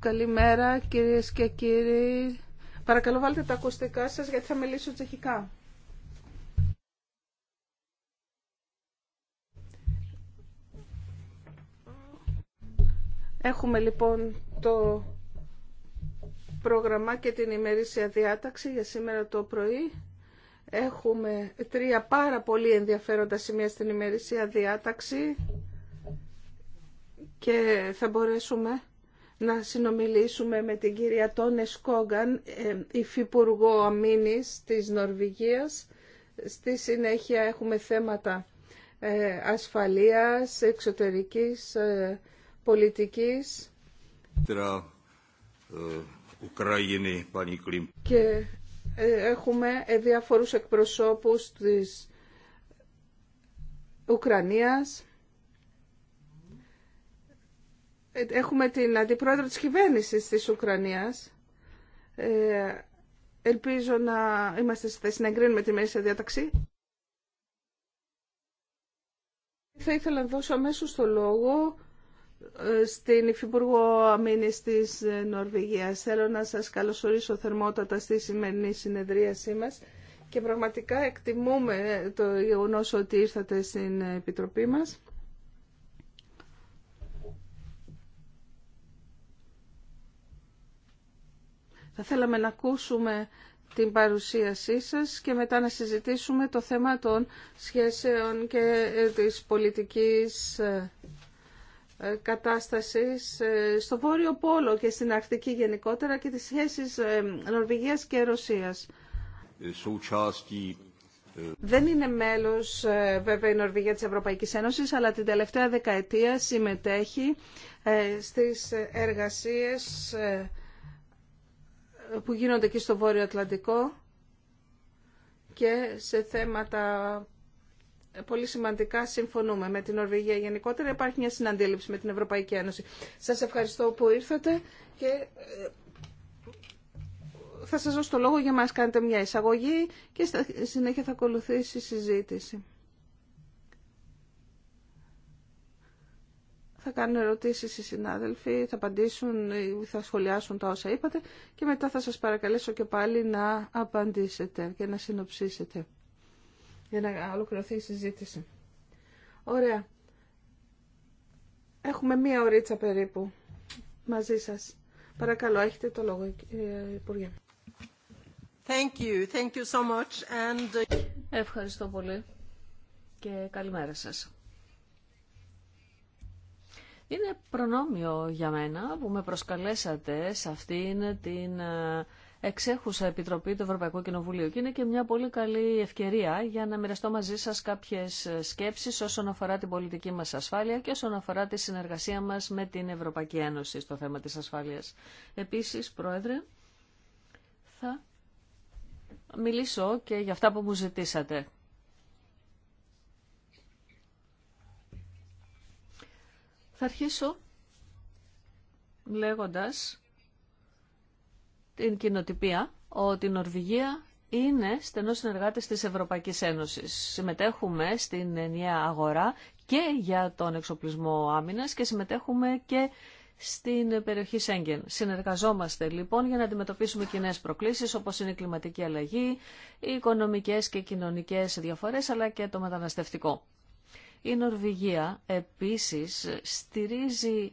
Καλημέρα κύριε και κύριοι. Παρακαλώ βάλτε τα ακουστικά σα γιατί θα μιλήσω τσεχικά. Έχουμε λοιπόν το πρόγραμμα και την ημερήσια διάταξη για σήμερα το πρωί. Έχουμε τρία πάρα πολύ ενδιαφέροντα σημεία στην ημερήσια διάταξη και θα μπορέσουμε να συνομιλήσουμε με την κυρία Τόνε Σκόγκαν, ε, υφυπουργό αμήνης της Νορβηγίας. Στη συνέχεια έχουμε θέματα ε, ασφαλείας, εξωτερικής ε, πολιτικής και έχουμε διάφορους εκπροσώπους της Ουκρανίας ε, έχουμε την αντιπρόεδρο της κυβέρνησης της Ουκρανίας. Ε, ελπίζω να είμαστε στη θέση να εγκρίνουμε τη μέση διάταξη. Θα ήθελα να δώσω αμέσως το λόγο ε, στην Υφυπουργό Αμήνης της Νορβηγίας. Θέλω να σας καλωσορίσω θερμότατα στη σημερινή συνεδρίασή μας και πραγματικά εκτιμούμε το γεγονός ότι ήρθατε στην Επιτροπή μας. Θα θέλαμε να ακούσουμε την παρουσίασή σας και μετά να συζητήσουμε το θέμα των σχέσεων και ε, της πολιτικής ε, ε, κατάστασης στο Βόρειο Πόλο και στην Αρκτική γενικότερα και τις σχέσεις Νορβηγίας και Ρωσίας. Δεν είναι μέλος βέβαια η Νορβηγία της Ευρωπαϊκής Ένωσης, αλλά την τελευταία δεκαετία συμμετέχει στις εργασίες που γίνονται εκεί στο Βόρειο Ατλαντικό και σε θέματα πολύ σημαντικά συμφωνούμε με την Νορβηγία γενικότερα. Υπάρχει μια συναντήληψη με την Ευρωπαϊκή Ένωση. Σας ευχαριστώ που ήρθατε και ε, θα σας δώσω το λόγο για μας κάνετε μια εισαγωγή και στη συνέχεια θα ακολουθήσει η συζήτηση. θα κάνουν ερωτήσει οι συνάδελφοι, θα απαντήσουν ή θα σχολιάσουν τα όσα είπατε και μετά θα σας παρακαλέσω και πάλι να απαντήσετε και να συνοψίσετε για να ολοκληρωθεί η συζήτηση. Ωραία. Έχουμε μία ωρίτσα περίπου μαζί σας. Παρακαλώ, έχετε το λόγο, Υπουργέ. Thank you. Uh, Ευχαριστώ πολύ και καλημέρα σας. Είναι προνόμιο για μένα που με προσκαλέσατε σε αυτήν την ε, εξέχουσα Επιτροπή του Ευρωπαϊκού Κοινοβουλίου και είναι και μια πολύ καλή ευκαιρία για να μοιραστώ μαζί σας κάποιες ε, σκέψεις όσον αφορά την πολιτική μας ασφάλεια και όσον αφορά τη συνεργασία μας με την Ευρωπαϊκή Ένωση στο θέμα της ασφάλειας. Επίσης, Πρόεδρε, θα μιλήσω και για αυτά που μου ζητήσατε Θα αρχίσω λέγοντας την κοινοτυπία ότι η Νορβηγία είναι στενός συνεργάτης της Ευρωπαϊκής Ένωσης. Συμμετέχουμε στην ενιαία αγορά και για τον εξοπλισμό άμυνας και συμμετέχουμε και στην περιοχή Σέγγεν. Συνεργαζόμαστε λοιπόν για να αντιμετωπίσουμε κοινέ προκλήσεις όπως είναι η κλιματική αλλαγή, οι οικονομικές και κοινωνικές διαφορές αλλά και το μεταναστευτικό. Η Νορβηγία επίσης στηρίζει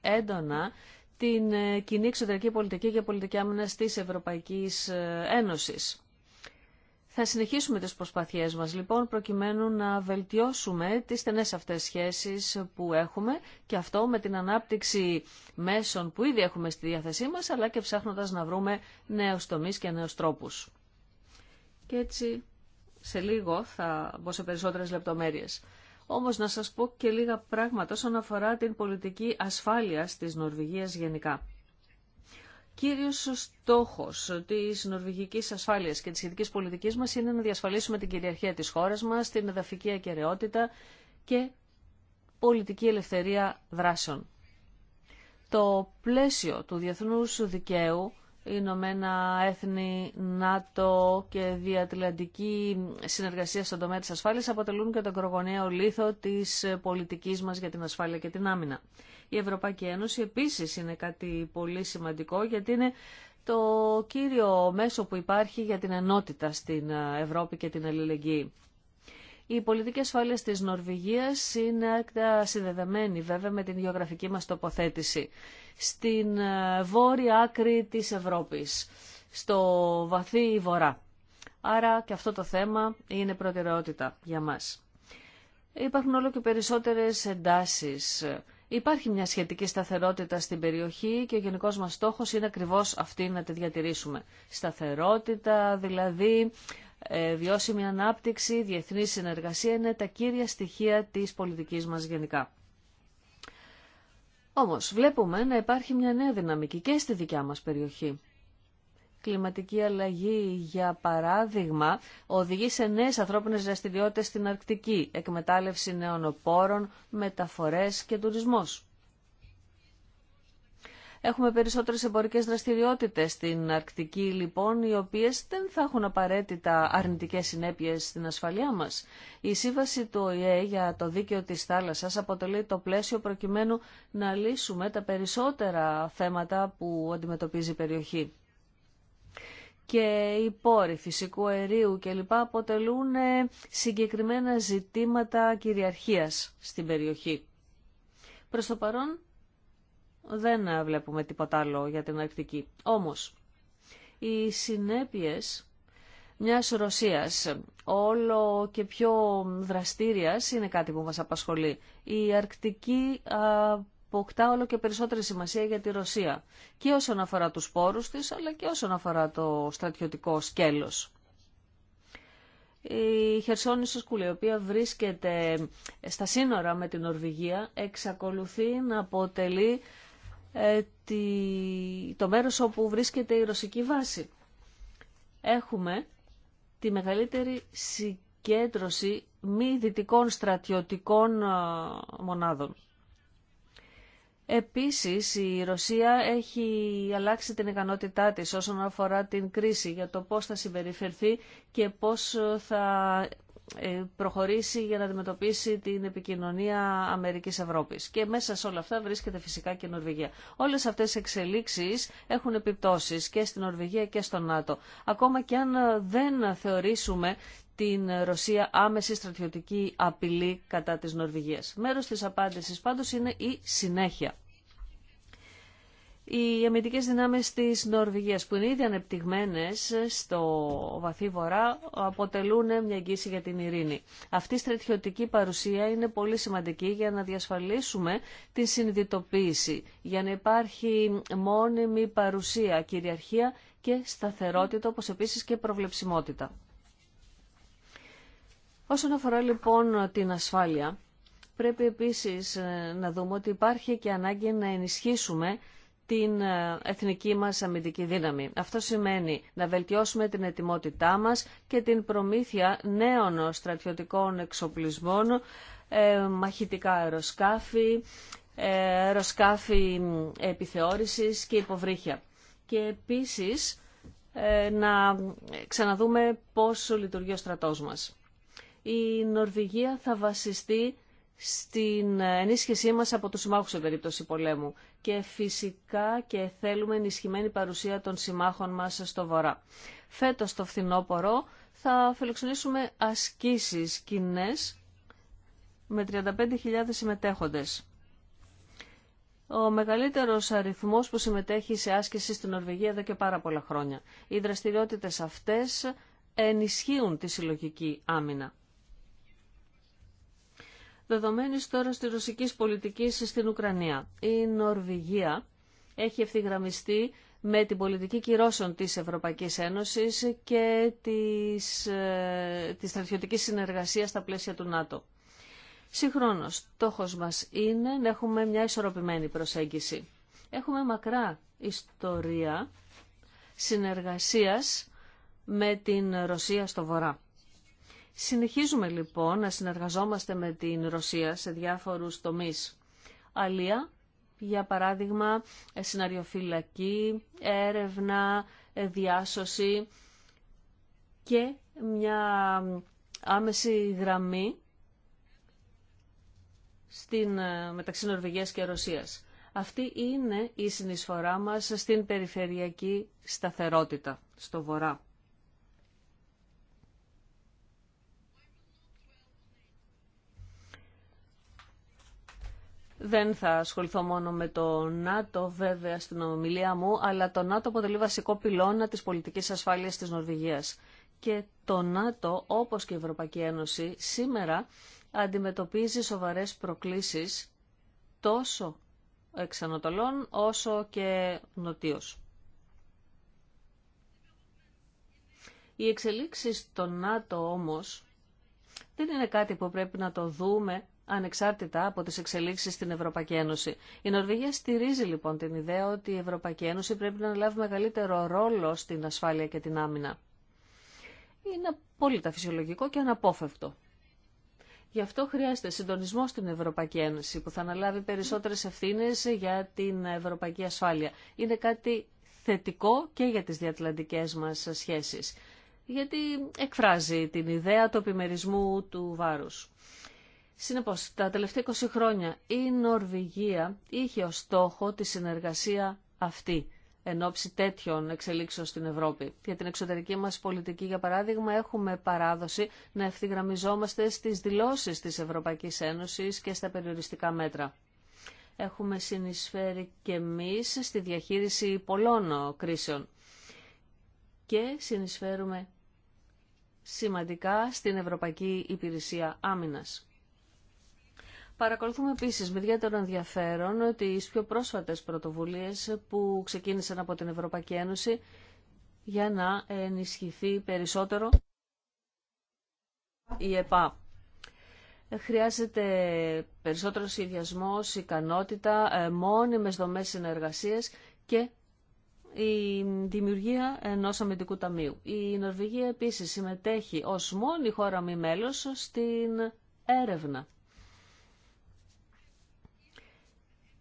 έντονα την ε, κοινή εξωτερική πολιτική και πολιτική άμυνα της Ευρωπαϊκής ε, Ένωσης. Θα συνεχίσουμε τις προσπάθειές μας λοιπόν προκειμένου να βελτιώσουμε τις στενές αυτές σχέσεις που έχουμε και αυτό με την ανάπτυξη μέσων που ήδη έχουμε στη διάθεσή μας αλλά και ψάχνοντας να βρούμε νέους τομείς και νέους τρόπους. Και έτσι σε λίγο θα μπω σε περισσότερες λεπτομέρειες. Όμως να σας πω και λίγα πράγματα όσον αφορά την πολιτική ασφάλειας της Νορβηγίας γενικά. Κύριος στόχος της νορβηγικής ασφάλειας και της σχετικής πολιτικής μας είναι να διασφαλίσουμε την κυριαρχία της χώρας μας, την εδαφική ακαιρεότητα και πολιτική ελευθερία δράσεων. Το πλαίσιο του διεθνούς δικαίου Ηνωμένα Έθνη, ΝΑΤΟ και διατλαντική συνεργασία στον τομέα της ασφάλειας αποτελούν και τον κρογονέο λίθο της πολιτικής μας για την ασφάλεια και την άμυνα. Η Ευρωπαϊκή Ένωση επίσης είναι κάτι πολύ σημαντικό γιατί είναι το κύριο μέσο που υπάρχει για την ενότητα στην Ευρώπη και την αλληλεγγύη. Η πολιτική ασφάλεια της Νορβηγίας είναι συνδεδεμένη βέβαια με την γεωγραφική μας τοποθέτηση στην ε, βόρεια άκρη της Ευρώπης, στο βαθύ βορρά. Άρα και αυτό το θέμα είναι προτεραιότητα για μας. Υπάρχουν όλο και περισσότερες εντάσεις. Υπάρχει μια σχετική σταθερότητα στην περιοχή και ο γενικός μας στόχος είναι ακριβώς αυτή να τη διατηρήσουμε. Σταθερότητα, δηλαδή ε, βιώσιμη ανάπτυξη, διεθνή συνεργασία είναι τα κύρια στοιχεία της πολιτικής μας γενικά. Όμως βλέπουμε να υπάρχει μια νέα δυναμική και στη δικιά μας περιοχή. Κλιματική αλλαγή, για παράδειγμα, οδηγεί σε νέε ανθρώπινε δραστηριότητες στην Αρκτική, εκμετάλλευση νέων οπόρων, μεταφορές και τουρισμός. Έχουμε περισσότερες εμπορικές δραστηριότητες στην Αρκτική, λοιπόν, οι οποίες δεν θα έχουν απαραίτητα αρνητικές συνέπειες στην ασφαλεία μας. Η σύμβαση του ΟΗΕ για το δίκαιο της θάλασσας αποτελεί το πλαίσιο προκειμένου να λύσουμε τα περισσότερα θέματα που αντιμετωπίζει η περιοχή. Και οι πόροι φυσικού αερίου κλπ. αποτελούν ε, συγκεκριμένα ζητήματα κυριαρχίας στην περιοχή. Προς το παρόν δεν βλέπουμε τίποτα άλλο για την Αρκτική. Όμως, οι συνέπειες μιας Ρωσίας όλο και πιο δραστήριας είναι κάτι που μας απασχολεί. Η Αρκτική αποκτά όλο και περισσότερη σημασία για τη Ρωσία και όσον αφορά τους πόρους της αλλά και όσον αφορά το στρατιωτικό σκέλος. Η Χερσόνησος Κούλη, η οποία βρίσκεται στα σύνορα με την Νορβηγία, εξακολουθεί να αποτελεί ε, το μέρος όπου βρίσκεται η ρωσική βάση. Έχουμε τη μεγαλύτερη συγκέντρωση μη δυτικών στρατιωτικών ε, μονάδων. Επίσης, η Ρωσία έχει αλλάξει την ικανότητά της όσον αφορά την κρίση για το πώς θα συμπεριφερθεί και πώς θα ε, προχωρήσει για να αντιμετωπίσει την επικοινωνία Αμερικής-Ευρώπης. Και μέσα σε όλα αυτά βρίσκεται φυσικά και η Νορβηγία. Όλες αυτές οι εξελίξεις έχουν επιπτώσεις και στην Νορβηγία και στο ΝΑΤΟ. Ακόμα και αν δεν θεωρήσουμε την Ρωσία άμεση στρατιωτική απειλή κατά της Νορβηγίας. Μέρος της απάντησης πάντως είναι η συνέχεια οι αμυντικές δυνάμεις της Νορβηγίας που είναι ήδη ανεπτυγμένες στο βαθύ βορρά αποτελούν μια εγγύηση για την ειρήνη. Αυτή η στρατιωτική παρουσία είναι πολύ σημαντική για να διασφαλίσουμε τη συνειδητοποίηση, για να υπάρχει μόνιμη παρουσία, κυριαρχία και σταθερότητα όπως επίσης και προβλεψιμότητα. Όσον αφορά λοιπόν την ασφάλεια, πρέπει επίσης να δούμε ότι υπάρχει και ανάγκη να ενισχύσουμε την ε, εθνική μας αμυντική δύναμη. Αυτό σημαίνει να βελτιώσουμε την ετοιμότητά μας και την προμήθεια νέων στρατιωτικών εξοπλισμών, ε, μαχητικά αεροσκάφη, ε, αεροσκάφη επιθεώρησης και υποβρύχια. Και επίσης να ξαναδούμε πώς λειτουργεί ο στρατός μας. Η Νορβηγία θα βασιστεί στην ενίσχυσή μας από τους συμμάχους σε περίπτωση πολέμου και φυσικά και θέλουμε ενισχυμένη παρουσία των συμμάχων μας στο Βορρά. Φέτος το φθινόπωρο θα φιλοξενήσουμε ασκήσεις κοινέ με 35.000 συμμετέχοντες. Ο μεγαλύτερος αριθμός που συμμετέχει σε άσκηση στην Νορβηγία εδώ και πάρα πολλά χρόνια. Οι δραστηριότητες αυτές ενισχύουν τη συλλογική άμυνα. Δεδομένης τώρα στη ρωσική πολιτική στην Ουκρανία. Η Νορβηγία έχει ευθυγραμμιστεί με την πολιτική κυρώσεων της Ευρωπαϊκής Ένωσης και της, ε, της στρατιωτικής συνεργασίας στα πλαίσια του ΝΑΤΟ. Συγχρόνως, στόχος μας είναι να έχουμε μια ισορροπημένη προσέγγιση. Έχουμε μακρά ιστορία συνεργασίας με την Ρωσία στο Βορρά. Συνεχίζουμε λοιπόν να συνεργαζόμαστε με την Ρωσία σε διάφορους τομείς. Αλία, για παράδειγμα, ε, συναριοφυλακή, έρευνα, ε, διάσωση και μια άμεση γραμμή στην, ε, μεταξύ Νορβηγίας και Ρωσίας. Αυτή είναι η συνεισφορά μας στην περιφερειακή σταθερότητα στο Βορρά. Δεν θα ασχοληθώ μόνο με το ΝΑΤΟ, βέβαια, στην ομιλία μου, αλλά το ΝΑΤΟ αποτελεί βασικό πυλώνα της πολιτικής ασφάλειας της Νορβηγίας. Και το ΝΑΤΟ, όπως και η Ευρωπαϊκή Ένωση, σήμερα αντιμετωπίζει σοβαρές προκλήσεις τόσο Ανατολών όσο και νοτίως. Οι εξελίξεις στο ΝΑΤΟ όμως δεν είναι κάτι που πρέπει να το δούμε ανεξάρτητα από τις εξελίξεις στην Ευρωπαϊκή Ένωση. Η Νορβηγία στηρίζει λοιπόν την ιδέα ότι η Ευρωπαϊκή Ένωση πρέπει να λάβει μεγαλύτερο ρόλο στην ασφάλεια και την άμυνα. Είναι απόλυτα φυσιολογικό και αναπόφευκτο. Γι' αυτό χρειάζεται συντονισμό στην Ευρωπαϊκή Ένωση που θα αναλάβει περισσότερες ευθύνες για την ευρωπαϊκή ασφάλεια. Είναι κάτι θετικό και για τις διατλαντικές μας σχέσεις, γιατί εκφράζει την ιδέα του επιμερισμού του βάρους. Συνεπώς, τα τελευταία 20 χρόνια η Νορβηγία είχε ως στόχο τη συνεργασία αυτή εν ώψη τέτοιων εξελίξεων στην Ευρώπη. Για την εξωτερική μας πολιτική, για παράδειγμα, έχουμε παράδοση να ευθυγραμμιζόμαστε στις δηλώσεις της Ευρωπαϊκής Ένωσης και στα περιοριστικά μέτρα. Έχουμε συνεισφέρει και εμείς στη διαχείριση πολλών κρίσεων και συνεισφέρουμε σημαντικά στην Ευρωπαϊκή Υπηρεσία Άμυνας. Παρακολουθούμε επίσης με ιδιαίτερο ενδιαφέρον τις πιο πρόσφατες πρωτοβουλίες που ξεκίνησαν από την Ευρωπαϊκή Ένωση για να ενισχυθεί περισσότερο η ΕΠΑ. Χρειάζεται περισσότερο σχεδιασμό, ικανότητα, ε, μόνιμες δομές συνεργασίες και η δημιουργία ενός αμυντικού ταμείου. Η Νορβηγία επίσης συμμετέχει ως μόνη χώρα μη μέλος στην έρευνα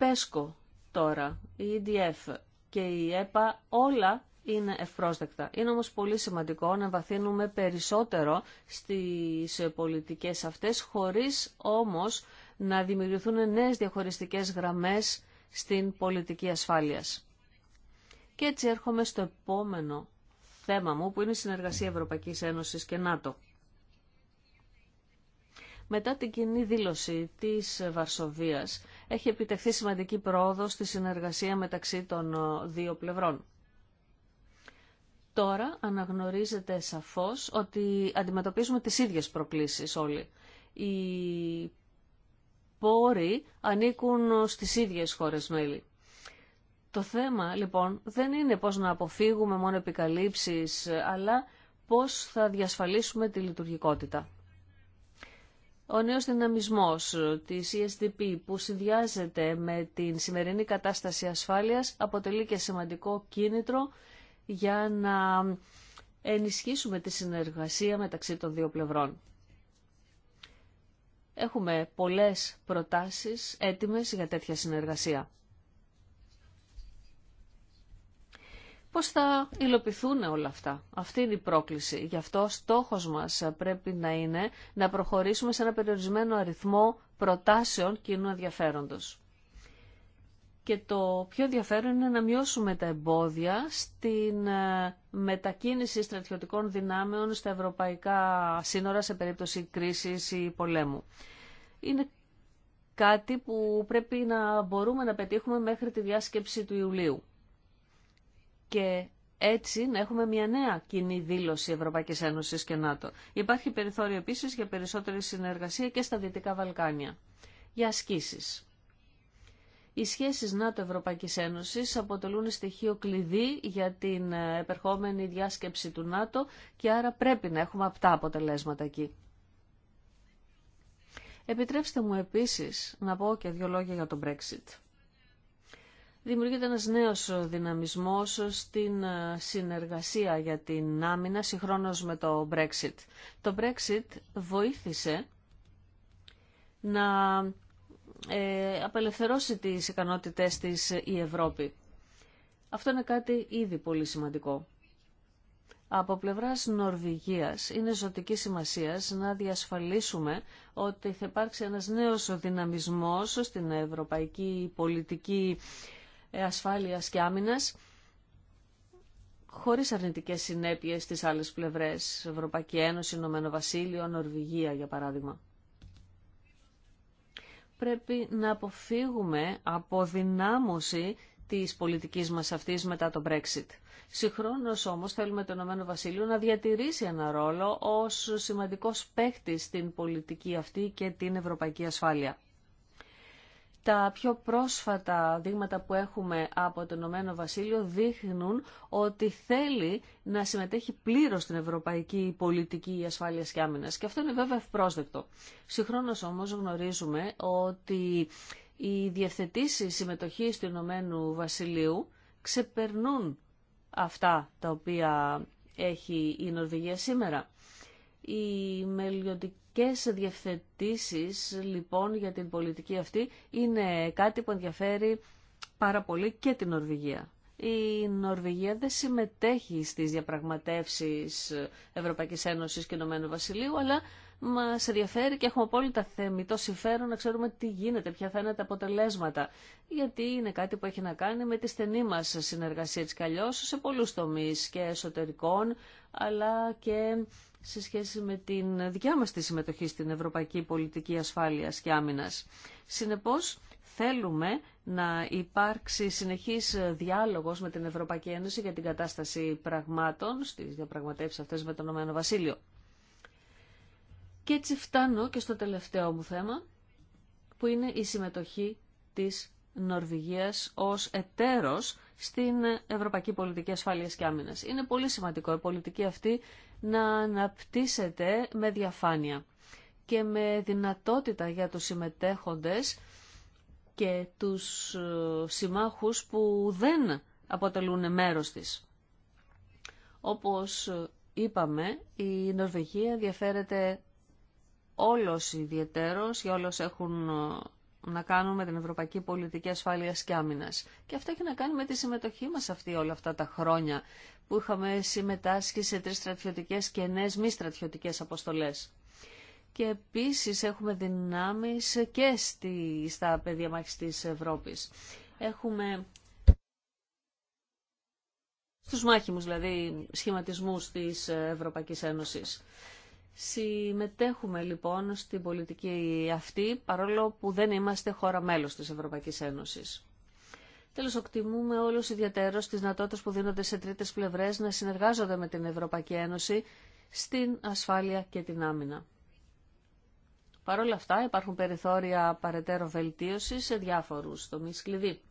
ΠΕΣΚΟ τώρα, η EDF και η ΕΠΑ όλα είναι ευπρόσδεκτα. Είναι όμως πολύ σημαντικό να βαθύνουμε περισσότερο στις πολιτικές αυτές, χωρίς όμως να δημιουργηθούν νέες διαχωριστικές γραμμές στην πολιτική ασφάλειας. Και έτσι έρχομαι στο επόμενο θέμα μου, που είναι η συνεργασία Ευρωπαϊκής Ένωσης και ΝΑΤΟ. Μετά την κοινή δήλωση της Βαρσοβίας, έχει επιτευχθεί σημαντική πρόοδο στη συνεργασία μεταξύ των ε, δύο πλευρών. Τώρα αναγνωρίζεται σαφώς ότι αντιμετωπίζουμε τις ίδιες προκλήσεις όλοι. Οι πόροι ανήκουν στις ίδιες χώρες μέλη. Το θέμα λοιπόν δεν είναι πώς να αποφύγουμε μόνο επικαλύψεις, ε, αλλά πώς θα διασφαλίσουμε τη λειτουργικότητα. Ο νέος δυναμισμός της ESDP που συνδυάζεται με την σημερινή κατάσταση ασφάλειας αποτελεί και σημαντικό κίνητρο για να ενισχύσουμε τη συνεργασία μεταξύ των δύο πλευρών. Έχουμε πολλές προτάσεις έτοιμες για τέτοια συνεργασία. πώς θα υλοποιηθούν όλα αυτά. Αυτή είναι η πρόκληση. Γι' αυτό στόχος μας πρέπει να είναι να προχωρήσουμε σε ένα περιορισμένο αριθμό προτάσεων κοινού ενδιαφέροντος. Και το πιο ενδιαφέρον είναι να μειώσουμε τα εμπόδια στην ε, μετακίνηση στρατιωτικών δυνάμεων στα ευρωπαϊκά σύνορα σε περίπτωση κρίσης ή πολέμου. Είναι κάτι που πρέπει να μπορούμε να πετύχουμε μέχρι τη διάσκεψη του Ιουλίου και έτσι να έχουμε μια νέα κοινή δήλωση Ευρωπαϊκής Ένωσης και ΝΑΤΟ. Υπάρχει περιθώριο επίσης για περισσότερη συνεργασία και στα Δυτικά Βαλκάνια. Για ασκήσεις. Οι σχέσεις ΝΑΤΟ-Ευρωπαϊκής Ένωσης αποτελούν στοιχείο κλειδί για την ε, επερχόμενη διάσκεψη του ΝΑΤΟ και άρα πρέπει να έχουμε αυτά αποτελέσματα εκεί. Επιτρέψτε μου επίσης να πω και δύο λόγια για το Brexit δημιουργείται ένας νέος δυναμισμός στην ε, συνεργασία για την άμυνα συγχρόνως με το Brexit. Το Brexit βοήθησε να ε, απελευθερώσει τις ικανότητές της η Ευρώπη. Αυτό είναι κάτι ήδη πολύ σημαντικό. Από πλευράς Νορβηγίας είναι ζωτική σημασίας να διασφαλίσουμε ότι θα υπάρξει ένας νέος δυναμισμός στην ευρωπαϊκή πολιτική ασφάλειας και άμυνας χωρίς αρνητικές συνέπειες στις άλλες πλευρές, Ευρωπαϊκή Ένωση, Ηνωμένο Βασίλειο, Νορβηγία για παράδειγμα. Πρέπει να αποφύγουμε αποδυνάμωση της πολιτικής μας αυτής μετά το Brexit. Συγχρόνως όμως θέλουμε το Ηνωμένο Βασίλειο να διατηρήσει ένα ρόλο ως σημαντικός παίχτης στην πολιτική αυτή και την ευρωπαϊκή ασφάλεια. Τα πιο πρόσφατα δείγματα που έχουμε από το Ηνωμένο Βασίλειο δείχνουν ότι θέλει να συμμετέχει πλήρως στην ευρωπαϊκή πολιτική ασφάλειας και άμυνας. Και αυτό είναι βέβαια ευπρόσδεκτο. Συγχρόνως όμως γνωρίζουμε ότι οι διευθετήσει συμμετοχής του Ηνωμένου Βασιλείου ξεπερνούν αυτά τα οποία έχει η Νορβηγία σήμερα. Η σε διευθετήσεις λοιπόν για την πολιτική αυτή είναι κάτι που ενδιαφέρει πάρα πολύ και την Νορβηγία. Η Νορβηγία δεν συμμετέχει στις διαπραγματεύσεις Ευρωπαϊκής Ένωσης και Ηνωμένου Βασιλείου, αλλά μας ενδιαφέρει και έχουμε απόλυτα θεμητό συμφέρον να ξέρουμε τι γίνεται, ποια θα είναι τα αποτελέσματα. Γιατί είναι κάτι που έχει να κάνει με τη στενή μας συνεργασία της Καλλιώς σε πολλούς τομείς και εσωτερικών, αλλά και σε σχέση με την δικιά μας τη συμμετοχή στην Ευρωπαϊκή Πολιτική Ασφάλειας και Άμυνας. Συνεπώς, θέλουμε να υπάρξει συνεχής διάλογος με την Ευρωπαϊκή Ένωση για την κατάσταση πραγμάτων στις διαπραγματεύσεις αυτές με τον Ηνωμένο Βασίλειο. Και έτσι φτάνω και στο τελευταίο μου θέμα, που είναι η συμμετοχή της Νορβηγίας ως εταίρος στην Ευρωπαϊκή Πολιτική Ασφάλειας και Άμυνας. Είναι πολύ σημαντικό η πολιτική αυτή να αναπτύσσεται με διαφάνεια και με δυνατότητα για τους συμμετέχοντες και τους ε, συμμάχους που δεν αποτελούν μέρος της. Όπως ε, είπαμε, η Νορβηγία ενδιαφέρεται όλος ιδιαιτέρως, για όλος έχουν ε, να κάνουμε την Ευρωπαϊκή Πολιτική Ασφάλειας και Άμυνας. Και αυτό έχει να κάνει με τη συμμετοχή μας αυτή όλα αυτά τα χρόνια που είχαμε συμμετάσχει σε τρεις στρατιωτικές και νέες μη στρατιωτικές αποστολές. Και επίσης έχουμε δυνάμεις και στη, στα πεδία μάχης της Ευρώπης. Έχουμε στους μάχημους δηλαδή σχηματισμούς της Ευρωπαϊκής Ένωσης. Συμμετέχουμε λοιπόν στην πολιτική αυτή, παρόλο που δεν είμαστε χώρα μέλος της Ευρωπαϊκής Ένωσης. Τέλος, οκτιμούμε όλους ιδιαίτερως τις δυνατότητες που δίνονται σε τρίτες πλευρές να συνεργάζονται με την Ευρωπαϊκή Ένωση στην ασφάλεια και την άμυνα. Παρ' όλα αυτά υπάρχουν περιθώρια παρετέρω βελτίωση σε διάφορους τομείς κλειδί.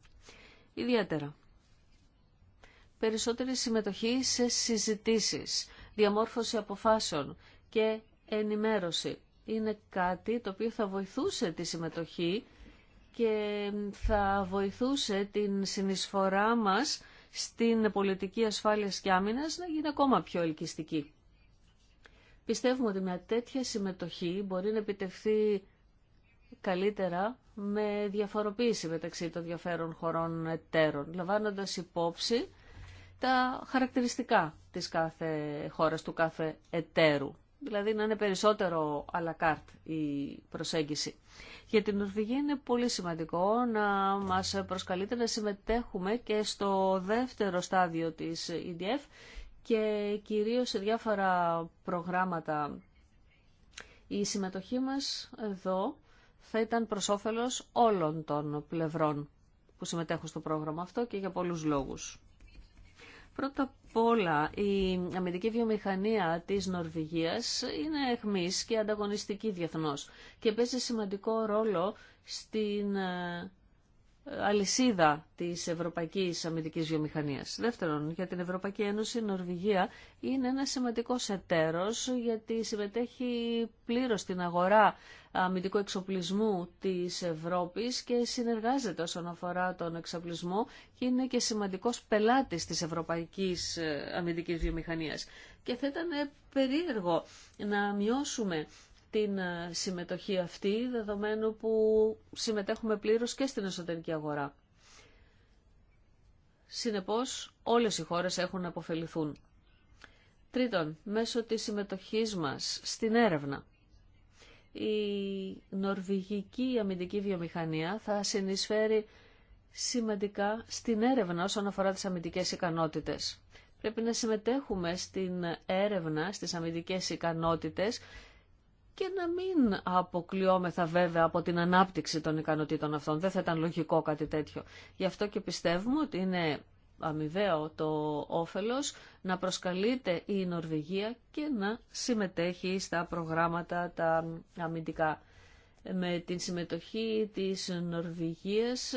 Ιδιαίτερα. Περισσότερη συμμετοχή σε συζητήσεις, διαμόρφωση αποφάσεων, και ενημέρωση. Είναι κάτι το οποίο θα βοηθούσε τη συμμετοχή και θα βοηθούσε την συνεισφορά μας στην πολιτική ασφάλειας και άμυνας να γίνει ακόμα πιο ελκυστική. Πιστεύουμε ότι μια τέτοια συμμετοχή μπορεί να επιτευχθεί καλύτερα με διαφοροποίηση μεταξύ των διαφέρων χωρών εταίρων, λαμβάνοντας υπόψη τα χαρακτηριστικά της κάθε χώρας, του κάθε εταίρου δηλαδή να είναι περισσότερο à η προσέγγιση. Για την Νορβηγία είναι πολύ σημαντικό να μας προσκαλείτε να συμμετέχουμε και στο δεύτερο στάδιο της EDF και κυρίως σε διάφορα προγράμματα. Η συμμετοχή μας εδώ θα ήταν προς όφελος όλων των πλευρών που συμμετέχουν στο πρόγραμμα αυτό και για πολλούς λόγους. Πρώτα όλα, η αμυντική βιομηχανία της Νορβηγίας είναι εχμής και ανταγωνιστική διεθνώς και παίζει σημαντικό ρόλο στην ε, αλυσίδα της ευρωπαϊκής αμυντικής βιομηχανίας. Δεύτερον, για την Ευρωπαϊκή Ένωση η Νορβηγία είναι ένα σημαντικό εταίρος γιατί συμμετέχει πλήρως στην αγορά αμυντικού εξοπλισμού της Ευρώπης και συνεργάζεται όσον αφορά τον εξοπλισμό και είναι και σημαντικός πελάτης της ευρωπαϊκής ε, αμυντικής βιομηχανίας. Και θα ήταν περίεργο να μειώσουμε την ε, συμμετοχή αυτή, δεδομένου που συμμετέχουμε πλήρως και στην εσωτερική αγορά. Συνεπώς, όλες οι χώρες έχουν να αποφεληθούν. Τρίτον, μέσω της συμμετοχής μας στην έρευνα. Η νορβηγική αμυντική βιομηχανία θα συνεισφέρει σημαντικά στην έρευνα όσον αφορά τις αμυντικές ικανότητες. Πρέπει να συμμετέχουμε στην έρευνα, στις αμυντικές ικανότητες, και να μην αποκλειόμεθα βέβαια από την ανάπτυξη των ικανοτήτων αυτών. Δεν θα ήταν λογικό κάτι τέτοιο. Γι' αυτό και πιστεύουμε ότι είναι αμοιβαίο το όφελος να προσκαλείται η Νορβηγία και να συμμετέχει στα προγράμματα τα αμυντικά. Με την συμμετοχή της Νορβηγίας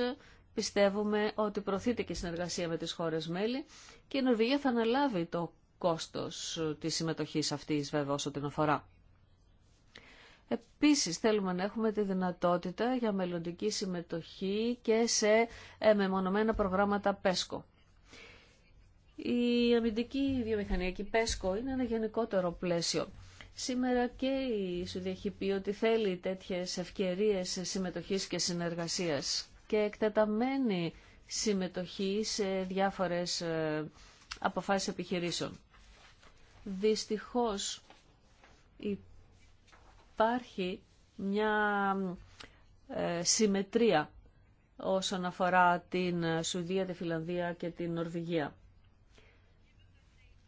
πιστεύουμε ότι προωθείται και συνεργασία με τις χώρες μέλη και η Νορβηγία θα αναλάβει το κόστος της συμμετοχής αυτής βέβαια όσο την αφορά. Επίσης θέλουμε να έχουμε τη δυνατότητα για μελλοντική συμμετοχή και σε ε, μεμονωμένα προγράμματα ΠΕΣΚΟ. Η αμυντική βιομηχανιακή ΠΕΣΚΟ είναι ένα γενικότερο πλαίσιο. Σήμερα και η Σουδία έχει πει ότι θέλει τέτοιες ευκαιρίες συμμετοχής και συνεργασίας και εκτεταμένη συμμετοχή σε διάφορες ε, αποφάσεις επιχειρήσεων. Δυστυχώς η υπάρχει μια ε, συμμετρία όσον αφορά την Σουηδία, τη Φιλανδία και την Νορβηγία.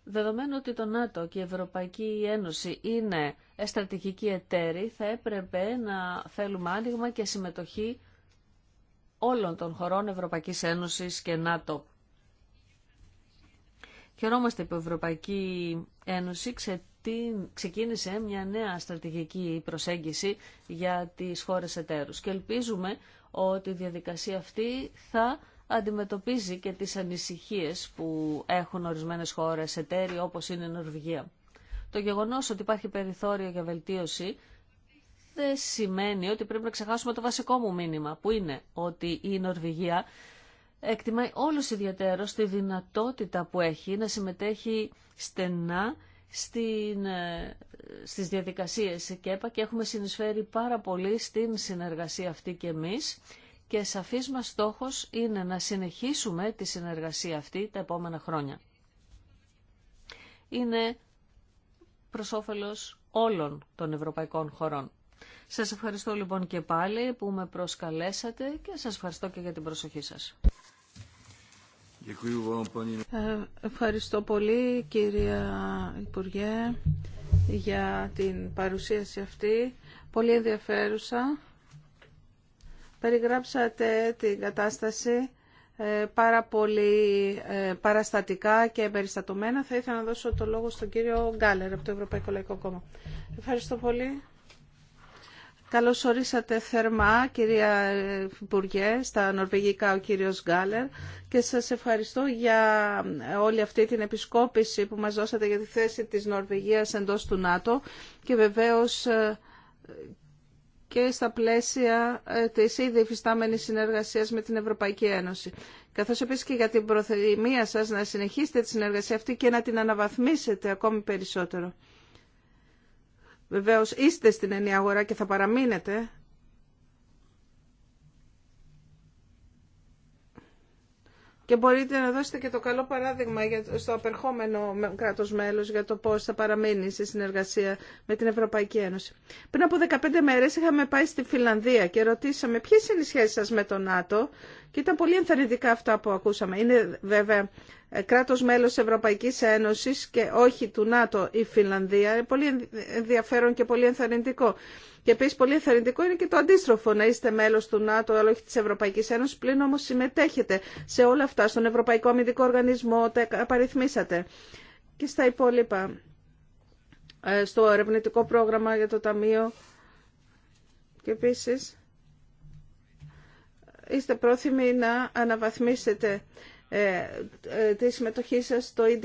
Δεδομένου ότι το ΝΑΤΟ και η Ευρωπαϊκή Ένωση είναι στρατηγική εταίροι, θα έπρεπε να θέλουμε άνοιγμα και συμμετοχή όλων των χωρών Ευρωπαϊκής Ένωσης και ΝΑΤΟ. Χαιρόμαστε που η Ευρωπαϊκή Ένωση ξεκίνησε μια νέα στρατηγική προσέγγιση για τις χώρες εταίρους και ελπίζουμε ότι η διαδικασία αυτή θα αντιμετωπίζει και τις ανησυχίες που έχουν ορισμένες χώρες εταίροι όπως είναι η Νορβηγία. Το γεγονός ότι υπάρχει περιθώριο για βελτίωση δεν σημαίνει ότι πρέπει να ξεχάσουμε το βασικό μου μήνυμα που είναι ότι η Νορβηγία εκτιμάει όλους ιδιαίτερο τη δυνατότητα που έχει να συμμετέχει στενά στην, ε, στις διαδικασίες ΚΕΠΑ και έχουμε συνεισφέρει πάρα πολύ στην συνεργασία αυτή και εμείς και σαφής μας στόχος είναι να συνεχίσουμε τη συνεργασία αυτή τα επόμενα χρόνια. Είναι προς όφελος όλων των ευρωπαϊκών χωρών. Σας ευχαριστώ λοιπόν και πάλι που με προσκαλέσατε και σας ευχαριστώ και για την προσοχή σας. Ε, ευχαριστώ πολύ κυρία Υπουργέ για την παρουσίαση αυτή. Πολύ ενδιαφέρουσα. Περιγράψατε την κατάσταση ε, πάρα πολύ ε, παραστατικά και περιστατωμένα. Θα ήθελα να δώσω το λόγο στον κύριο Γκάλερ από το Ευρωπαϊκό Λαϊκό Κόμμα. Ευχαριστώ πολύ. Καλώς ορίσατε θερμά, κυρία Υπουργέ, στα νορβηγικά ο κύριος Γκάλερ και σας ευχαριστώ για όλη αυτή την επισκόπηση που μας δώσατε για τη θέση της Νορβηγίας εντός του ΝΑΤΟ και βεβαίως ε, και στα πλαίσια ε, της ήδη υφιστάμενης συνεργασίας με την Ευρωπαϊκή Ένωση. Καθώς επίσης και για την προθυμία σας να συνεχίσετε τη συνεργασία αυτή και να την αναβαθμίσετε ακόμη περισσότερο. Βεβαίως είστε στην ενιαία αγορά και θα παραμείνετε. Και μπορείτε να δώσετε και το καλό παράδειγμα στο απερχόμενο κράτος μέλος για το πώς θα παραμείνει στη συνεργασία με την Ευρωπαϊκή Ένωση. Πριν από 15 μέρες είχαμε πάει στη Φιλανδία και ρωτήσαμε ποιες είναι οι σχέσεις σας με το ΝΑΤΟ και ήταν πολύ ενθαρρυντικά αυτά που ακούσαμε. Είναι βέβαια κράτος μέλος Ευρωπαϊκής Ένωσης και όχι του ΝΑΤΟ η Φιλανδία. Είναι πολύ ενδιαφέρον και πολύ ενθαρρυντικό. Και επίση πολύ ενθαρρυντικό είναι και το αντίστροφο να είστε μέλο του ΝΑΤΟ αλλά όχι τη Ευρωπαϊκή Ένωση, Πλην όμω συμμετέχετε σε όλα αυτά, στον Ευρωπαϊκό Αμυντικό Οργανισμό, τα απαριθμίσατε. Και στα υπόλοιπα, ε, στο ερευνητικό πρόγραμμα για το Ταμείο και επίση είστε πρόθυμοι να αναβαθμίσετε ε, ε, τη συμμετοχή σας στο e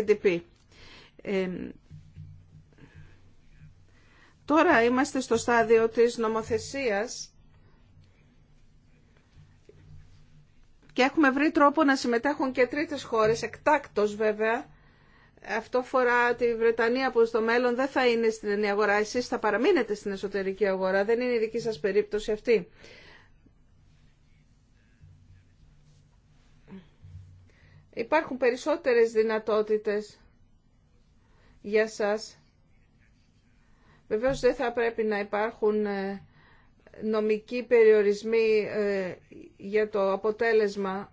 IDP. Ε, τώρα είμαστε στο στάδιο της νομοθεσίας και έχουμε βρει τρόπο να συμμετέχουν και τρίτες χώρες, εκτάκτος βέβαια. Αυτό φορά τη Βρετανία που στο μέλλον δεν θα είναι στην αγορά. Εσείς θα παραμείνετε στην εσωτερική αγορά, δεν είναι η δική σας περίπτωση αυτή. Υπάρχουν περισσότερες δυνατότητες για σας. Βεβαίως δεν θα πρέπει να υπάρχουν ε, νομικοί περιορισμοί ε, για το αποτέλεσμα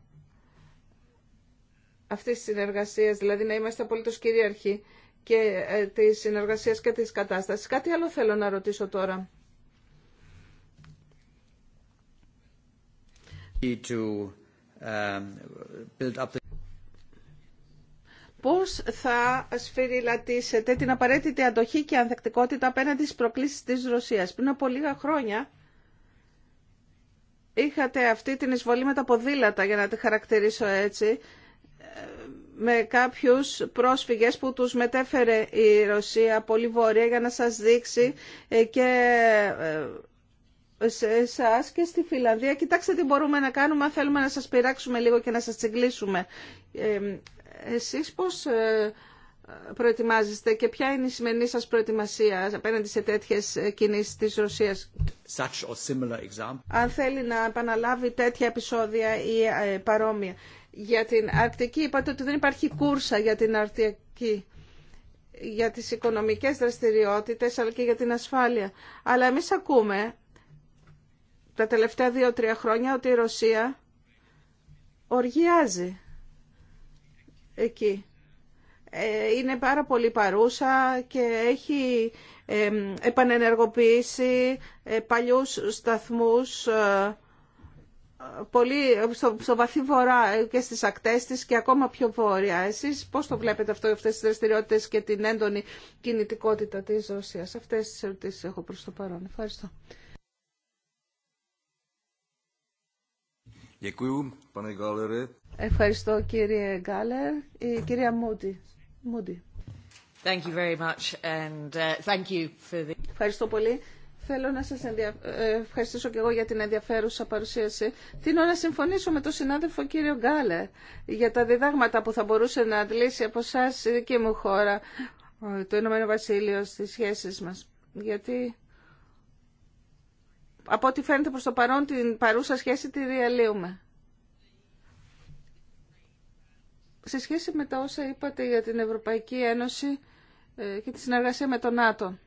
αυτής της συνεργασίας, δηλαδή να είμαστε απολύτως κυρίαρχοι και ε, της συνεργασίας και της κατάστασης. Κάτι άλλο θέλω να ρωτήσω τώρα. Um, Πώς θα σφυριλατήσετε την απαραίτητη αντοχή και ανθεκτικότητα απέναντι στις προκλήσεις της Ρωσίας. Πριν από λίγα χρόνια είχατε αυτή την εισβολή με τα ποδήλατα, για να τη χαρακτηρίσω έτσι, με κάποιους πρόσφυγες που τους μετέφερε η Ρωσία πολύ βόρεια για να σας δείξει ε, και ε, σε εσά και στη Φιλανδία. Κοιτάξτε τι μπορούμε να κάνουμε αν θέλουμε να σας πειράξουμε λίγο και να σας τσιγκλίσουμε. Ε, εσείς πώς ε, προετοιμάζεστε και ποια είναι η σημερινή σας προετοιμασία απέναντι σε τέτοιες κινήσεις της Ρωσίας. Such Αν θέλει να επαναλάβει τέτοια επεισόδια ή ε, παρόμοια. Για την Αρκτική είπατε ότι δεν υπάρχει κούρσα για την Αρκτική για τις οικονομικές δραστηριότητες αλλά και για την ασφάλεια. Αλλά εμείς ακούμε τα τελευταία δύο-τρία χρόνια ότι η Ρωσία οργιάζει εκεί. Ε, είναι πάρα πολύ παρούσα και έχει επανενεργοποιήσει ε, παλιούς σταθμούς ε, πολύ στο, στο βαθύ βορρά και στις ακτές της και ακόμα πιο βόρεια. Εσείς πώς το βλέπετε αυτό, αυτές τις δραστηριότητε και την έντονη κινητικότητα της Ρωσίας. Αυτές τις ερωτήσεις έχω προς το παρόν. Ευχαριστώ. Ευχαριστώ κύριε Γκάλερ. Η κυρία Μούντι. Uh, Ευχαριστώ πολύ. Θέλω να σας ενδια... Ε, ευχαριστήσω και εγώ για την ενδιαφέρουσα παρουσίαση. Τι να συμφωνήσω με τον συνάδελφο κύριο Γκάλερ για τα διδάγματα που θα μπορούσε να αντλήσει από εσά η δική μου χώρα, ε, το Ηνωμένο Βασίλειο, στις σχέσεις μας. Γιατί από ό,τι φαίνεται προς το παρόν την παρούσα σχέση τη διαλύουμε. σε σχέση με τα όσα είπατε για την Ευρωπαϊκή Ένωση ε, και τη συνεργασία με τον ΝΑΤΟ,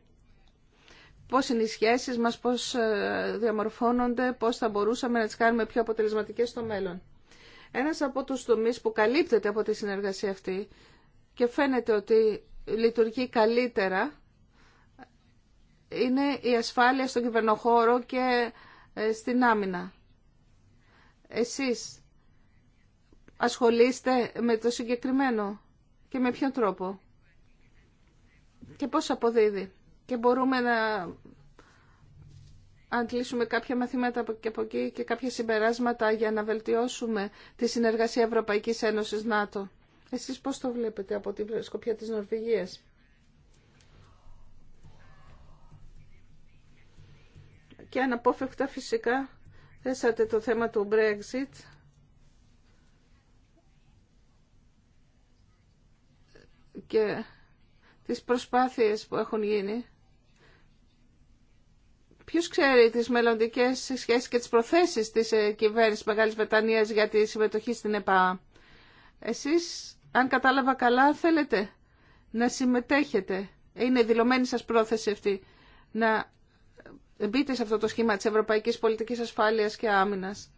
πώς είναι οι σχέσεις μας, πώς ε, διαμορφώνονται, πώς θα μπορούσαμε να τις κάνουμε πιο αποτελεσματικές στο μέλλον. Ένας από τους τομείς που καλύπτεται από τη συνεργασία αυτή και φαίνεται ότι λειτουργεί καλύτερα είναι η ασφάλεια στον κυβερνοχώρο και ε, στην άμυνα. Εσείς ασχολείστε με το συγκεκριμένο και με ποιον τρόπο και πώς αποδίδει. Και μπορούμε να αντλήσουμε κάποια μαθήματα και από εκεί και κάποια συμπεράσματα για να βελτιώσουμε τη συνεργασία Ευρωπαϊκής Ένωσης ΝΑΤΟ. Εσείς πώς το βλέπετε από την σκοπιά της Νορβηγίας. Και αναπόφευκτα φυσικά θέσατε το θέμα του Brexit και τις προσπάθειες που έχουν γίνει. Ποιος ξέρει τις μελλοντικές σχέσεις και τις προθέσεις της ε, κυβέρνησης Μεγάλης Βρετανίας για τη συμμετοχή στην ΕΠΑ. Εσείς, αν κατάλαβα καλά, θέλετε να συμμετέχετε. Είναι δηλωμένη σας πρόθεση αυτή να μπείτε σε αυτό το σχήμα της Ευρωπαϊκής Πολιτικής Ασφάλειας και Άμυνας.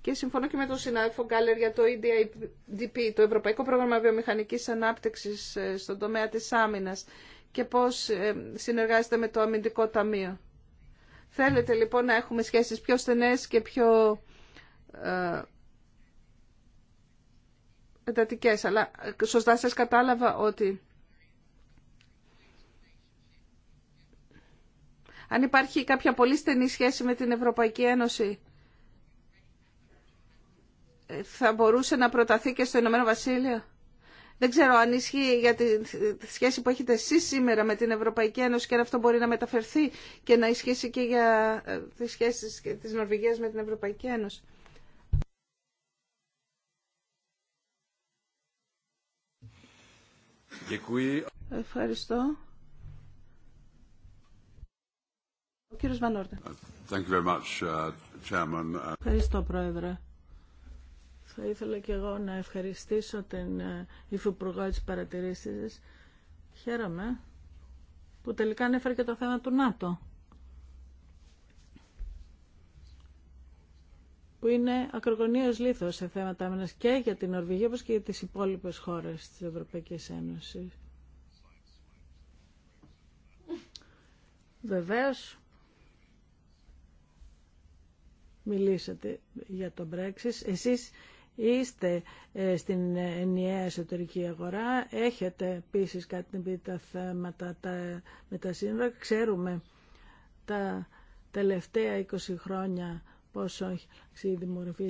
Και συμφωνώ και με τον συνάδελφο Γκάλερ για το EDIDP, το Ευρωπαϊκό Πρόγραμμα Βιομηχανικής Ανάπτυξης ε, στον τομέα της άμυνας και πώς ε, συνεργάζεται με το Αμυντικό Ταμείο. Θέλετε λοιπόν να έχουμε σχέσεις πιο στενές και πιο ε, εντατικές, αλλά ε, σωστά σας κατάλαβα ότι αν υπάρχει κάποια πολύ στενή σχέση με την Ευρωπαϊκή Ένωση θα μπορούσε να προταθεί και στο Ηνωμένο Βασίλειο. Δεν ξέρω αν ισχύει για τη σχέση που έχετε εσείς σήμερα με την Ευρωπαϊκή Ένωση και αν αυτό μπορεί να μεταφερθεί και να ισχύσει και για ε, τις σχέσεις της Νορβηγίας με την Ευρωπαϊκή Ένωση. Ευχαριστώ. Ο κύριος Βανόρτα. Uh, Ευχαριστώ, Πρόεδρε. Θα ήθελα και εγώ να ευχαριστήσω την ε, Υφυπουργό της παρατηρήσεις Χαίρομαι που τελικά ανέφερε και το θέμα του ΝΑΤΟ. που είναι ακρογωνίως λίθος σε θέματα άμυνας και για την Νορβηγία όπως και για τις υπόλοιπες χώρες της Ευρωπαϊκής Ένωσης. Βεβαίως, μιλήσατε για τον Brexit. Εσείς είστε ε, στην ενιαία εσωτερική αγορά, έχετε επίση κάτι να πει τα θέματα τα, με τα σύνορα. Ξέρουμε τα τελευταία 20 χρόνια πόσο έχει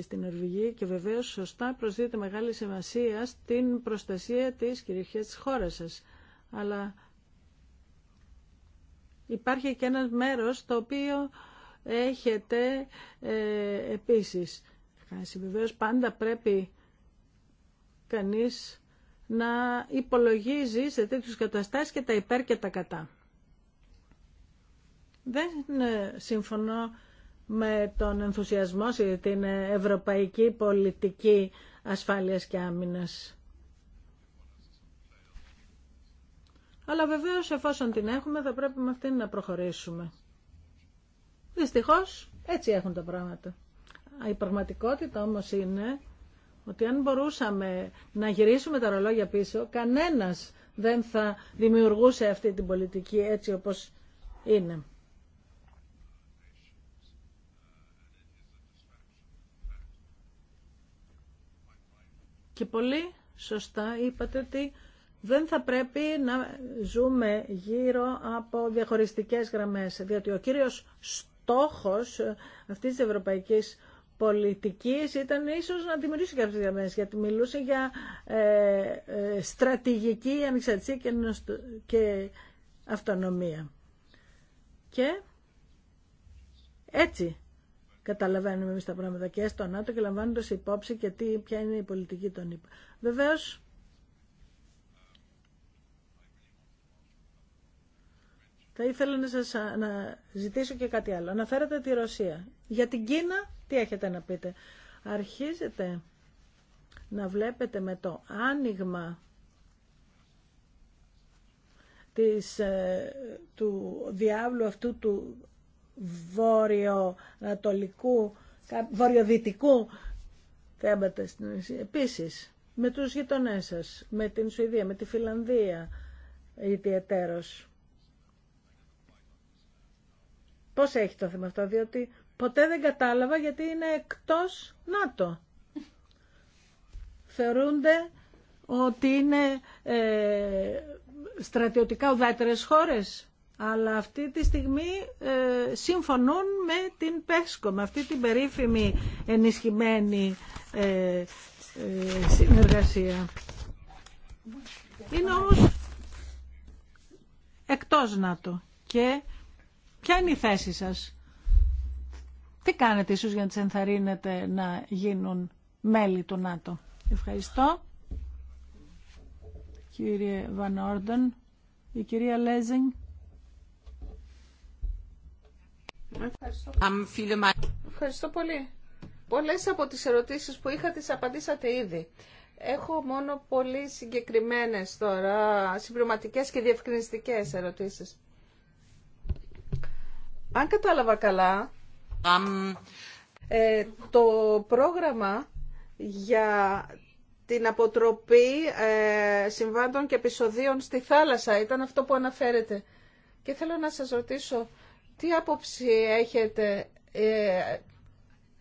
στην Νορβηγία και βεβαίως σωστά προσδίδεται μεγάλη σημασία στην προστασία της κυριαρχίας της χώρας σας. Αλλά υπάρχει και ένα μέρος το οποίο έχετε ε, επίσης Βεβαίω πάντα πρέπει κανείς να υπολογίζει σε τους καταστάσεις και τα υπέρ και τα κατά. Δεν ε, συμφωνώ με τον ενθουσιασμό σε την ευρωπαϊκή πολιτική ασφάλειας και άμυνας. Αλλά βεβαίως εφόσον την έχουμε θα πρέπει με αυτήν να προχωρήσουμε. Δυστυχώς έτσι έχουν τα πράγματα. Η πραγματικότητα όμως είναι ότι αν μπορούσαμε να γυρίσουμε τα ρολόγια πίσω, κανένας δεν θα δημιουργούσε αυτή την πολιτική έτσι όπως είναι. Και πολύ σωστά είπατε ότι δεν θα πρέπει να ζούμε γύρω από διαχωριστικές γραμμές, διότι ο κύριος στόχος αυτής της ευρωπαϊκής πολιτικής ήταν ίσως να δημιουργήσει κάποιες γραμμές, γιατί μιλούσε για ε, ε, στρατηγική ανεξαρτησία και, και αυτονομία. Και έτσι καταλαβαίνουμε εμείς τα πράγματα και στο ΝΑΤΟ και λαμβάνοντα υπόψη και τι, ποια είναι η πολιτική των ΗΠΑ. Βεβαίως, θα ήθελα να σας να ζητήσω και κάτι άλλο. Αναφέρατε τη Ρωσία. Για την Κίνα, τι έχετε να πείτε. Αρχίζετε να βλέπετε με το άνοιγμα της, ε, του διάβλου αυτού του βόρειο-ανατολικού, βορειοδυτικού θέματα στην Επίσης, με τους γειτονές σας, με την Σουηδία, με τη Φιλανδία, ιδιαιτέρως. Πώς έχει το θέμα αυτό, διότι Ποτέ δεν κατάλαβα γιατί είναι εκτός ΝΑΤΟ. Θεωρούνται ότι είναι ε, στρατιωτικά ουδέτερες χώρες. Αλλά αυτή τη στιγμή ε, συμφωνούν με την ΠΕΣΚΟ, με αυτή την περίφημη ενισχυμένη ε, ε, συνεργασία. Είναι όμως εκτός ΝΑΤΟ. Και ποια είναι η θέση σας. Τι κάνετε ίσως για να τις ενθαρρύνετε να γίνουν μέλη του ΝΑΤΟ. Ευχαριστώ. Κύριε Βαν Όρντεν, η κυρία Λέζινγκ. Ευχαριστώ. Ευχαριστώ πολύ. Πολλές από τις ερωτήσεις που είχατε τις απαντήσατε ήδη. Έχω μόνο πολύ συγκεκριμένες τώρα, συμπληρωματικές και διευκρινιστικές ερωτήσεις. Αν κατάλαβα καλά, ε, το πρόγραμμα για την αποτροπή ε, συμβάντων και επεισοδίων στη θάλασσα ήταν αυτό που αναφέρεται. Και θέλω να σας ρωτήσω, τι άποψη έχετε ε,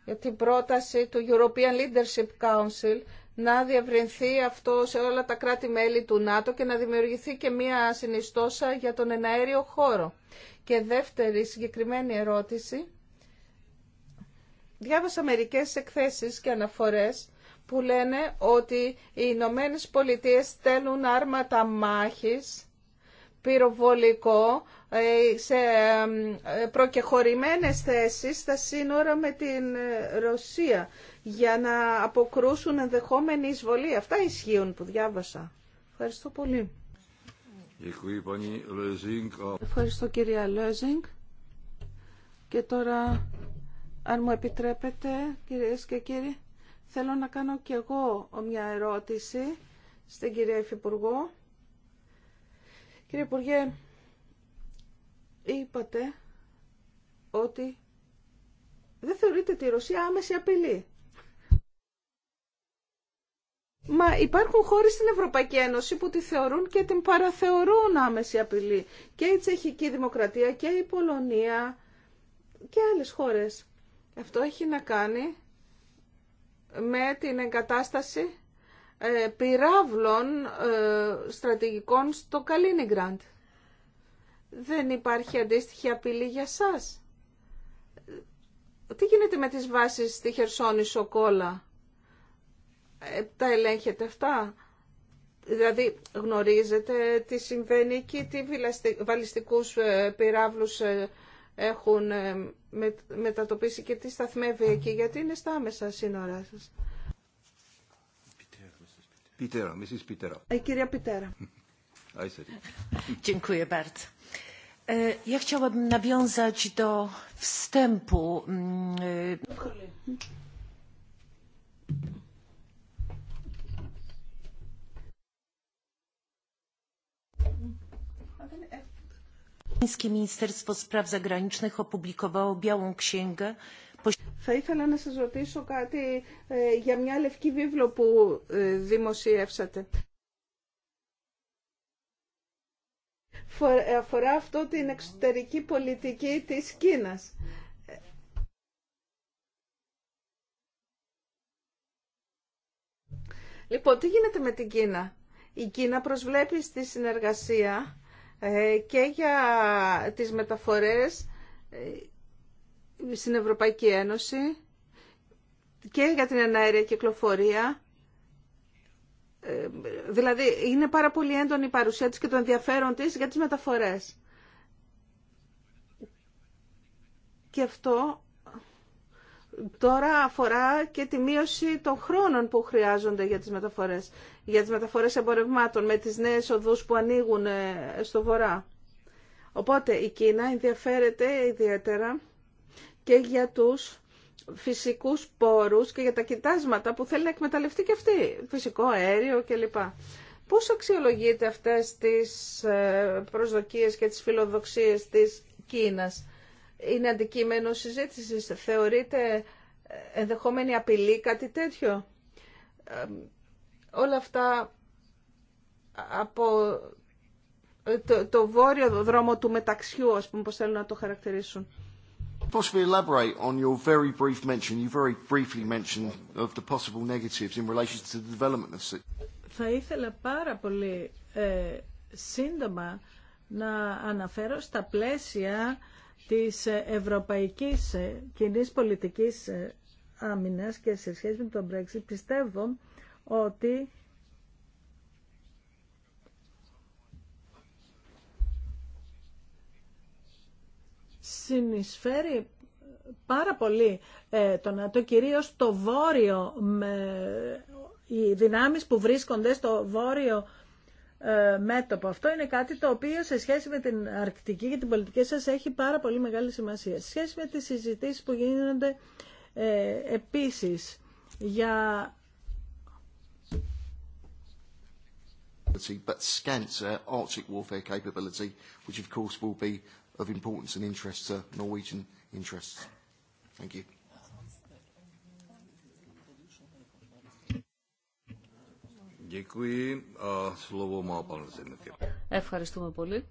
για την πρόταση του European Leadership Council να διευρυνθεί αυτό σε όλα τα κράτη-μέλη του ΝΑΤΟ και να δημιουργηθεί και μία συνιστόσα για τον εναέριο χώρο. Και δεύτερη συγκεκριμένη ερώτηση Διάβασα μερικές εκθέσεις και αναφορές που λένε ότι οι Ηνωμένε Πολιτείες στέλνουν άρματα μάχης, πυροβολικό, ε, σε ε, προκεχωρημένες θέσεις στα σύνορα με την ε, Ρωσία για να αποκρούσουν ενδεχόμενη εισβολή. Αυτά ισχύουν που διάβασα. Ευχαριστώ πολύ. Ευχαριστώ κυρία Λέζινγκ. Και τώρα αν μου επιτρέπετε, κυρίες και κύριοι, θέλω να κάνω κι εγώ μια ερώτηση στην κυρία Υφυπουργό. Κύριε Υπουργέ, είπατε ότι δεν θεωρείτε τη Ρωσία άμεση απειλή. Μα υπάρχουν χώρες στην Ευρωπαϊκή Ένωση που τη θεωρούν και την παραθεωρούν άμεση απειλή. Και η Τσεχική Δημοκρατία και η Πολωνία και άλλες χώρες. Αυτό έχει να κάνει με την εγκατάσταση ε, πυράβλων ε, στρατηγικών στο Καλίνιγκραντ. Δεν υπάρχει αντίστοιχη απειλή για σας. Τι γίνεται με τις βάσεις στη Χερσόνησο Κόλα. Ε, τα ελέγχετε αυτά. Δηλαδή γνωρίζετε τι συμβαίνει εκεί, τι βαλιστικούς πυράβλους έχουν με, μετατοπίσει και τι σταθμεύει εκεί, γιατί είναι στα άμεσα σύνορά σας. Πιτέρα, Πιτέρα. Ε, κυρία Πιτέρα. Dziękuję bardzo. Ε, ja chciałabym nawiązać do wstępu. Mm, e, θα ήθελα να σας ρωτήσω κάτι ε, για μια λευκή βίβλο που ε, δημοσιεύσατε. Ε, αφορά αυτό την εξωτερική πολιτική της Κίνας. Λοιπόν, τι γίνεται με την Κίνα. Η Κίνα προσβλέπει στη συνεργασία ε, και για τις μεταφορές ε, στην Ευρωπαϊκή Ένωση και για την εναέρια κυκλοφορία. Ε, δηλαδή, είναι πάρα πολύ έντονη η παρουσία της και το ενδιαφέρον της για τις μεταφορές. Και αυτό τώρα αφορά και τη μείωση των χρόνων που χρειάζονται για τις μεταφορές, για τις μεταφορές εμπορευμάτων με τις νέες οδούς που ανοίγουν ε, στο βορρά. Οπότε η Κίνα ενδιαφέρεται ιδιαίτερα και για τους φυσικούς πόρους και για τα κοιτάσματα που θέλει να εκμεταλλευτεί και αυτή, φυσικό αέριο κλπ. Πώς αξιολογείται αυτές τις ε, προσδοκίες και τις φιλοδοξίες της Κίνας είναι αντικείμενο συζήτησης. Θεωρείται ενδεχόμενη απειλή κάτι τέτοιο. Ε, όλα αυτά από ε, το, το, βόρειο δρόμο του μεταξιού, ας πούμε, πώς θέλουν να το χαρακτηρίσουν. Possibly elaborate on your very brief mention, you very briefly mentioned of the possible negatives in relation to the development of Θα ήθελα πάρα πολύ ε, σύντομα να αναφέρω στα πλαίσια της ευρωπαϊκής ε, κοινή πολιτικής ε, άμυνας και σε σχέση με τον Brexit πιστεύω ότι συνεισφέρει πάρα πολύ ε, το ΝΑΤΟ, κυρίως το βόρειο, με, οι δυνάμεις που βρίσκονται στο βόρειο ε, μέτωπο. Αυτό είναι κάτι το οποίο σε σχέση με την Αρκτική και την πολιτική σας έχει πάρα πολύ μεγάλη σημασία. Σε σχέση με τις συζητήσεις που γίνονται ε, επίσης για... but scant uh, Arctic warfare capability, which of course will be of importance and interest to Norwegian interests. Thank you. Ευχαριστούμε πολύ.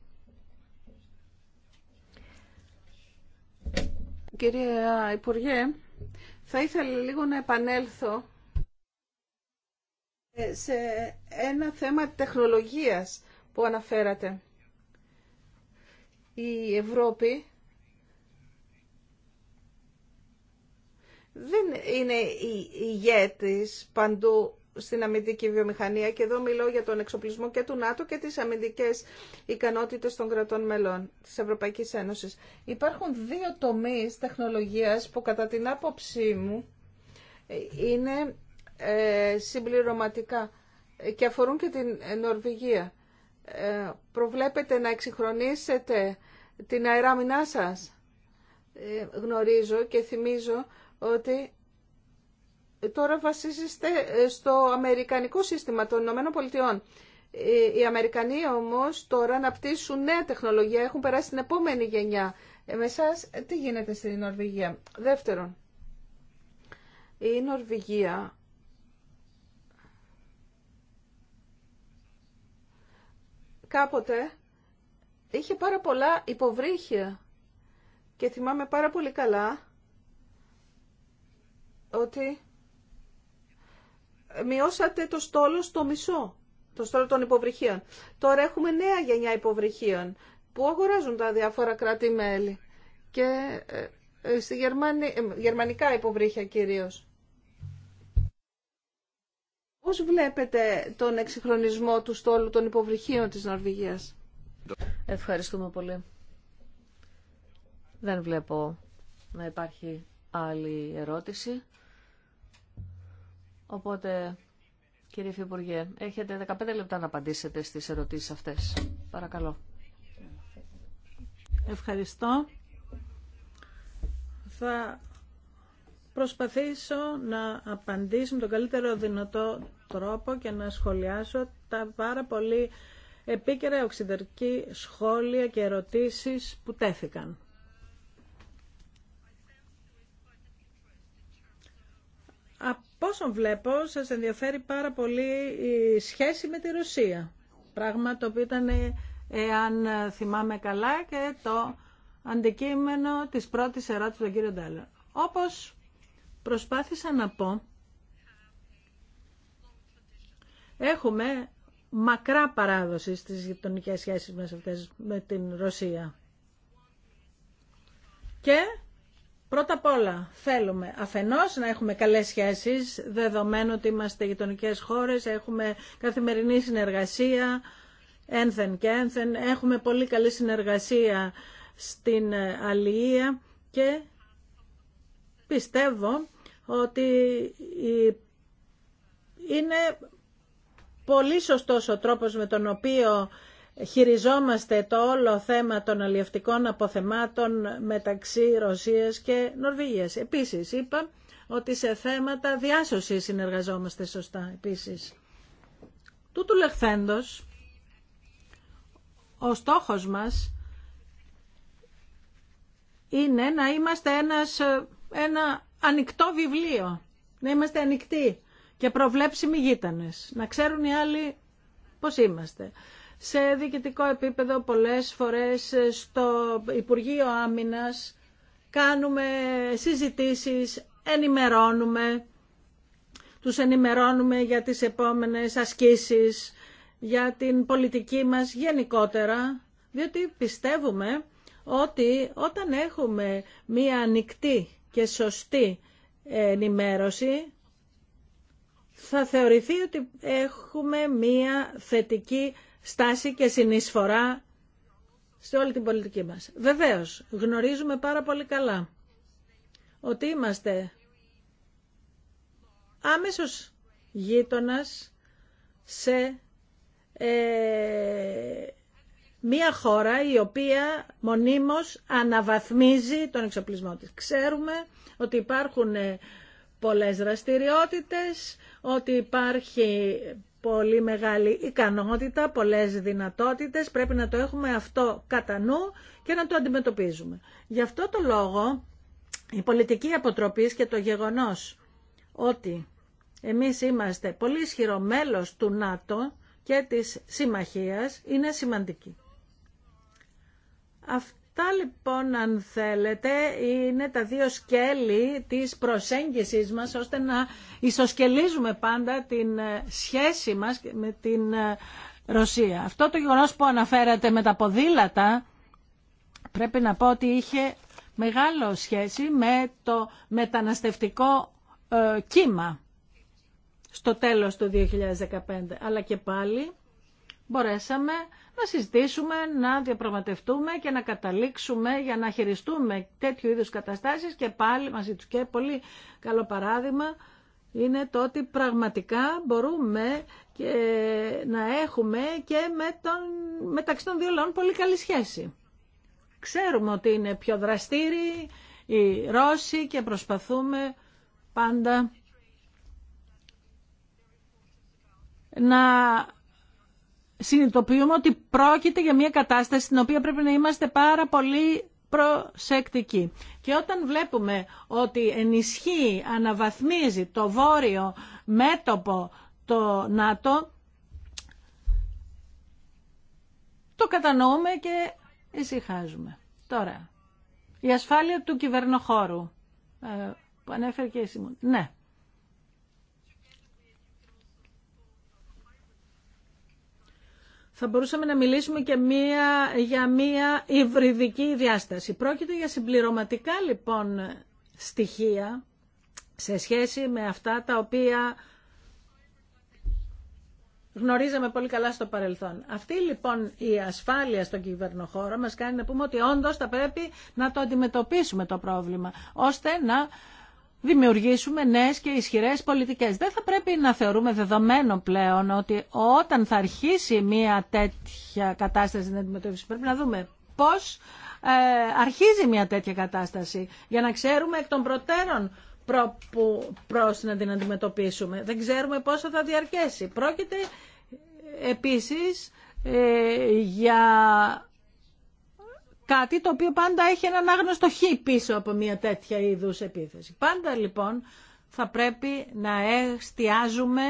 Κύριε Υπουργέ, θα ήθελα λίγο να επανέλθω σε ένα θέμα τεχνολογίας που αναφέρατε. Η Ευρώπη δεν είναι η ηγέτης παντού στην αμυντική βιομηχανία και εδώ μιλώ για τον εξοπλισμό και του ΝΑΤΟ και τις αμυντικές ικανότητες των κρατών μελών της Ευρωπαϊκής Ένωσης. Υπάρχουν δύο τομείς τεχνολογίας που κατά την άποψή μου είναι ε, συμπληρωματικά και αφορούν και την Νορβηγία. Ε, προβλέπετε να εξυγχρονίσετε την αεράμινά σας. Ε, γνωρίζω και θυμίζω ότι τώρα βασίζεστε ε, στο αμερικανικό σύστημα των Ηνωμένων Πολιτειών. Ε, οι Αμερικανοί όμως τώρα αναπτύσσουν νέα τεχνολογία, έχουν περάσει την επόμενη γενιά. Ε, με εσάς, τι γίνεται στην Νορβηγία. Δεύτερον, η Νορβηγία κάποτε είχε πάρα πολλά υποβρύχια και θυμάμαι πάρα πολύ καλά ότι μειώσατε το στόλο στο μισό, το στόλο των υποβρυχίων. Τώρα έχουμε νέα γενιά υποβρυχίων που αγοράζουν τα διάφορα κράτη-μέλη και ε, ε, στη ε, γερμανικά υποβρύχια κυρίως. Πώς βλέπετε τον εξυγχρονισμό του στόλου των υποβρυχίων της Νορβηγίας. Ευχαριστούμε πολύ. Δεν βλέπω να υπάρχει άλλη ερώτηση. Οπότε, κύριε Υφυπουργέ, έχετε 15 λεπτά να απαντήσετε στις ερωτήσεις αυτές. Παρακαλώ. Ευχαριστώ. Θα προσπαθήσω να απαντήσω με τον καλύτερο δυνατό τρόπο και να σχολιάσω τα πάρα πολύ επίκαιρα οξυδερκή σχόλια και ερωτήσεις που τέθηκαν. Πόσο βλέπω σας ενδιαφέρει πάρα πολύ η σχέση με τη Ρωσία. Πράγμα το οποίο ήταν, εάν θυμάμαι καλά, και το αντικείμενο της πρώτης ερώτησης του κύριο Ντάλλερ. Όπως προσπάθησα να πω, έχουμε μακρά παράδοση στις γειτονικές σχέσεις μας αυτές με την Ρωσία. Και Πρώτα απ' όλα θέλουμε αφενός να έχουμε καλές σχέσεις, δεδομένου ότι είμαστε γειτονικέ χώρες, έχουμε καθημερινή συνεργασία, ένθεν και ένθεν, έχουμε πολύ καλή συνεργασία στην αλληλεία και πιστεύω ότι είναι πολύ σωστός ο τρόπος με τον οποίο χειριζόμαστε το όλο θέμα των αλλιευτικών αποθεμάτων μεταξύ Ρωσίας και Νορβηγίας. Επίσης είπα ότι σε θέματα διάσωσης συνεργαζόμαστε σωστά επίσης. Τούτου λεχθέντος, ο στόχος μας είναι να είμαστε ένα ανοιχτό βιβλίο, να είμαστε ανοιχτοί και προβλέψιμοι γείτονες, να ξέρουν οι άλλοι πώς είμαστε σε διοικητικό επίπεδο πολλές φορές στο Υπουργείο Άμυνας κάνουμε συζητήσεις, ενημερώνουμε, τους ενημερώνουμε για τις επόμενες ασκήσεις, για την πολιτική μας γενικότερα, διότι πιστεύουμε ότι όταν έχουμε μία ανοιχτή και σωστή ενημέρωση, θα θεωρηθεί ότι έχουμε μία θετική στάση και συνεισφορά σε όλη την πολιτική μας. Βεβαίως, γνωρίζουμε πάρα πολύ καλά ότι είμαστε άμεσος γείτονας σε ε, μία χώρα η οποία μονίμως αναβαθμίζει τον εξοπλισμό της. Ξέρουμε ότι υπάρχουν ε, πολλές δραστηριότητες, ότι υπάρχει πολύ μεγάλη ικανότητα, πολλές δυνατότητες. Πρέπει να το έχουμε αυτό κατά νου και να το αντιμετωπίζουμε. Γι' αυτό το λόγο η πολιτική αποτροπής και το γεγονός ότι εμείς είμαστε πολύ ισχυρό μέλος του ΝΑΤΟ και της Συμμαχίας είναι σημαντική. Αυτά λοιπόν αν θέλετε είναι τα δύο σκέλη της προσέγγισης μας ώστε να ισοσκελίζουμε πάντα την ε, σχέση μας με την ε, Ρωσία. Αυτό το γεγονός που αναφέρατε με τα ποδήλατα πρέπει να πω ότι είχε μεγάλο σχέση με το μεταναστευτικό ε, κύμα στο τέλος του 2015. Αλλά και πάλι μπορέσαμε να συζητήσουμε, να διαπραγματευτούμε και να καταλήξουμε για να χειριστούμε τέτοιου είδους καταστάσεις και πάλι μαζί τους. Και πολύ καλό παράδειγμα είναι το ότι πραγματικά μπορούμε και να έχουμε και με τον, μεταξύ των δύο λαών πολύ καλή σχέση. Ξέρουμε ότι είναι πιο δραστήριοι οι Ρώσοι και προσπαθούμε πάντα να συνειδητοποιούμε ότι πρόκειται για μια κατάσταση στην οποία πρέπει να είμαστε πάρα πολύ προσεκτικοί. Και όταν βλέπουμε ότι ενισχύει, αναβαθμίζει το βόρειο μέτωπο το ΝΑΤΟ, το κατανοούμε και ησυχάζουμε. Τώρα, η ασφάλεια του κυβερνοχώρου, ε, που ανέφερε και η Ναι, θα μπορούσαμε να μιλήσουμε και μία, για μία υβριδική διάσταση. Πρόκειται για συμπληρωματικά λοιπόν στοιχεία σε σχέση με αυτά τα οποία γνωρίζαμε πολύ καλά στο παρελθόν. Αυτή λοιπόν η ασφάλεια στον κυβερνοχώρο μας κάνει να πούμε ότι όντως θα πρέπει να το αντιμετωπίσουμε το πρόβλημα, ώστε να δημιουργήσουμε νέες και ισχυρές πολιτικές. Δεν θα πρέπει να θεωρούμε δεδομένο πλέον ότι όταν θα αρχίσει μια τέτοια κατάσταση να αντιμετωπίσουμε, πρέπει να δούμε πώς ε, αρχίζει μια τέτοια κατάσταση για να ξέρουμε εκ των προτέρων προ, να την αντιμετωπίσουμε. Δεν ξέρουμε πόσο θα διαρκέσει. Πρόκειται επίσης ε, για κάτι το οποίο πάντα έχει έναν άγνωστο χ πίσω από μια τέτοια είδους επίθεση. Πάντα λοιπόν θα πρέπει να εστιάζουμε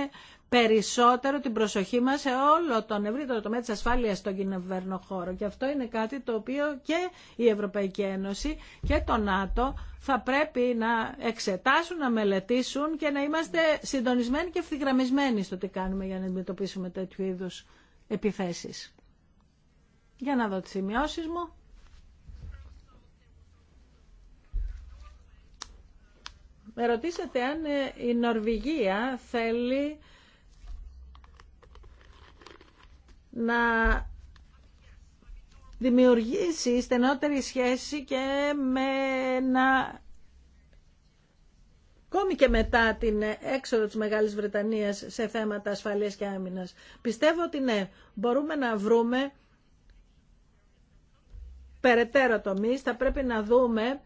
περισσότερο την προσοχή μας σε όλο τον ευρύτερο τομέα της ασφάλειας στον κυβερνό χώρο. Και αυτό είναι κάτι το οποίο και η Ευρωπαϊκή Ένωση και το ΝΑΤΟ θα πρέπει να εξετάσουν, να μελετήσουν και να είμαστε συντονισμένοι και ευθυγραμμισμένοι στο τι κάνουμε για να αντιμετωπίσουμε τέτοιου είδους επιθέσεις. Για να δω τις σημειώσει μου. Με ρωτήσατε αν ε, η Νορβηγία θέλει να δημιουργήσει στενότερη σχέση και με να ακόμη και μετά την έξοδο της Μεγάλης Βρετανίας σε θέματα ασφαλείας και άμυνας. Πιστεύω ότι ναι, μπορούμε να βρούμε περαιτέρω τομείς, θα πρέπει να δούμε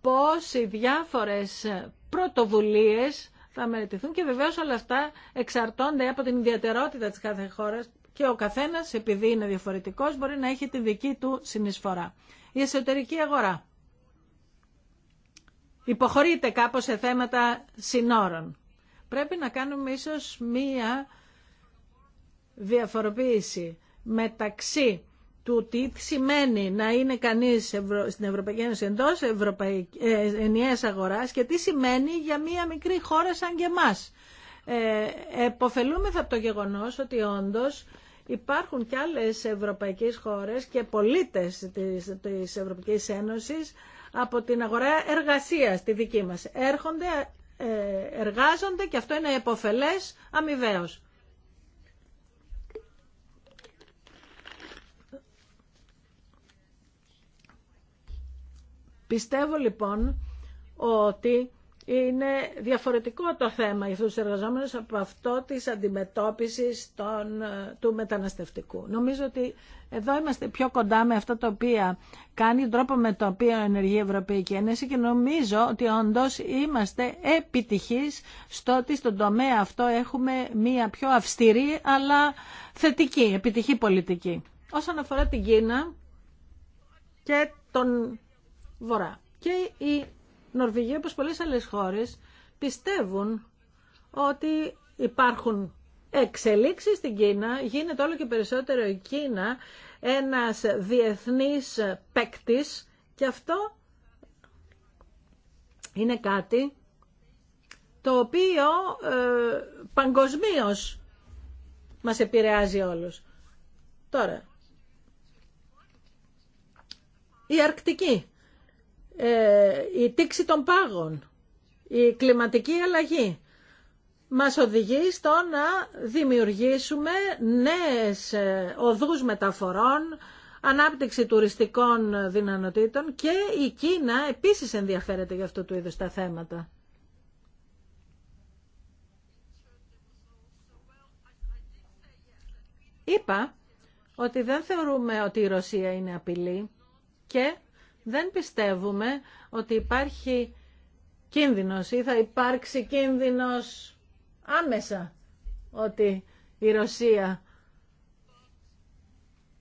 πώς οι διάφορες πρωτοβουλίες θα μελετηθούν και βεβαίως όλα αυτά εξαρτώνται από την ιδιαιτερότητα της κάθε χώρας και ο καθένας επειδή είναι διαφορετικός μπορεί να έχει τη δική του συνεισφορά. Η εσωτερική αγορά υποχωρείται κάπως σε θέματα συνόρων. Πρέπει να κάνουμε ίσως μία διαφοροποίηση μεταξύ του τι σημαίνει να είναι κανείς στην Ευρωπαϊκή Ένωση εντός Ευρωπαϊκή, ε, αγοράς και τι σημαίνει για μία μικρή χώρα σαν και εμάς. Ε, εποφελούμεθα από το γεγονός ότι όντως υπάρχουν και άλλες ευρωπαϊκές χώρες και πολίτες της, της Ευρωπαϊκής Ένωσης από την αγορά εργασίας τη δική μας. Έρχονται, ε, εργάζονται και αυτό είναι εποφελές αμοιβαίως. Πιστεύω λοιπόν ότι είναι διαφορετικό το θέμα για τους εργαζόμενους από αυτό της αντιμετώπισης των, του μεταναστευτικού. Νομίζω ότι εδώ είμαστε πιο κοντά με αυτά τα οποία κάνει, τρόπο με το οποίο ενεργεί η Ευρωπαϊκή Ένωση και νομίζω ότι όντως είμαστε επιτυχείς στο ότι στον τομέα αυτό έχουμε μία πιο αυστηρή αλλά θετική, επιτυχή πολιτική. Όσον αφορά την Κίνα και τον και η Νορβηγία, όπως πολλές άλλες χώρες, πιστεύουν ότι υπάρχουν εξελίξεις στην Κίνα, γίνεται όλο και περισσότερο η Κίνα ένας διεθνής παίκτη και αυτό είναι κάτι το οποίο ε, παγκοσμίως μας επηρεάζει όλους. Τώρα, η Αρκτική ε, η τήξη των πάγων, η κλιματική αλλαγή μας οδηγεί στο να δημιουργήσουμε νέες ε, οδούς μεταφορών, ανάπτυξη τουριστικών δυνανοτήτων και η Κίνα επίσης ενδιαφέρεται για αυτό του είδους τα θέματα. Είπα ότι δεν θεωρούμε ότι η Ρωσία είναι απειλή και δεν πιστεύουμε ότι υπάρχει κίνδυνος ή θα υπάρξει κίνδυνος άμεσα ότι η Ρωσία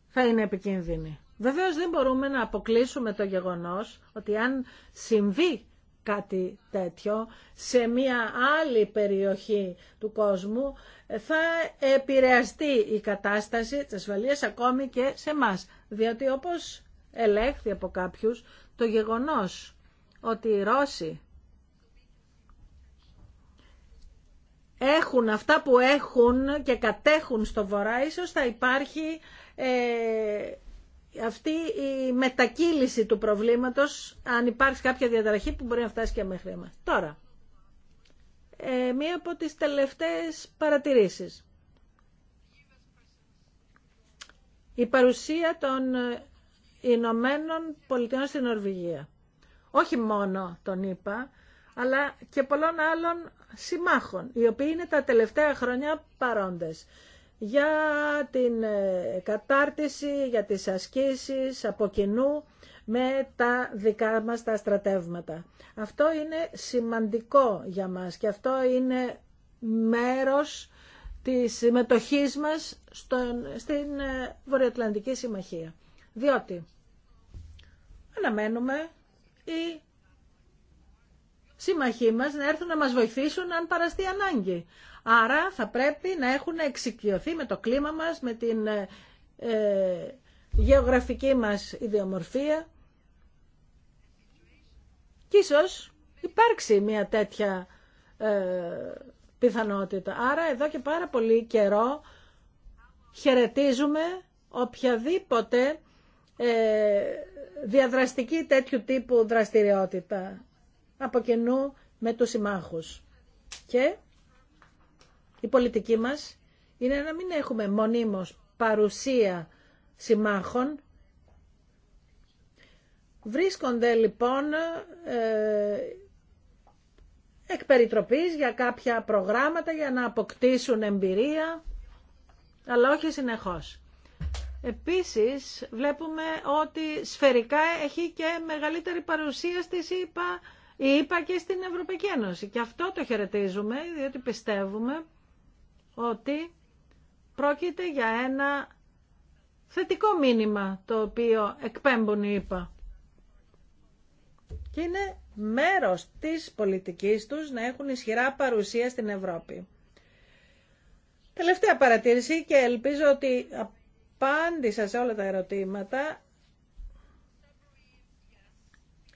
θα είναι επικίνδυνη. Βεβαίως δεν μπορούμε να αποκλείσουμε το γεγονός ότι αν συμβεί κάτι τέτοιο σε μια άλλη περιοχή του κόσμου θα επηρεαστεί η κατάσταση της ασφαλείας ακόμη και σε μας, διότι όπως ελέγχθη από κάποιους το γεγονός ότι οι Ρώσοι έχουν αυτά που έχουν και κατέχουν στο βορρά, ίσως θα υπάρχει ε, αυτή η μετακύληση του προβλήματος, αν υπάρχει κάποια διαταραχή που μπορεί να φτάσει και μέχρι εμάς. Τώρα, ε, μία από τις τελευταίες παρατηρήσεις. Η παρουσία των Ηνωμένων Πολιτειών στην Νορβηγία. Όχι μόνο τον είπα, αλλά και πολλών άλλων συμμάχων, οι οποίοι είναι τα τελευταία χρόνια παρόντες. Για την ε, κατάρτιση, για τις ασκήσεις από κοινού με τα δικά μας τα στρατεύματα. Αυτό είναι σημαντικό για μας και αυτό είναι μέρος της συμμετοχής μας στον, στην ε, Βορειοατλαντική Συμμαχία διότι αναμένουμε οι σύμμαχοί μας να έρθουν να μας βοηθήσουν αν παραστεί ανάγκη. Άρα θα πρέπει να έχουν εξοικειωθεί με το κλίμα μας, με την ε, ε, γεωγραφική μας ιδιομορφία και ίσως υπάρξει μια τέτοια ε, πιθανότητα. Άρα εδώ και πάρα πολύ καιρό χαιρετίζουμε οποιαδήποτε ε, διαδραστική τέτοιου τύπου δραστηριότητα από κοινού με τους συμμάχους. Και η πολιτική μας είναι να μην έχουμε μονίμως παρουσία συμμάχων. Βρίσκονται λοιπόν ε, εκ περιτροπής για κάποια προγράμματα για να αποκτήσουν εμπειρία, αλλά όχι συνεχώς. Επίσης βλέπουμε ότι σφαιρικά έχει και μεγαλύτερη παρουσία στις ΣΥΠΑ η και στην Ευρωπαϊκή Ένωση. Και αυτό το χαιρετίζουμε, διότι πιστεύουμε ότι πρόκειται για ένα θετικό μήνυμα το οποίο εκπέμπουν οι ΕΠΑ. Και είναι μέρος της πολιτικής τους να έχουν ισχυρά παρουσία στην Ευρώπη. Τελευταία παρατήρηση και ελπίζω ότι απάντησα σε όλα τα ερωτήματα.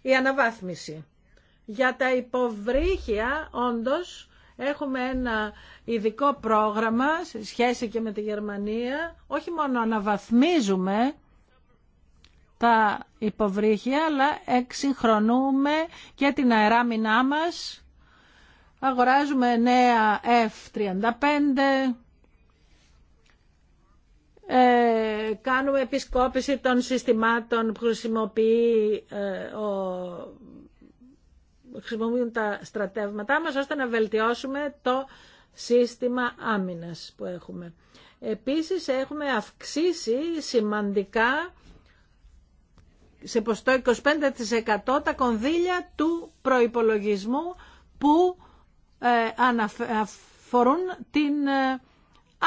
Η αναβάθμιση. Για τα υποβρύχια, όντως, έχουμε ένα ειδικό πρόγραμμα σε σχέση και με τη Γερμανία. Όχι μόνο αναβαθμίζουμε τα υποβρύχια, αλλά εξυγχρονούμε και την αεράμινά μας. Αγοράζουμε νέα F-35, ε, κάνουμε επισκόπηση των συστημάτων που χρησιμοποιεί ε, ο χρησιμοποιούν τα στρατεύματά μας ώστε να βελτιώσουμε το σύστημα άμυνας που έχουμε. Επίσης έχουμε αυξήσει σημαντικά σε ποστό 25% τα κονδύλια του προϋπολογισμού που ε, αφορούν την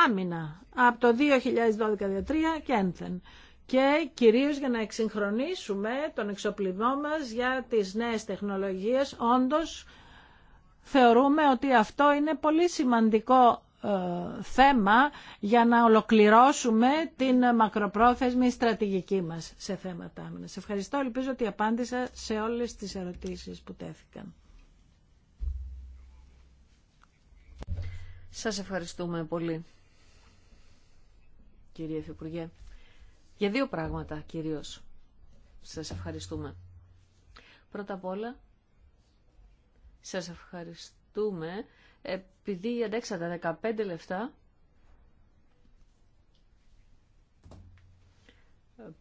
άμυνα από το 2012-2013 και ένθεν. Και κυρίως για να εξυγχρονίσουμε τον εξοπλισμό μας για τις νέες τεχνολογίες, όντως θεωρούμε ότι αυτό είναι πολύ σημαντικό ε, θέμα για να ολοκληρώσουμε την μακροπρόθεσμη στρατηγική μας σε θέματα άμυνας. Ευχαριστώ, ελπίζω ότι απάντησα σε όλες τις ερωτήσεις που τέθηκαν. Σας ευχαριστούμε πολύ κύριε Υφυπουργέ. Για δύο πράγματα κυρίως σας ευχαριστούμε. Πρώτα απ' όλα, σας ευχαριστούμε επειδή αντέξατε 15 λεφτά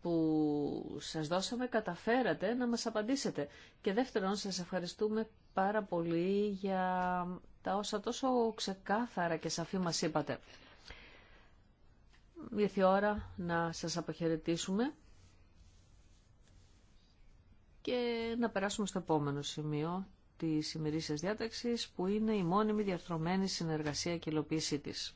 που σας δώσαμε, καταφέρατε να μας απαντήσετε. Και δεύτερον, σας ευχαριστούμε πάρα πολύ για τα όσα τόσο ξεκάθαρα και σαφή μας είπατε ήρθε η ώρα να σας αποχαιρετήσουμε και να περάσουμε στο επόμενο σημείο της ημερήσιας διάταξης που είναι η μόνιμη διαρθρωμένη συνεργασία και υλοποίησή της.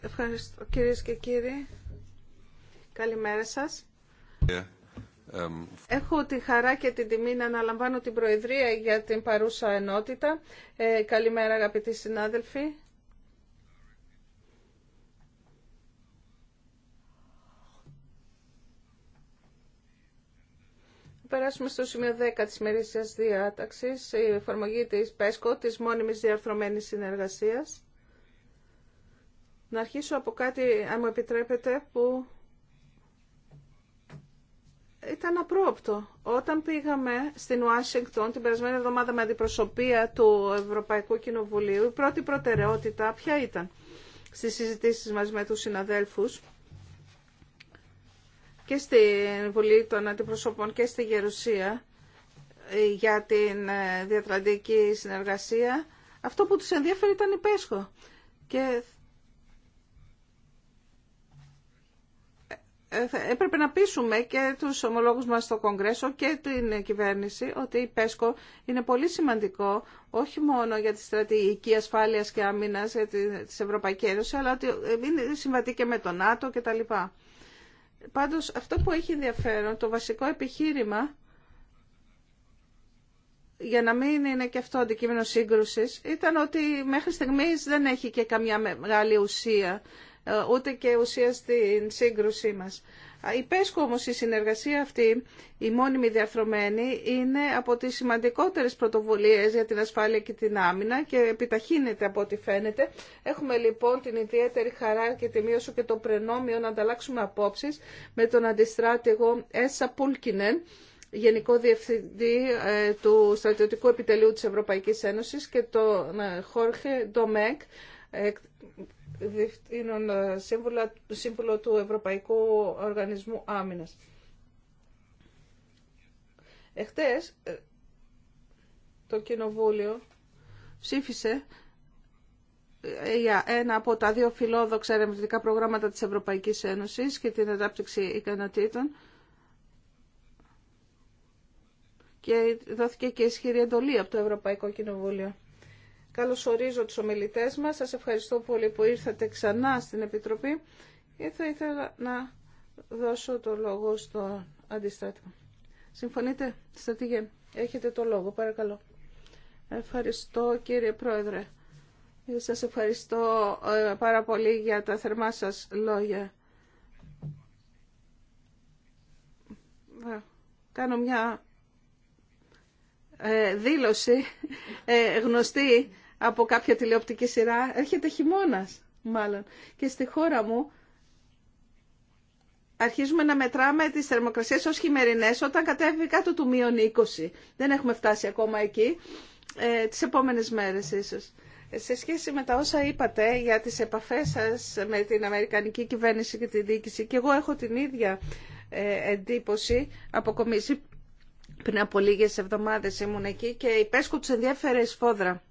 Ευχαριστώ κύριε και κύριοι. Καλημέρα σας. Um, Έχω τη χαρά και την τιμή να αναλαμβάνω την Προεδρία για την παρούσα ενότητα. Ε, καλημέρα αγαπητοί συνάδελφοι. περάσουμε στο σημείο 10 της μερίσιας διάταξης, η εφαρμογή της ΠΕΣΚΟ, της μόνιμης διαρθρωμένης συνεργασίας. Να αρχίσω από κάτι, αν μου επιτρέπετε, που ήταν απρόοπτο. Όταν πήγαμε στην Ουάσιγκτον την περασμένη εβδομάδα με αντιπροσωπεία του Ευρωπαϊκού Κοινοβουλίου, η πρώτη προτεραιότητα ποια ήταν στις συζητήσεις μας με τους συναδέλφους και στην Βουλή των Αντιπροσωπών και στη Γερουσία ε, για την ε, διατραντική συνεργασία. Αυτό που τους ενδιαφέρει ήταν η Πέσχο. Και ε, έπρεπε να πείσουμε και τους ομολόγους μας στο Κογκρέσο και την κυβέρνηση ότι η ΠΕΣΚΟ είναι πολύ σημαντικό όχι μόνο για τη στρατηγική ασφάλειας και άμυνας της Ευρωπαϊκής Ένωσης αλλά ότι είναι και με το ΝΑΤΟ κτλ. Πάντως αυτό που έχει ενδιαφέρον, το βασικό επιχείρημα, για να μην είναι και αυτό αντικείμενο σύγκρουσης, ήταν ότι μέχρι στιγμής δεν έχει και καμιά μεγάλη ουσία, ε, ούτε και ουσία στην σύγκρουσή μας. Η ΠΕΣΚΟ όμως η συνεργασία αυτή, η μόνιμη διαρθρωμένη, είναι από τις σημαντικότερες πρωτοβουλίες για την ασφάλεια και την άμυνα και επιταχύνεται από ό,τι φαίνεται. Έχουμε λοιπόν την ιδιαίτερη χαρά και τη μείωση και το πρενόμιο να ανταλλάξουμε απόψεις με τον αντιστράτηγο Έσα Πούλκινεν, Γενικό Διευθυντή ε, του Στρατιωτικού Επιτελείου της Ευρωπαϊκής Ένωσης και τον ε, Χόρχε Ντομέκ, ε, διευθύνων ε, σύμβουλο του Ευρωπαϊκού Οργανισμού Άμυνας. Εχθές ε, το Κοινοβούλιο ψήφισε ε, για ένα από τα δύο φιλόδοξα ερευνητικά προγράμματα της Ευρωπαϊκής Ένωσης και την ανάπτυξη ικανοτήτων και δόθηκε και ισχυρή εντολή από το Ευρωπαϊκό Κοινοβούλιο. Καλωσορίζω τους ομιλητές μας. Σας ευχαριστώ πολύ που ήρθατε ξανά στην Επιτροπή και θα ήθελα να δώσω το λόγο στο μου. Συμφωνείτε, στρατηγέ. Έχετε το λόγο, παρακαλώ. Ευχαριστώ, κύριε Πρόεδρε. Σας ευχαριστώ ε, πάρα πολύ για τα θερμά σας λόγια. Κάνω μια ε, δήλωση ε, γνωστή από κάποια τηλεοπτική σειρά. Έρχεται χειμώνα, μάλλον. Και στη χώρα μου αρχίζουμε να μετράμε τις θερμοκρασίες ως χειμερινές όταν κατέβει κάτω του μείον 20. Δεν έχουμε φτάσει ακόμα εκεί ε, τις επόμενες μέρες ίσως. Σε σχέση με τα όσα είπατε για τις επαφές σας με την Αμερικανική κυβέρνηση και τη διοίκηση και εγώ έχω την ίδια ε, εντύπωση αποκομίσει πριν από λίγες εβδομάδες ήμουν εκεί και η Πέσκο τους ενδιαφέρε σφόδρα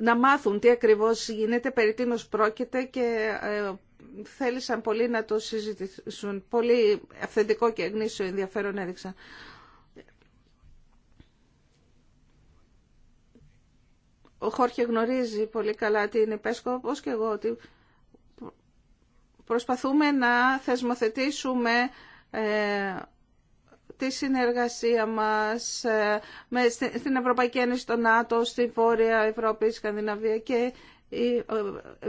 να μάθουν τι ακριβώς γίνεται, περί τίνος πρόκειται και ε, θέλησαν πολύ να το συζητήσουν. Πολύ αυθεντικό και γνήσιο ενδιαφέρον έδειξαν. Ο Χόρχε γνωρίζει πολύ καλά τι είναι Πέσκο, όπως και εγώ, ότι προσπαθούμε να θεσμοθετήσουμε ε, τη συνεργασία μας ε, με, στην Ευρωπαϊκή Ένωση, στο ΝΑΤΟ, στη Βόρεια Ευρώπη, η Σκανδιναβία και η ε,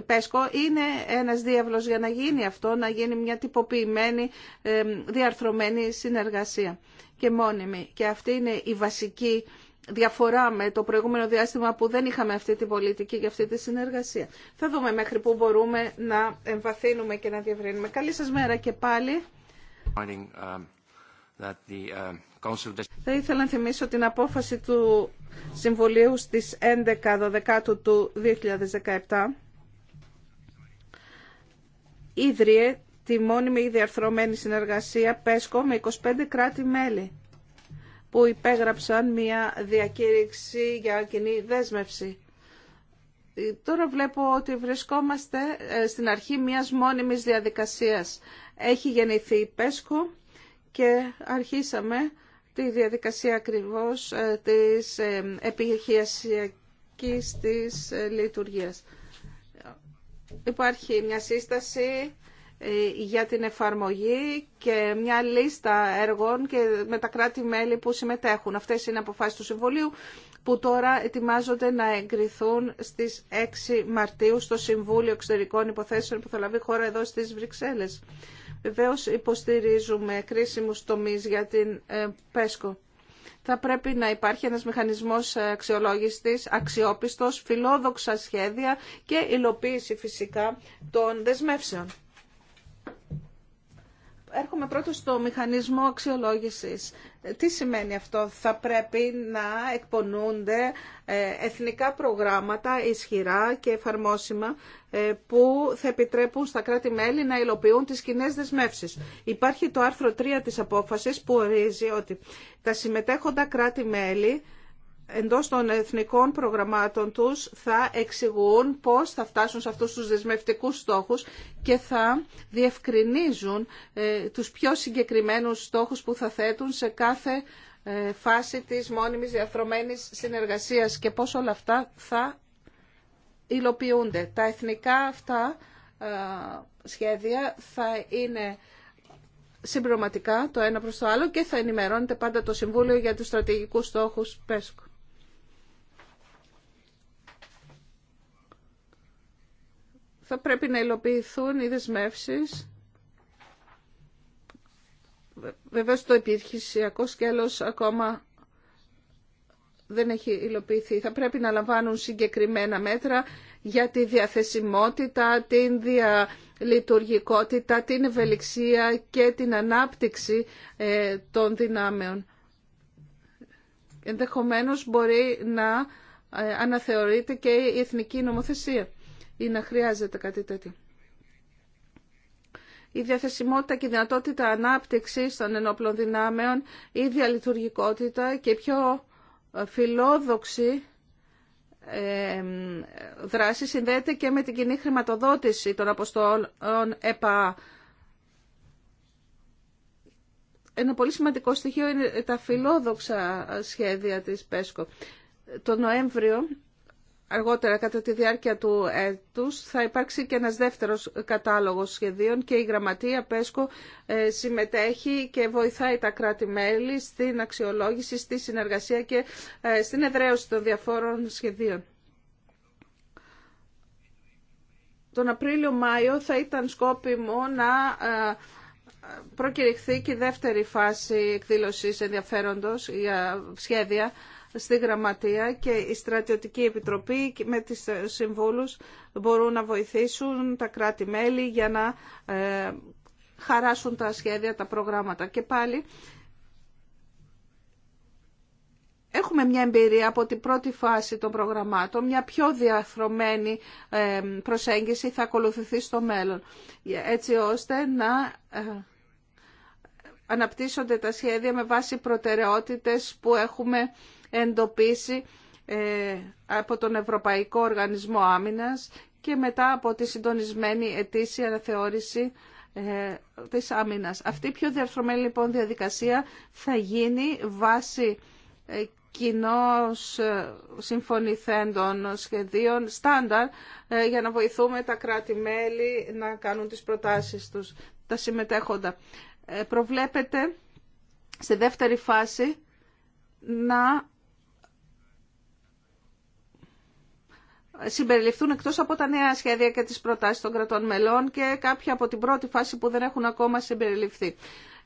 ΠΕΣΚΟ είναι ένας διάβλος για να γίνει αυτό, να γίνει μια τυποποιημένη, ε, διαρθρωμένη συνεργασία και μόνιμη. Και αυτή είναι η βασική διαφορά με το προηγούμενο διάστημα που δεν είχαμε αυτή την πολιτική και αυτή τη συνεργασία. Θα δούμε μέχρι πού μπορούμε να εμβαθύνουμε και να διευρύνουμε. Καλή σας μέρα και πάλι. Um, Uh, Θα ήθελα να θυμίσω την απόφαση του Συμβουλίου στις 11 12 του 2017 ίδρυε τη μόνιμη διαρθρωμένη συνεργασία ΠΕΣΚΟ με 25 κράτη-μέλη που υπέγραψαν μια διακήρυξη για κοινή δέσμευση. Ε, τώρα βλέπω ότι βρισκόμαστε ε, στην αρχή μιας μόνιμης διαδικασίας. Έχει γεννηθεί η ΠΕΣΚΟ και αρχίσαμε τη διαδικασία ακριβώς ε, της ε, επιχειρησιακής της ε, λειτουργίας. Υπάρχει μια σύσταση για την εφαρμογή και μια λίστα έργων και με τα κράτη-μέλη που συμμετέχουν. Αυτές είναι αποφάσεις του Συμβουλίου που τώρα ετοιμάζονται να εγκριθούν στις 6 Μαρτίου στο Συμβούλιο Εξωτερικών Υποθέσεων που θα λάβει χώρα εδώ στις Βρυξέλλες. Βεβαίως υποστηρίζουμε κρίσιμους τομείς για την ε, ΠΕΣΚΟ. Θα πρέπει να υπάρχει ένας μηχανισμός αξιολόγησης, αξιόπιστος, φιλόδοξα σχέδια και υλοποίηση φυσικά των δεσμεύσεων. Έρχομαι πρώτο στο μηχανισμό αξιολόγησης. Τι σημαίνει αυτό. Θα πρέπει να εκπονούνται ε, εθνικά προγράμματα ισχυρά και εφαρμόσιμα ε, που θα επιτρέπουν στα κράτη-μέλη να υλοποιούν τις κοινέ δεσμεύσεις. Υπάρχει το άρθρο 3 της απόφασης που ορίζει ότι τα συμμετέχοντα κράτη-μέλη εντός των εθνικών προγραμμάτων τους θα εξηγούν πώς θα φτάσουν σε αυτούς τους δεσμευτικούς στόχους και θα διευκρινίζουν ε, τους πιο συγκεκριμένους στόχους που θα θέτουν σε κάθε ε, φάση της μόνιμης διαφρομένης συνεργασίας και πώς όλα αυτά θα υλοποιούνται. Τα εθνικά αυτά ε, σχέδια θα είναι συμπληρωματικά το ένα προς το άλλο και θα ενημερώνεται πάντα το Συμβούλιο για τους στρατηγικούς στόχους ΠΕΣΚΟ. θα πρέπει να υλοποιηθούν οι δεσμεύσει. Βεβαίω το επιχειρησιακό σκέλο ακόμα δεν έχει υλοποιηθεί. Θα πρέπει να λαμβάνουν συγκεκριμένα μέτρα για τη διαθεσιμότητα, την διαλειτουργικότητα, την ευελιξία και την ανάπτυξη ε, των δυνάμεων. Ενδεχομένως μπορεί να ε, αναθεωρείται και η εθνική νομοθεσία ή να χρειάζεται κάτι τέτοιο. Η διαθεσιμότητα και η δυνατότητα ανάπτυξης των ενόπλων δυνάμεων, η διαλειτουργικότητα και η πιο φιλόδοξη δράση συνδέεται και με την κοινή χρηματοδότηση των αποστολών ΕΠΑ. Ένα πολύ σημαντικό στοιχείο είναι τα φιλόδοξα σχέδια της ΠΕΣΚΟ. Το Νοέμβριο αργότερα κατά τη διάρκεια του έτους θα υπάρξει και ένας δεύτερος κατάλογος σχεδίων και η Γραμματεία ΠΕΣΚΟ ε, συμμετέχει και βοηθάει τα κράτη-μέλη στην αξιολόγηση, στη συνεργασία και ε, στην εδραίωση των διαφόρων σχεδίων. Τον Απρίλιο-Μάιο θα ήταν σκόπιμο να ε, προκηρυχθεί και η δεύτερη φάση εκδήλωσης ενδιαφέροντος για σχέδια στη Γραμματεία και η Στρατιωτική Επιτροπή με τις ε, συμβούλους μπορούν να βοηθήσουν τα κράτη-μέλη για να ε, χαράσουν τα σχέδια, τα προγράμματα. Και πάλι έχουμε μια εμπειρία από την πρώτη φάση των προγραμμάτων, μια πιο διαθρωμένη ε, προσέγγιση θα ακολουθηθεί στο μέλλον, έτσι ώστε να αναπτύσσονται τα σχέδια με βάση προτεραιότητες που έχουμε εντοπίσει ε, από τον Ευρωπαϊκό Οργανισμό Άμυνας και μετά από τη συντονισμένη ετήσια αναθεώρηση ε, της άμυνας. Αυτή η πιο διαρθρωμένη λοιπόν διαδικασία θα γίνει βάση ε, κοινώς συμφωνηθέντων σχεδίων στάνταρ για να βοηθούμε τα κράτη-μέλη να κάνουν τις προτάσεις τους, τα συμμετέχοντα. Προβλέπεται σε δεύτερη φάση να συμπεριληφθούν εκτός από τα νέα σχέδια και τις προτάσεις των κρατών μελών και κάποια από την πρώτη φάση που δεν έχουν ακόμα συμπεριληφθεί.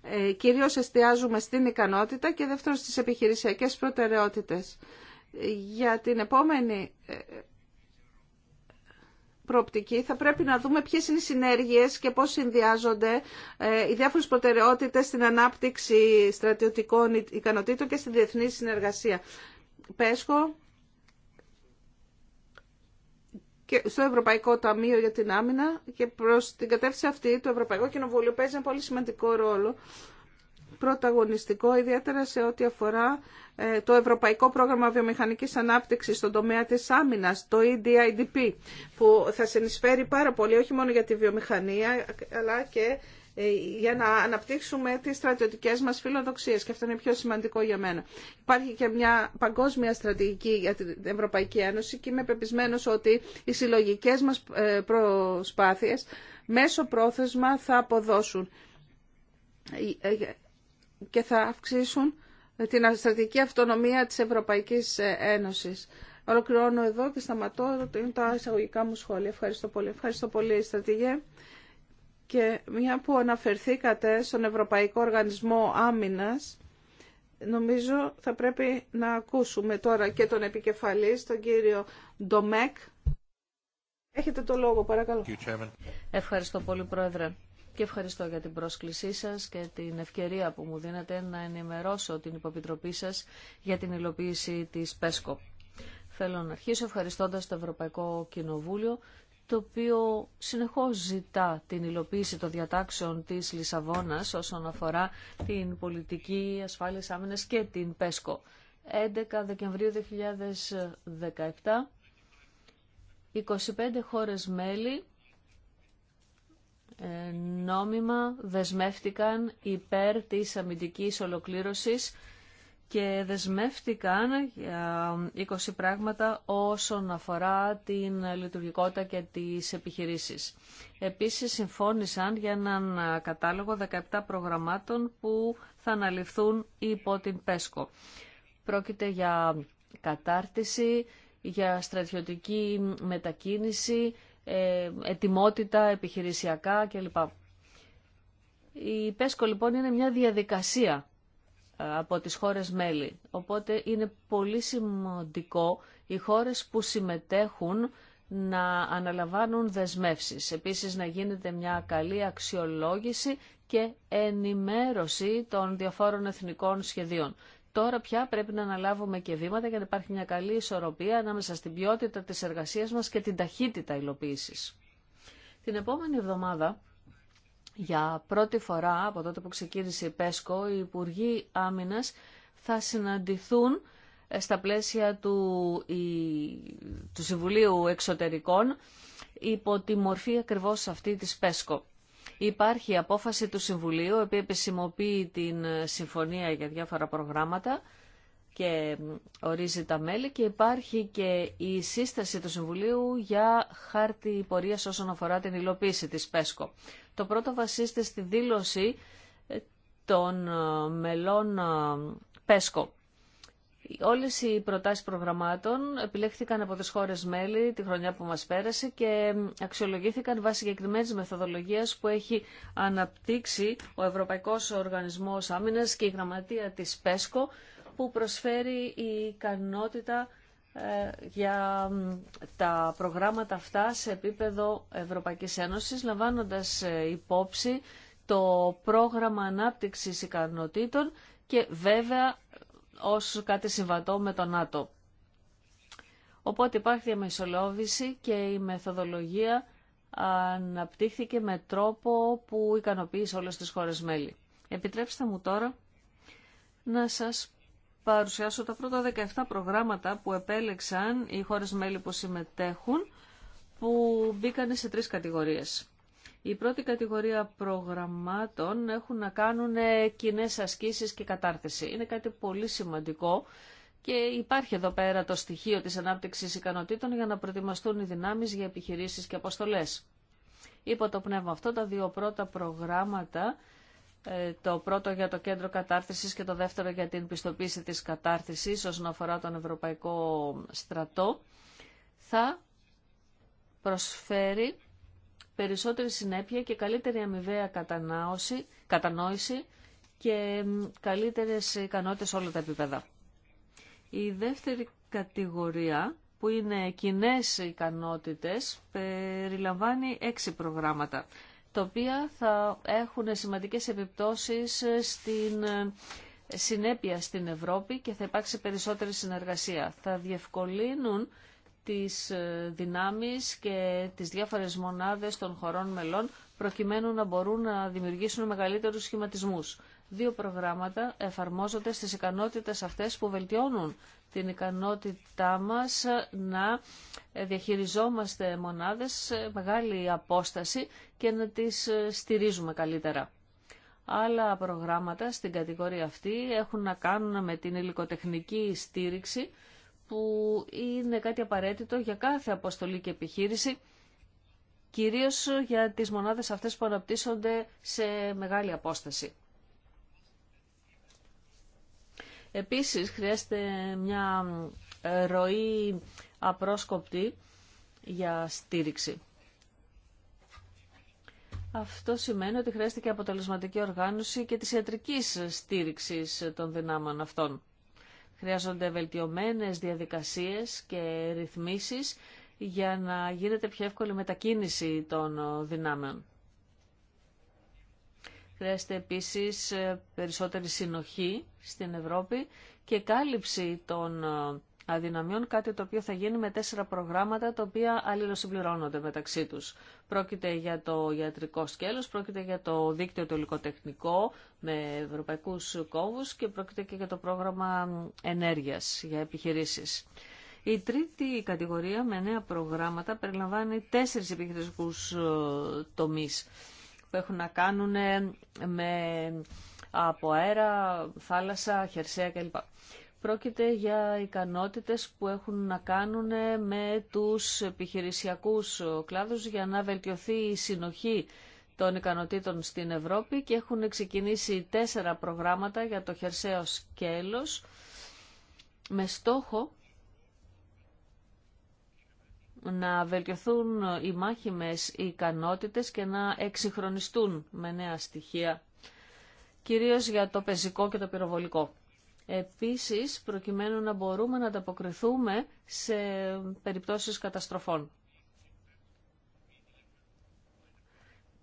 Ε, κυρίως εστιάζουμε στην ικανότητα και δεύτερον στις επιχειρησιακές προτεραιότητες. Για την επόμενη ε, προοπτική θα πρέπει να δούμε ποιες είναι οι συνέργειες και πώς συνδυάζονται ε, οι διάφορες προτεραιότητες στην ανάπτυξη στρατιωτικών ικανοτήτων και στη διεθνή συνεργασία. Πέσχο. και στο Ευρωπαϊκό Ταμείο για την Άμυνα και προς την κατεύθυνση αυτή το Ευρωπαϊκό Κοινοβούλιο παίζει ένα πολύ σημαντικό ρόλο πρωταγωνιστικό, ιδιαίτερα σε ό,τι αφορά ε, το Ευρωπαϊκό Πρόγραμμα Βιομηχανικής Ανάπτυξης στον τομέα της άμυνας, το EDIDP, που θα συνεισφέρει πάρα πολύ όχι μόνο για τη βιομηχανία, αλλά και ε, για να αναπτύξουμε τις στρατιωτικές μας φιλοδοξίες και αυτό είναι πιο σημαντικό για μένα. Υπάρχει και μια παγκόσμια στρατηγική για την Ευρωπαϊκή Ένωση και είμαι πεπισμένος ότι οι συλλογικές μας ε, προσπάθειες μέσω πρόθεσμα θα αποδώσουν ε, και θα αυξήσουν την στρατηγική αυτονομία της Ευρωπαϊκής Ένωσης. Ολοκληρώνω εδώ και σταματώ. Είναι τα εισαγωγικά μου σχόλια. Ευχαριστώ πολύ. Ευχαριστώ πολύ, στρατηγέ. Και μια που αναφερθήκατε στον Ευρωπαϊκό Οργανισμό Άμυνας, νομίζω θα πρέπει να ακούσουμε τώρα και τον επικεφαλής, τον κύριο Ντομέκ. Έχετε το λόγο, παρακαλώ. Ευχαριστώ πολύ, Πρόεδρε. Και ευχαριστώ για την πρόσκλησή σας και την ευκαιρία που μου δίνετε να ενημερώσω την υποπιτροπή σας για την υλοποίηση της ΠΕΣΚΟ. Θέλω να αρχίσω ευχαριστώντας το Ευρωπαϊκό Κοινοβούλιο το οποίο συνεχώς ζητά την υλοποίηση των διατάξεων της Λισαβόνας όσον αφορά την πολιτική ασφάλειας άμυνας και την ΠΕΣΚΟ. 11 Δεκεμβρίου 2017, 25 χώρες μέλη ε, νόμιμα δεσμεύτηκαν υπέρ της αμυντικής ολοκλήρωσης και δεσμεύτηκαν για 20 πράγματα όσον αφορά την λειτουργικότητα και τις επιχειρήσεις. Επίσης συμφώνησαν για έναν κατάλογο 17 προγραμμάτων που θα αναλυθούν υπό την ΠΕΣΚΟ. Πρόκειται για κατάρτιση, για στρατιωτική μετακίνηση, ε, ετοιμότητα επιχειρησιακά κλπ. Η ΠΕΣΚΟ λοιπόν είναι μια διαδικασία από τις χώρες μέλη. Οπότε είναι πολύ σημαντικό οι χώρες που συμμετέχουν να αναλαμβάνουν δεσμεύσεις. Επίσης να γίνεται μια καλή αξιολόγηση και ενημέρωση των διαφόρων εθνικών σχεδίων. Τώρα πια πρέπει να αναλάβουμε και βήματα για να υπάρχει μια καλή ισορροπία ανάμεσα στην ποιότητα της εργασίας μας και την ταχύτητα υλοποίησης. Την επόμενη εβδομάδα για πρώτη φορά από τότε που ξεκίνησε η ΠΕΣΚΟ, οι Υπουργοί Άμυνας θα συναντηθούν ε, στα πλαίσια του, του Συμβουλίου Εξωτερικών υπό τη μορφή ακριβώς αυτή της ΠΕΣΚΟ. Υπάρχει απόφαση του Συμβουλίου, οποία επισημοποιεί την ε, συμφωνία για διάφορα προγράμματα και ορίζει τα μέλη και υπάρχει και η σύσταση του Συμβουλίου για χάρτη πορείας όσον αφορά την υλοποίηση της ΠΕΣΚΟ. Το πρώτο βασίζεται στη δήλωση ε, των ε, μελών ε, ΠΕΣΚΟ. Όλες οι προτάσεις προγραμμάτων επιλέχθηκαν από τις χώρες μέλη τη χρονιά που μας πέρασε και αξιολογήθηκαν βάσει συγκεκριμένη μεθοδολογίας που έχει αναπτύξει ο Ευρωπαϊκός Οργανισμός Άμυνας και η Γραμματεία της ΠΕΣΚΟ που προσφέρει η ικανότητα ε, για τα προγράμματα αυτά σε επίπεδο Ευρωπαϊκής Ένωσης, λαμβάνοντας ε, υπόψη το πρόγραμμα ανάπτυξης ικανοτήτων και βέβαια ως κάτι συμβατό με τον ΝΑΤΟ. Οπότε υπάρχει διαμεσολόβηση και η μεθοδολογία αναπτύχθηκε με τρόπο που ικανοποίησε όλες τις χώρες μέλη. Επιτρέψτε μου τώρα να σας παρουσιάσω τα πρώτα 17 προγράμματα που επέλεξαν οι χώρες μέλη που συμμετέχουν, που μπήκαν σε τρεις κατηγορίες. Η πρώτη κατηγορία προγραμμάτων έχουν να κάνουν κοινέ ασκήσεις και κατάρτιση. Είναι κάτι πολύ σημαντικό και υπάρχει εδώ πέρα το στοιχείο της ανάπτυξης ικανοτήτων για να προετοιμαστούν οι δυνάμεις για επιχειρήσεις και αποστολές. Υπό το πνεύμα αυτό τα δύο πρώτα προγράμματα ε, το πρώτο για το κέντρο κατάρτισης και το δεύτερο για την πιστοποίηση της κατάρτισης όσον αφορά τον Ευρωπαϊκό Στρατό, θα προσφέρει περισσότερη συνέπεια και καλύτερη αμοιβαία κατανόηση, κατανόηση και καλύτερες ικανότητες σε όλα τα επίπεδα. Η δεύτερη κατηγορία που είναι κοινέ ικανότητες περιλαμβάνει έξι προγράμματα τα οποία θα έχουν σημαντικές επιπτώσεις στην ε, συνέπεια στην Ευρώπη και θα υπάρξει περισσότερη συνεργασία. Θα διευκολύνουν τις ε, δυνάμεις και τις διάφορες μονάδες των χωρών μελών προκειμένου να μπορούν να δημιουργήσουν μεγαλύτερους σχηματισμούς δύο προγράμματα εφαρμόζονται στις ικανότητες αυτές που βελτιώνουν την ικανότητά μας να διαχειριζόμαστε μονάδες σε μεγάλη απόσταση και να τις στηρίζουμε καλύτερα. Άλλα προγράμματα στην κατηγορία αυτή έχουν να κάνουν με την υλικοτεχνική στήριξη που είναι κάτι απαραίτητο για κάθε αποστολή και επιχείρηση κυρίως για τις μονάδες αυτές που αναπτύσσονται σε μεγάλη απόσταση. Επίσης χρειάζεται μια ροή απρόσκοπτη για στήριξη. Αυτό σημαίνει ότι χρειάζεται και αποτελεσματική οργάνωση και της ιατρικής στήριξης των δυνάμεων αυτών. Χρειάζονται βελτιωμένες διαδικασίες και ρυθμίσεις για να γίνεται πιο εύκολη μετακίνηση των δυνάμεων. Χρειάζεται επίσης ε, περισσότερη συνοχή στην Ευρώπη και κάλυψη των ε, αδυναμιών, κάτι το οποίο θα γίνει με τέσσερα προγράμματα τα οποία αλληλοσυμπληρώνονται μεταξύ τους. Πρόκειται για το ιατρικό σκέλος, πρόκειται για το δίκτυο το υλικοτεχνικό με ευρωπαϊκούς κόμβους και πρόκειται και για το πρόγραμμα ενέργειας για επιχειρήσεις. Η τρίτη κατηγορία με νέα προγράμματα περιλαμβάνει τέσσερις επιχειρησικούς ε, τομείς που έχουν να κάνουν ε, με από αέρα, θάλασσα, χερσαία κλπ. Πρόκειται για ικανότητες που έχουν να κάνουν ε, με τους επιχειρησιακούς κλάδους για να βελτιωθεί η συνοχή των ικανοτήτων στην Ευρώπη και έχουν ξεκινήσει τέσσερα προγράμματα για το χερσαίο σκέλος με στόχο να βελτιωθούν οι μάχημες ικανότητες και να εξυγχρονιστούν με νέα στοιχεία, κυρίως για το πεζικό και το πυροβολικό. Επίσης, προκειμένου να μπορούμε να ανταποκριθούμε σε περιπτώσεις καταστροφών.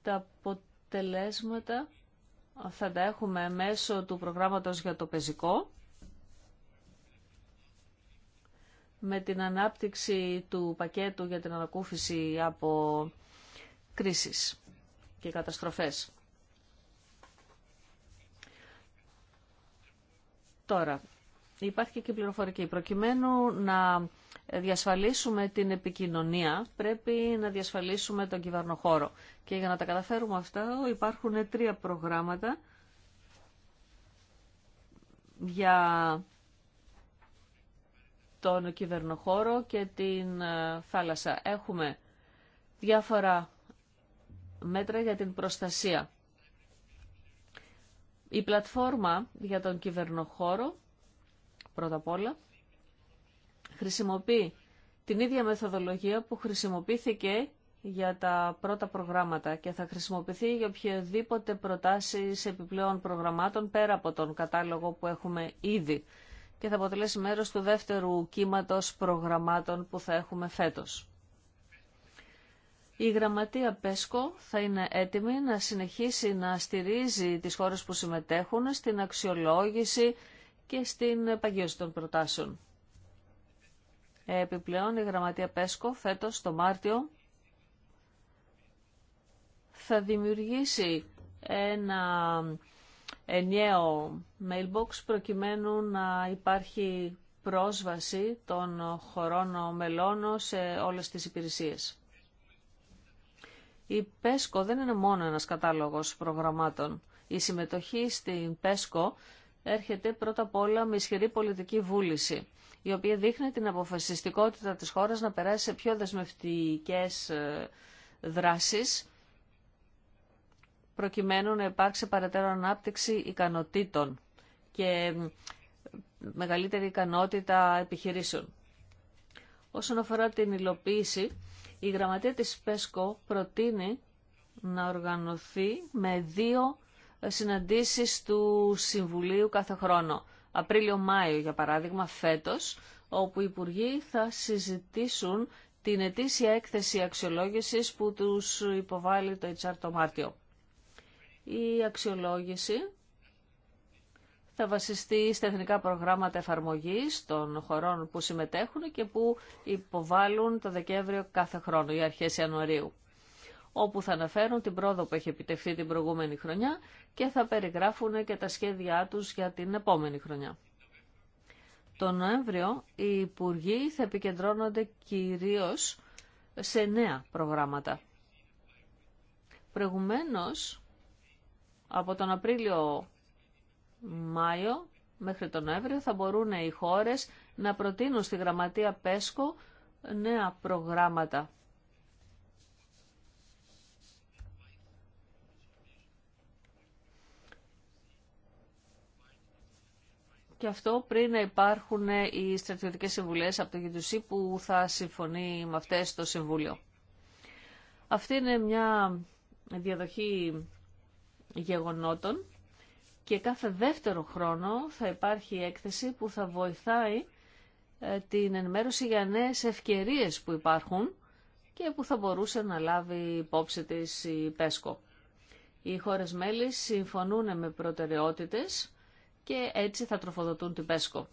Τα αποτελέσματα θα τα έχουμε μέσω του προγράμματος για το πεζικό με την ανάπτυξη του πακέτου για την ανακούφιση από κρίσεις και καταστροφές. Τώρα, υπάρχει και πληροφορική. Προκειμένου να διασφαλίσουμε την επικοινωνία, πρέπει να διασφαλίσουμε τον κυβερνοχώρο. Και για να τα καταφέρουμε αυτά υπάρχουν τρία προγράμματα για τον κυβερνοχώρο και την ε, θάλασσα. Έχουμε διάφορα μέτρα για την προστασία. Η πλατφόρμα για τον κυβερνοχώρο, πρώτα απ' όλα, χρησιμοποιεί την ίδια μεθοδολογία που χρησιμοποιήθηκε για τα πρώτα προγράμματα και θα χρησιμοποιηθεί για οποιαδήποτε προτάσεις επιπλέον προγραμμάτων πέρα από τον κατάλογο που έχουμε ήδη και θα αποτελέσει μέρος του δεύτερου κύματος προγραμμάτων που θα έχουμε φέτος. Η γραμματεία ΠΕΣΚΟ θα είναι έτοιμη να συνεχίσει να στηρίζει τις χώρες που συμμετέχουν στην αξιολόγηση και στην παγίωση των προτάσεων. Επιπλέον, η γραμματεία ΠΕΣΚΟ φέτος το Μάρτιο θα δημιουργήσει ένα ενιαίο mailbox προκειμένου να υπάρχει πρόσβαση των χωρών μελών σε όλες τις υπηρεσίες. Η ΠΕΣΚΟ δεν είναι μόνο ένας κατάλογος προγραμμάτων. Η συμμετοχή στην ΠΕΣΚΟ έρχεται πρώτα απ' όλα με ισχυρή πολιτική βούληση, η οποία δείχνει την αποφασιστικότητα της χώρας να περάσει σε πιο δεσμευτικές ε, δράσεις προκειμένου να υπάρξει παρατέρω ανάπτυξη ικανοτήτων και μεγαλύτερη ικανότητα επιχειρήσεων. Όσον αφορά την υλοποίηση, η γραμματεία της ΠΕΣΚΟ προτείνει να οργανωθεί με δύο συναντήσεις του Συμβουλίου κάθε χρόνο. Απρίλιο-Μάιο, για παράδειγμα, φέτος, όπου οι Υπουργοί θα συζητήσουν την ετήσια έκθεση αξιολόγησης που τους υποβάλλει το HR το Μάρτιο η αξιολόγηση θα βασιστεί στα εθνικά προγράμματα εφαρμογής των χωρών που συμμετέχουν και που υποβάλλουν το Δεκέμβριο κάθε χρόνο οι αρχές Ιανουαρίου όπου θα αναφέρουν την πρόοδο που έχει επιτευχθεί την προηγούμενη χρονιά και θα περιγράφουν και τα σχέδιά τους για την επόμενη χρονιά. Τον Νοέμβριο οι Υπουργοί θα επικεντρώνονται κυρίως σε νέα προγράμματα. Προηγουμένως, από τον Απρίλιο-Μάιο μέχρι τον Νοέμβριο θα μπορούν οι χώρες να προτείνουν στη γραμματεία ΠΕΣΚΟ νέα προγράμματα. Και αυτό πριν να υπάρχουν οι στρατιωτικές συμβουλές από το ΓΙΤΟΣΥ που θα συμφωνεί με αυτές το Συμβούλιο. Αυτή είναι μια διαδοχή γεγονότων και κάθε δεύτερο χρόνο θα υπάρχει έκθεση που θα βοηθάει ε, την ενημέρωση για νέες ευκαιρίες που υπάρχουν και που θα μπορούσε να λάβει υπόψη της η ΠΕΣΚΟ. Οι χώρες μέλη συμφωνούν με προτεραιότητες και έτσι θα τροφοδοτούν την ΠΕΣΚΟ.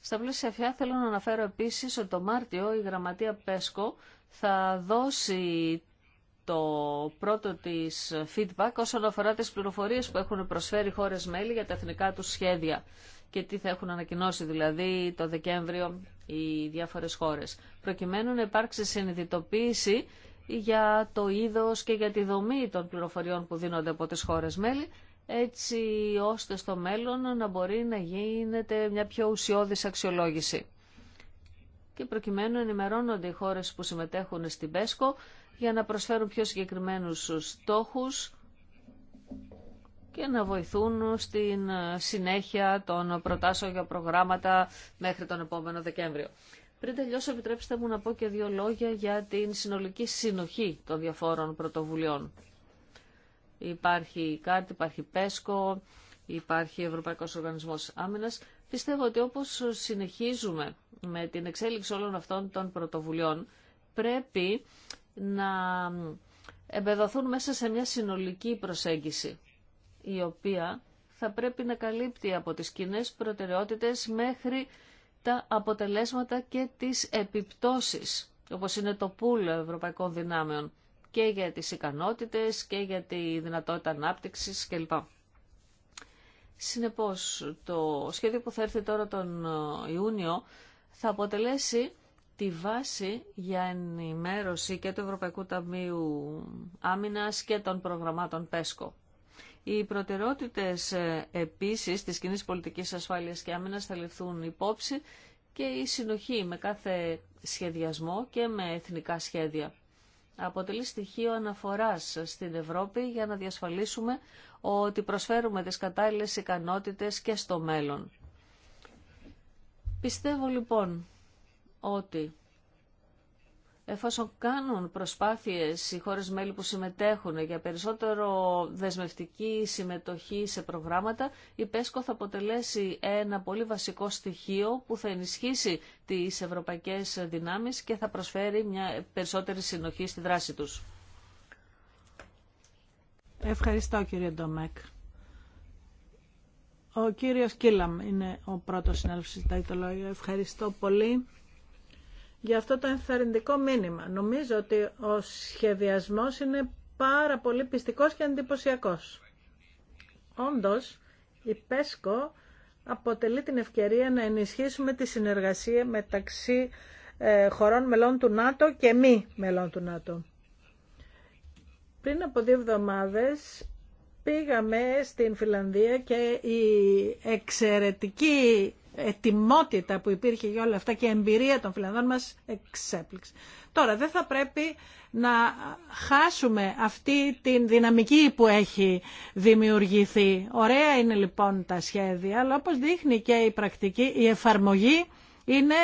Στα πλαίσια αυτά θέλω να αναφέρω επίσης ότι το Μάρτιο η γραμματεία ΠΕΣΚΟ θα δώσει το πρώτο της feedback όσον αφορά τις πληροφορίες που έχουν προσφέρει χώρες μέλη για τα εθνικά τους σχέδια και τι θα έχουν ανακοινώσει δηλαδή το Δεκέμβριο οι διάφορες χώρες, προκειμένου να υπάρξει συνειδητοποίηση για το είδος και για τη δομή των πληροφοριών που δίνονται από τις χώρες μέλη, έτσι ώστε στο μέλλον να μπορεί να γίνεται μια πιο ουσιώδης αξιολόγηση και προκειμένου ενημερώνονται οι χώρες που συμμετέχουν στην ΠΕΣΚΟ για να προσφέρουν πιο συγκεκριμένους στόχους και να βοηθούν στην συνέχεια των προτάσεων για προγράμματα μέχρι τον επόμενο Δεκέμβριο. Πριν τελειώσω, επιτρέψτε μου να πω και δύο λόγια για την συνολική συνοχή των διαφόρων πρωτοβουλειών. Υπάρχει η ΚΑΡΤ, υπάρχει ΠΕΣΚΟ, υπάρχει Ευρωπαϊκός Οργανισμός Άμυνας Πιστεύω ότι όπως συνεχίζουμε με την εξέλιξη όλων αυτών των πρωτοβουλειών, πρέπει να εμπεδοθούν μέσα σε μια συνολική προσέγγιση, η οποία θα πρέπει να καλύπτει από τις κοινέ προτεραιότητες μέχρι τα αποτελέσματα και τις επιπτώσεις, όπως είναι το πουλ ευρωπαϊκών δυνάμεων, και για τις ικανότητες και για τη δυνατότητα ανάπτυξης κλπ. Συνεπώς, το σχέδιο που θα έρθει τώρα τον ε, Ιούνιο θα αποτελέσει τη βάση για ενημέρωση και του Ευρωπαϊκού Ταμείου Άμυνας και των προγραμμάτων ΠΕΣΚΟ. Οι προτεραιότητες ε, επίσης της κοινή πολιτικής ασφάλειας και άμυνας θα ληφθούν υπόψη και η συνοχή με κάθε σχεδιασμό και με εθνικά σχέδια. Αποτελεί στοιχείο αναφοράς στην Ευρώπη για να διασφαλίσουμε ότι προσφέρουμε τις κατάλληλες ικανότητες και στο μέλλον. Πιστεύω λοιπόν ότι εφόσον κάνουν προσπάθειες οι χώρες μέλη που συμμετέχουν για περισσότερο δεσμευτική συμμετοχή σε προγράμματα, η ΠΕΣΚΟ θα αποτελέσει ένα πολύ βασικό στοιχείο που θα ενισχύσει τις ευρωπαϊκές δυνάμεις και θα προσφέρει μια περισσότερη συνοχή στη δράση τους. Ευχαριστώ κύριε Ντομέκ. Ο κύριος Κίλαμ είναι ο πρώτος συνάδελφος της Ταϊτολόγια. Ευχαριστώ πολύ για αυτό το ενθαρρυντικό μήνυμα. Νομίζω ότι ο σχεδιασμός είναι πάρα πολύ πιστικός και εντυπωσιακό. Όντως, η ΠΕΣΚΟ αποτελεί την ευκαιρία να ενισχύσουμε τη συνεργασία μεταξύ ε, χωρών μελών του ΝΑΤΟ και μη μελών του ΝΑΤΟ. Πριν από δύο εβδομάδες πήγαμε στην Φιλανδία και η εξαιρετική ετοιμότητα που υπήρχε για όλα αυτά και η εμπειρία των Φιλανδών μας εξέπληξε. Τώρα δεν θα πρέπει να χάσουμε αυτή την δυναμική που έχει δημιουργηθεί. Ωραία είναι λοιπόν τα σχέδια, αλλά όπως δείχνει και η πρακτική, η εφαρμογή είναι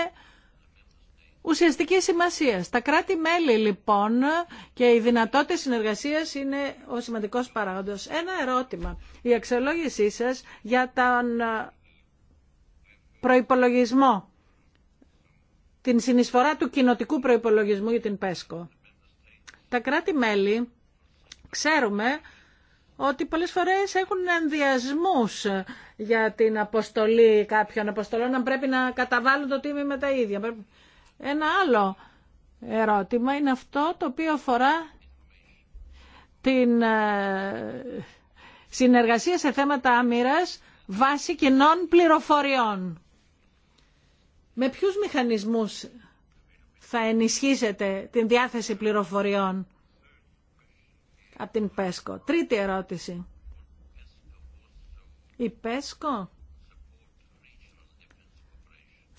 ουσιαστική σημασία. Τα κράτη-μέλη λοιπόν και οι δυνατότητε συνεργασία είναι ο σημαντικό παράγοντα. Ένα ερώτημα. Η αξιολόγησή σα για τον ε, προπολογισμό, την συνεισφορά του κοινοτικού προπολογισμού για την ΠΕΣΚΟ. Τα κράτη-μέλη ξέρουμε ότι πολλές φορές έχουν ενδιασμούς για την αποστολή κάποιων αποστολών, αν πρέπει να καταβάλουν το τίμημα τα ίδια. Ένα άλλο ερώτημα είναι αυτό το οποίο αφορά την ε, συνεργασία σε θέματα άμυρας βάσει κοινών πληροφοριών. Με ποιους μηχανισμούς θα ενισχύσετε την διάθεση πληροφοριών από την ΠΕΣΚΟ. Τρίτη ερώτηση. Η ΠΕΣΚΟ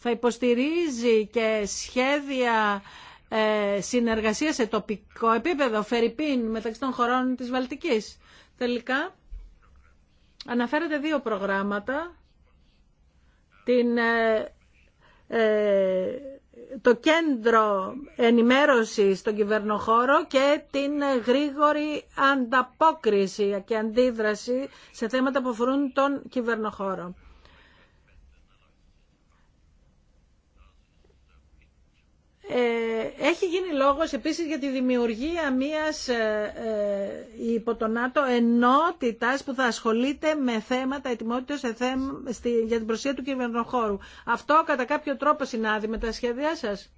θα υποστηρίζει και σχέδια ε, συνεργασία σε τοπικό επίπεδο, φερειπίν, μεταξύ των χωρών της Βαλτικής. Τελικά, αναφέρεται δύο προγράμματα. Την, ε, ε, το κέντρο ενημέρωσης στον κυβερνοχώρο και την γρήγορη ανταπόκριση και αντίδραση σε θέματα που αφορούν τον κυβερνοχώρο. Ε, έχει γίνει λόγος επίσης για τη δημιουργία μιας ε, ε ενότητας που θα ασχολείται με θέματα ετοιμότητας σε στη, για την προσία του κυβερνοχώρου. Αυτό κατά κάποιο τρόπο συνάδει με τα σχέδιά σας.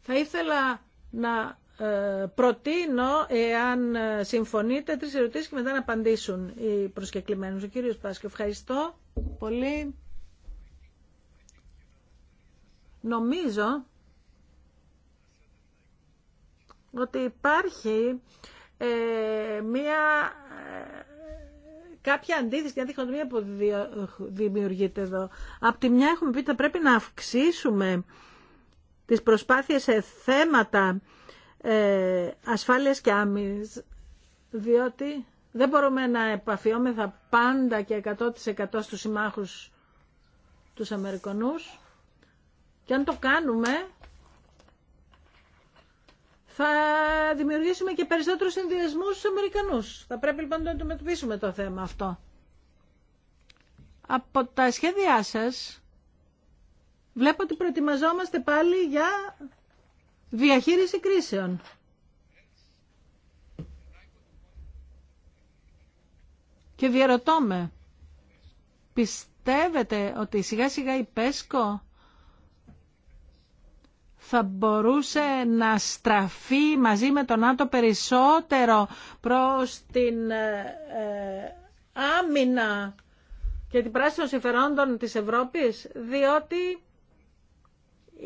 Θα ήθελα να ε, προτείνω, εάν συμφωνείτε, τρεις ερωτήσεις και μετά να απαντήσουν οι προσκεκλημένους. Ο κύριος Πάσκο, ευχαριστώ πολύ. Νομίζω ότι υπάρχει ε, μία, ε, κάποια αντίθεση, μια καποια αντιθεση μια διχοτομια που δημιουργείται εδώ. Απ' τη μια έχουμε πει ότι πρέπει να αυξήσουμε τις προσπάθειες σε θέματα ε, ασφάλειας και άμυνας, διότι δεν μπορούμε να επαφιόμεθα πάντα και 100% στους συμμάχους τους Αμερικανούς. Και αν το κάνουμε, θα δημιουργήσουμε και περισσότερους συνδυασμού στου Αμερικανού. Θα πρέπει λοιπόν να το αντιμετωπίσουμε το θέμα αυτό. Από τα σχέδιά σα βλέπω ότι προετοιμαζόμαστε πάλι για διαχείριση κρίσεων. Και διαρωτώ με, πιστεύετε ότι σιγά σιγά η ΠΕΣΚΟ θα μπορούσε να στραφεί μαζί με τον ΝΑΤΟ περισσότερο προς την ε, ε, άμυνα και την πράσινη των συμφερόντων της Ευρώπης, διότι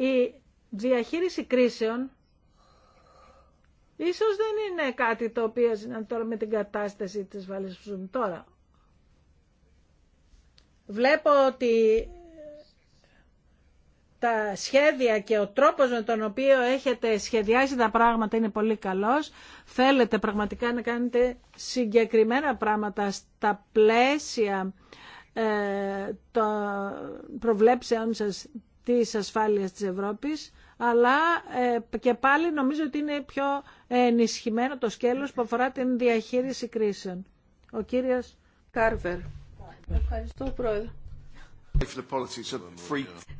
η διαχείριση κρίσεων ίσως δεν είναι κάτι το οποίο είναι τώρα με την κατάσταση της Βαλισσούς τώρα. Βλέπω ότι τα σχέδια και ο τρόπος με τον οποίο έχετε σχεδιάσει τα πράγματα είναι πολύ καλός. Θέλετε πραγματικά να κάνετε συγκεκριμένα πράγματα στα πλαίσια ε, των προβλέψεων σας της ασφάλειας της Ευρώπης, αλλά ε, και πάλι νομίζω ότι είναι πιο ενισχυμένο το σκέλος που αφορά την διαχείριση κρίσεων. Ο κύριος Κάρβερ. Ευχαριστώ, Πρόεδρε.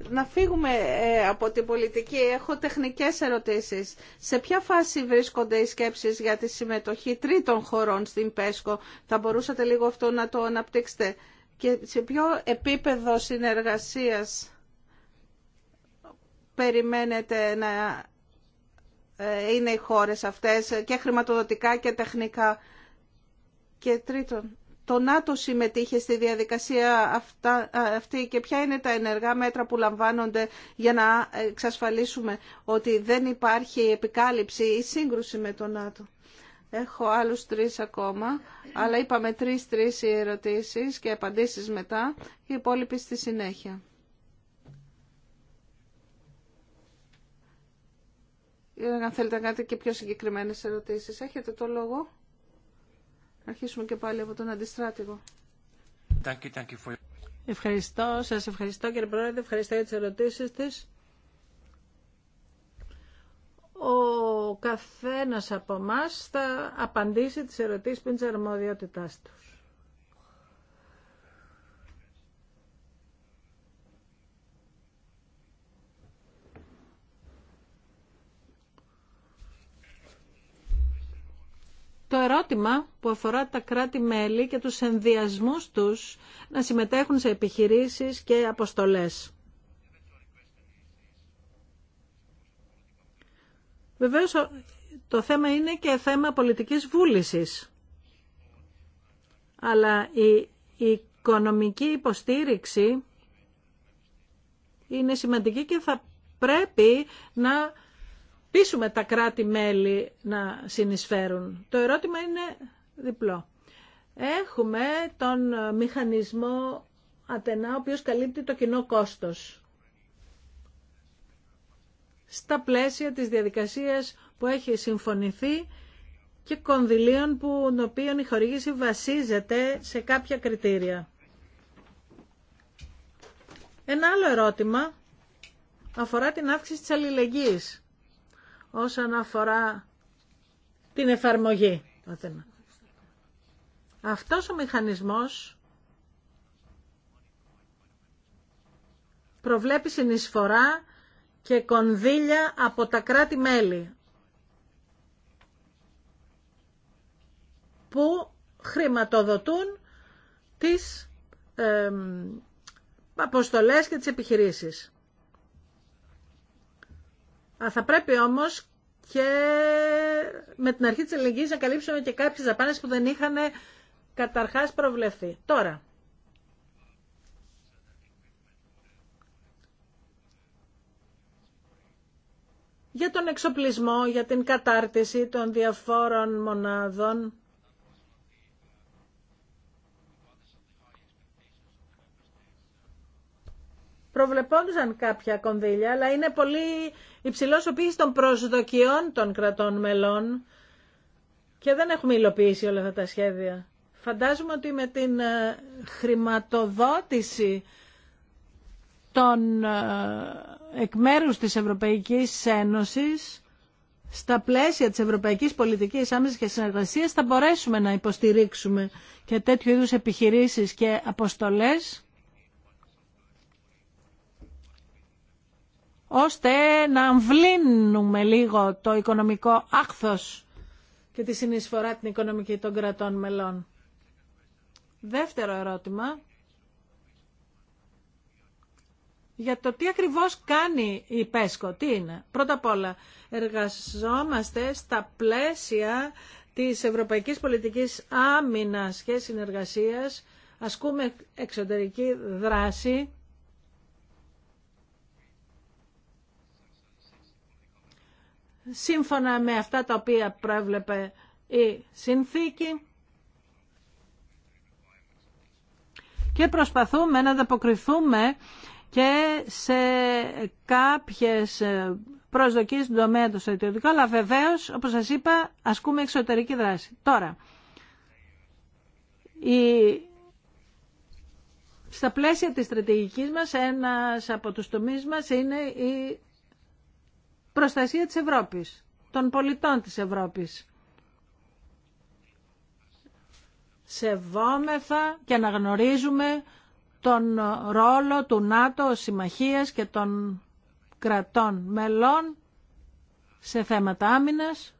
Να φύγουμε ε, από την πολιτική. Έχω τεχνικές ερωτήσεις. Σε ποια φάση βρίσκονται οι σκέψεις για τη συμμετοχή τρίτων χωρών στην ΠΕΣΚΟ. Θα μπορούσατε λίγο αυτό να το αναπτύξετε. Και σε ποιο επίπεδο συνεργασίας περιμένετε να ε, είναι οι χώρες αυτές ε, και χρηματοδοτικά και τεχνικά. Και τρίτον, το ΝΑΤΟ συμμετείχε στη διαδικασία αυτά, αυτή και ποια είναι τα ενεργά μέτρα που λαμβάνονται για να εξασφαλίσουμε ότι δεν υπάρχει επικάλυψη ή σύγκρουση με το ΝΑΤΟ. Έχω άλλους τρεις ακόμα, αλλά είπαμε τρεις-τρεις ερωτήσεις και απαντήσεις μετά, οι υπόλοιποι στη συνέχεια. Αν θέλετε να κάνετε και πιο συγκεκριμένες ερωτήσεις, έχετε το λόγο αρχίσουμε και πάλι από τον αντιστράτηγο. Ευχαριστώ, σας ευχαριστώ κύριε Πρόεδρε, ευχαριστώ για τις ερωτήσεις της. Ο καθένας από εμά θα απαντήσει τις ερωτήσεις που είναι της αρμοδιότητάς τους. το ερώτημα που αφορά τα κράτη-μέλη και τους ενδιασμούς τους να συμμετέχουν σε επιχειρήσεις και αποστολές. Βεβαίως το θέμα είναι και θέμα πολιτικής βούλησης. Αλλά η, η οικονομική υποστήριξη είναι σημαντική και θα πρέπει να πείσουμε τα κράτη-μέλη να συνεισφέρουν. Το ερώτημα είναι διπλό. Έχουμε τον μηχανισμό Ατενά, ο οποίος καλύπτει το κοινό κόστος. Στα πλαίσια της διαδικασίας που έχει συμφωνηθεί και κονδυλίων που, των οποίων η χορήγηση βασίζεται σε κάποια κριτήρια. Ένα άλλο ερώτημα αφορά την αύξηση της αλληλεγγύης όσον αφορά την εφαρμογή. Αυτός ο μηχανισμός προβλέπει συνεισφορά και κονδύλια από τα κράτη-μέλη που χρηματοδοτούν τις αποστολές και τις επιχειρήσεις. Θα πρέπει όμως και με την αρχή της ελληνικής να καλύψουμε και κάποιε δαπάνε που δεν είχαν καταρχάς προβλεφθεί. Τώρα, για τον εξοπλισμό, για την κατάρτιση των διαφόρων μονάδων προβλεπόντουσαν κάποια κονδύλια, αλλά είναι πολύ υψηλός ο πύχης των προσδοκιών των κρατών μελών και δεν έχουμε υλοποιήσει όλα αυτά τα σχέδια. Φαντάζομαι ότι με την ε, χρηματοδότηση των ε, εκ της Ευρωπαϊκής Ένωσης στα πλαίσια της ευρωπαϊκής πολιτικής άμεσης και συνεργασίας θα μπορέσουμε να υποστηρίξουμε και τέτοιου είδους επιχειρήσεις και αποστολές ώστε να αμβλύνουμε λίγο το οικονομικό άχθος και τη συνεισφορά την οικονομική των κρατών μελών. Δεύτερο ερώτημα. Για το τι ακριβώς κάνει η ΠΕΣΚΟ, τι είναι. Πρώτα απ' όλα, εργαζόμαστε στα πλαίσια της Ευρωπαϊκής Πολιτικής Άμυνας και Συνεργασίας, ασκούμε εξωτερική δράση σύμφωνα με αυτά τα οποία προέβλεπε η συνθήκη και προσπαθούμε να ανταποκριθούμε και σε κάποιες προσδοκίες στον τομέα του στρατιωτικού, αλλά βεβαίως, όπως σας είπα, ασκούμε εξωτερική δράση. Τώρα, η... στα πλαίσια της στρατηγικής μας, ένας από τους τομείς μας είναι η προστασία της Ευρώπης, των πολιτών της Ευρώπης. Σεβόμεθα και αναγνωρίζουμε τον ρόλο του ΝΑΤΟ, συμμαχίας και των κρατών μελών σε θέματα άμυνας.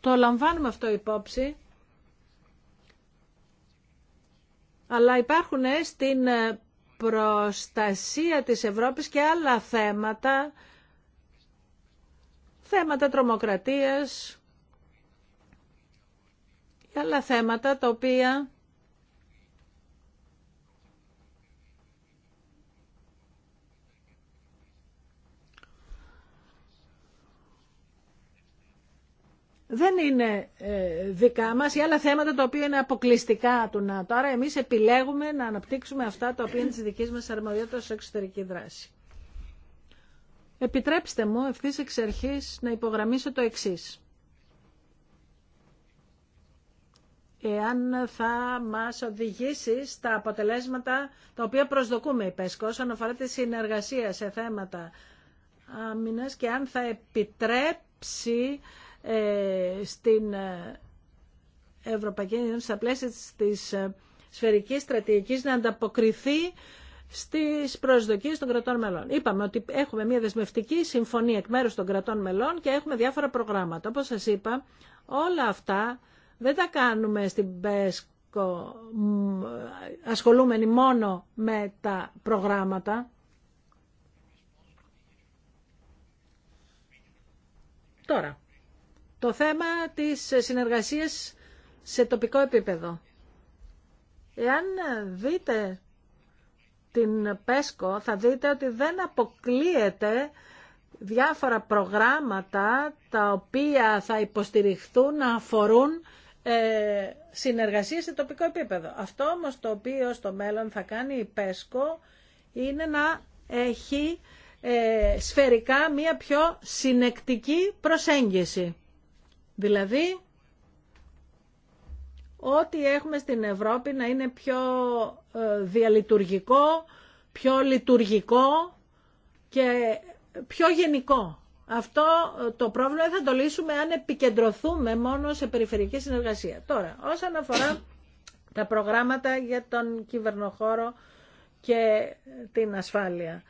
Το λαμβάνουμε αυτό υπόψη, αλλά υπάρχουν στην προστασία της Ευρώπης και άλλα θέματα, θέματα τρομοκρατίας και άλλα θέματα τα οποία δεν είναι ε, δικά μα ή άλλα θέματα τα οποία είναι αποκλειστικά του ΝΑΤΟ. Τώρα εμείς επιλέγουμε να αναπτύξουμε αυτά τα οποία είναι της δικής μας αρμοδιότητας σε εξωτερική δράση. Επιτρέψτε μου ευθύ εξ να υπογραμμίσω το εξή. εάν θα μας οδηγήσει στα αποτελέσματα τα οποία προσδοκούμε η ΠΕΣΚΟ όσον αφορά τη συνεργασία σε θέματα άμυνας και αν θα επιτρέψει ε, στην ε, Ευρωπαϊκή Ένωση στα πλαίσια της ε, σφαιρικής στρατηγικής να ανταποκριθεί στις προσδοκίες των κρατών μελών. Είπαμε ότι έχουμε μια δεσμευτική συμφωνία εκ μέρους των κρατών μελών και έχουμε διάφορα προγράμματα. Όπως σας είπα, όλα αυτά δεν τα κάνουμε στην ΠΕΣΚΟ ασχολούμενοι μόνο με τα προγράμματα. Τώρα, το θέμα της συνεργασίας σε τοπικό επίπεδο. Εάν δείτε την ΠΕΣΚΟ θα δείτε ότι δεν αποκλείεται διάφορα προγράμματα τα οποία θα υποστηριχθούν να αφορούν ε, συνεργασία σε τοπικό επίπεδο. Αυτό όμως το οποίο στο μέλλον θα κάνει η ΠΕΣΚΟ είναι να έχει ε, σφαιρικά μία πιο συνεκτική προσέγγιση. Δηλαδή, ό,τι έχουμε στην Ευρώπη να είναι πιο ε, διαλειτουργικό, πιο λειτουργικό και πιο γενικό. Αυτό ε, το πρόβλημα θα το λύσουμε αν επικεντρωθούμε μόνο σε περιφερειακή συνεργασία. Τώρα, όσον αφορά τα προγράμματα για τον κυβερνοχώρο και την ασφάλεια.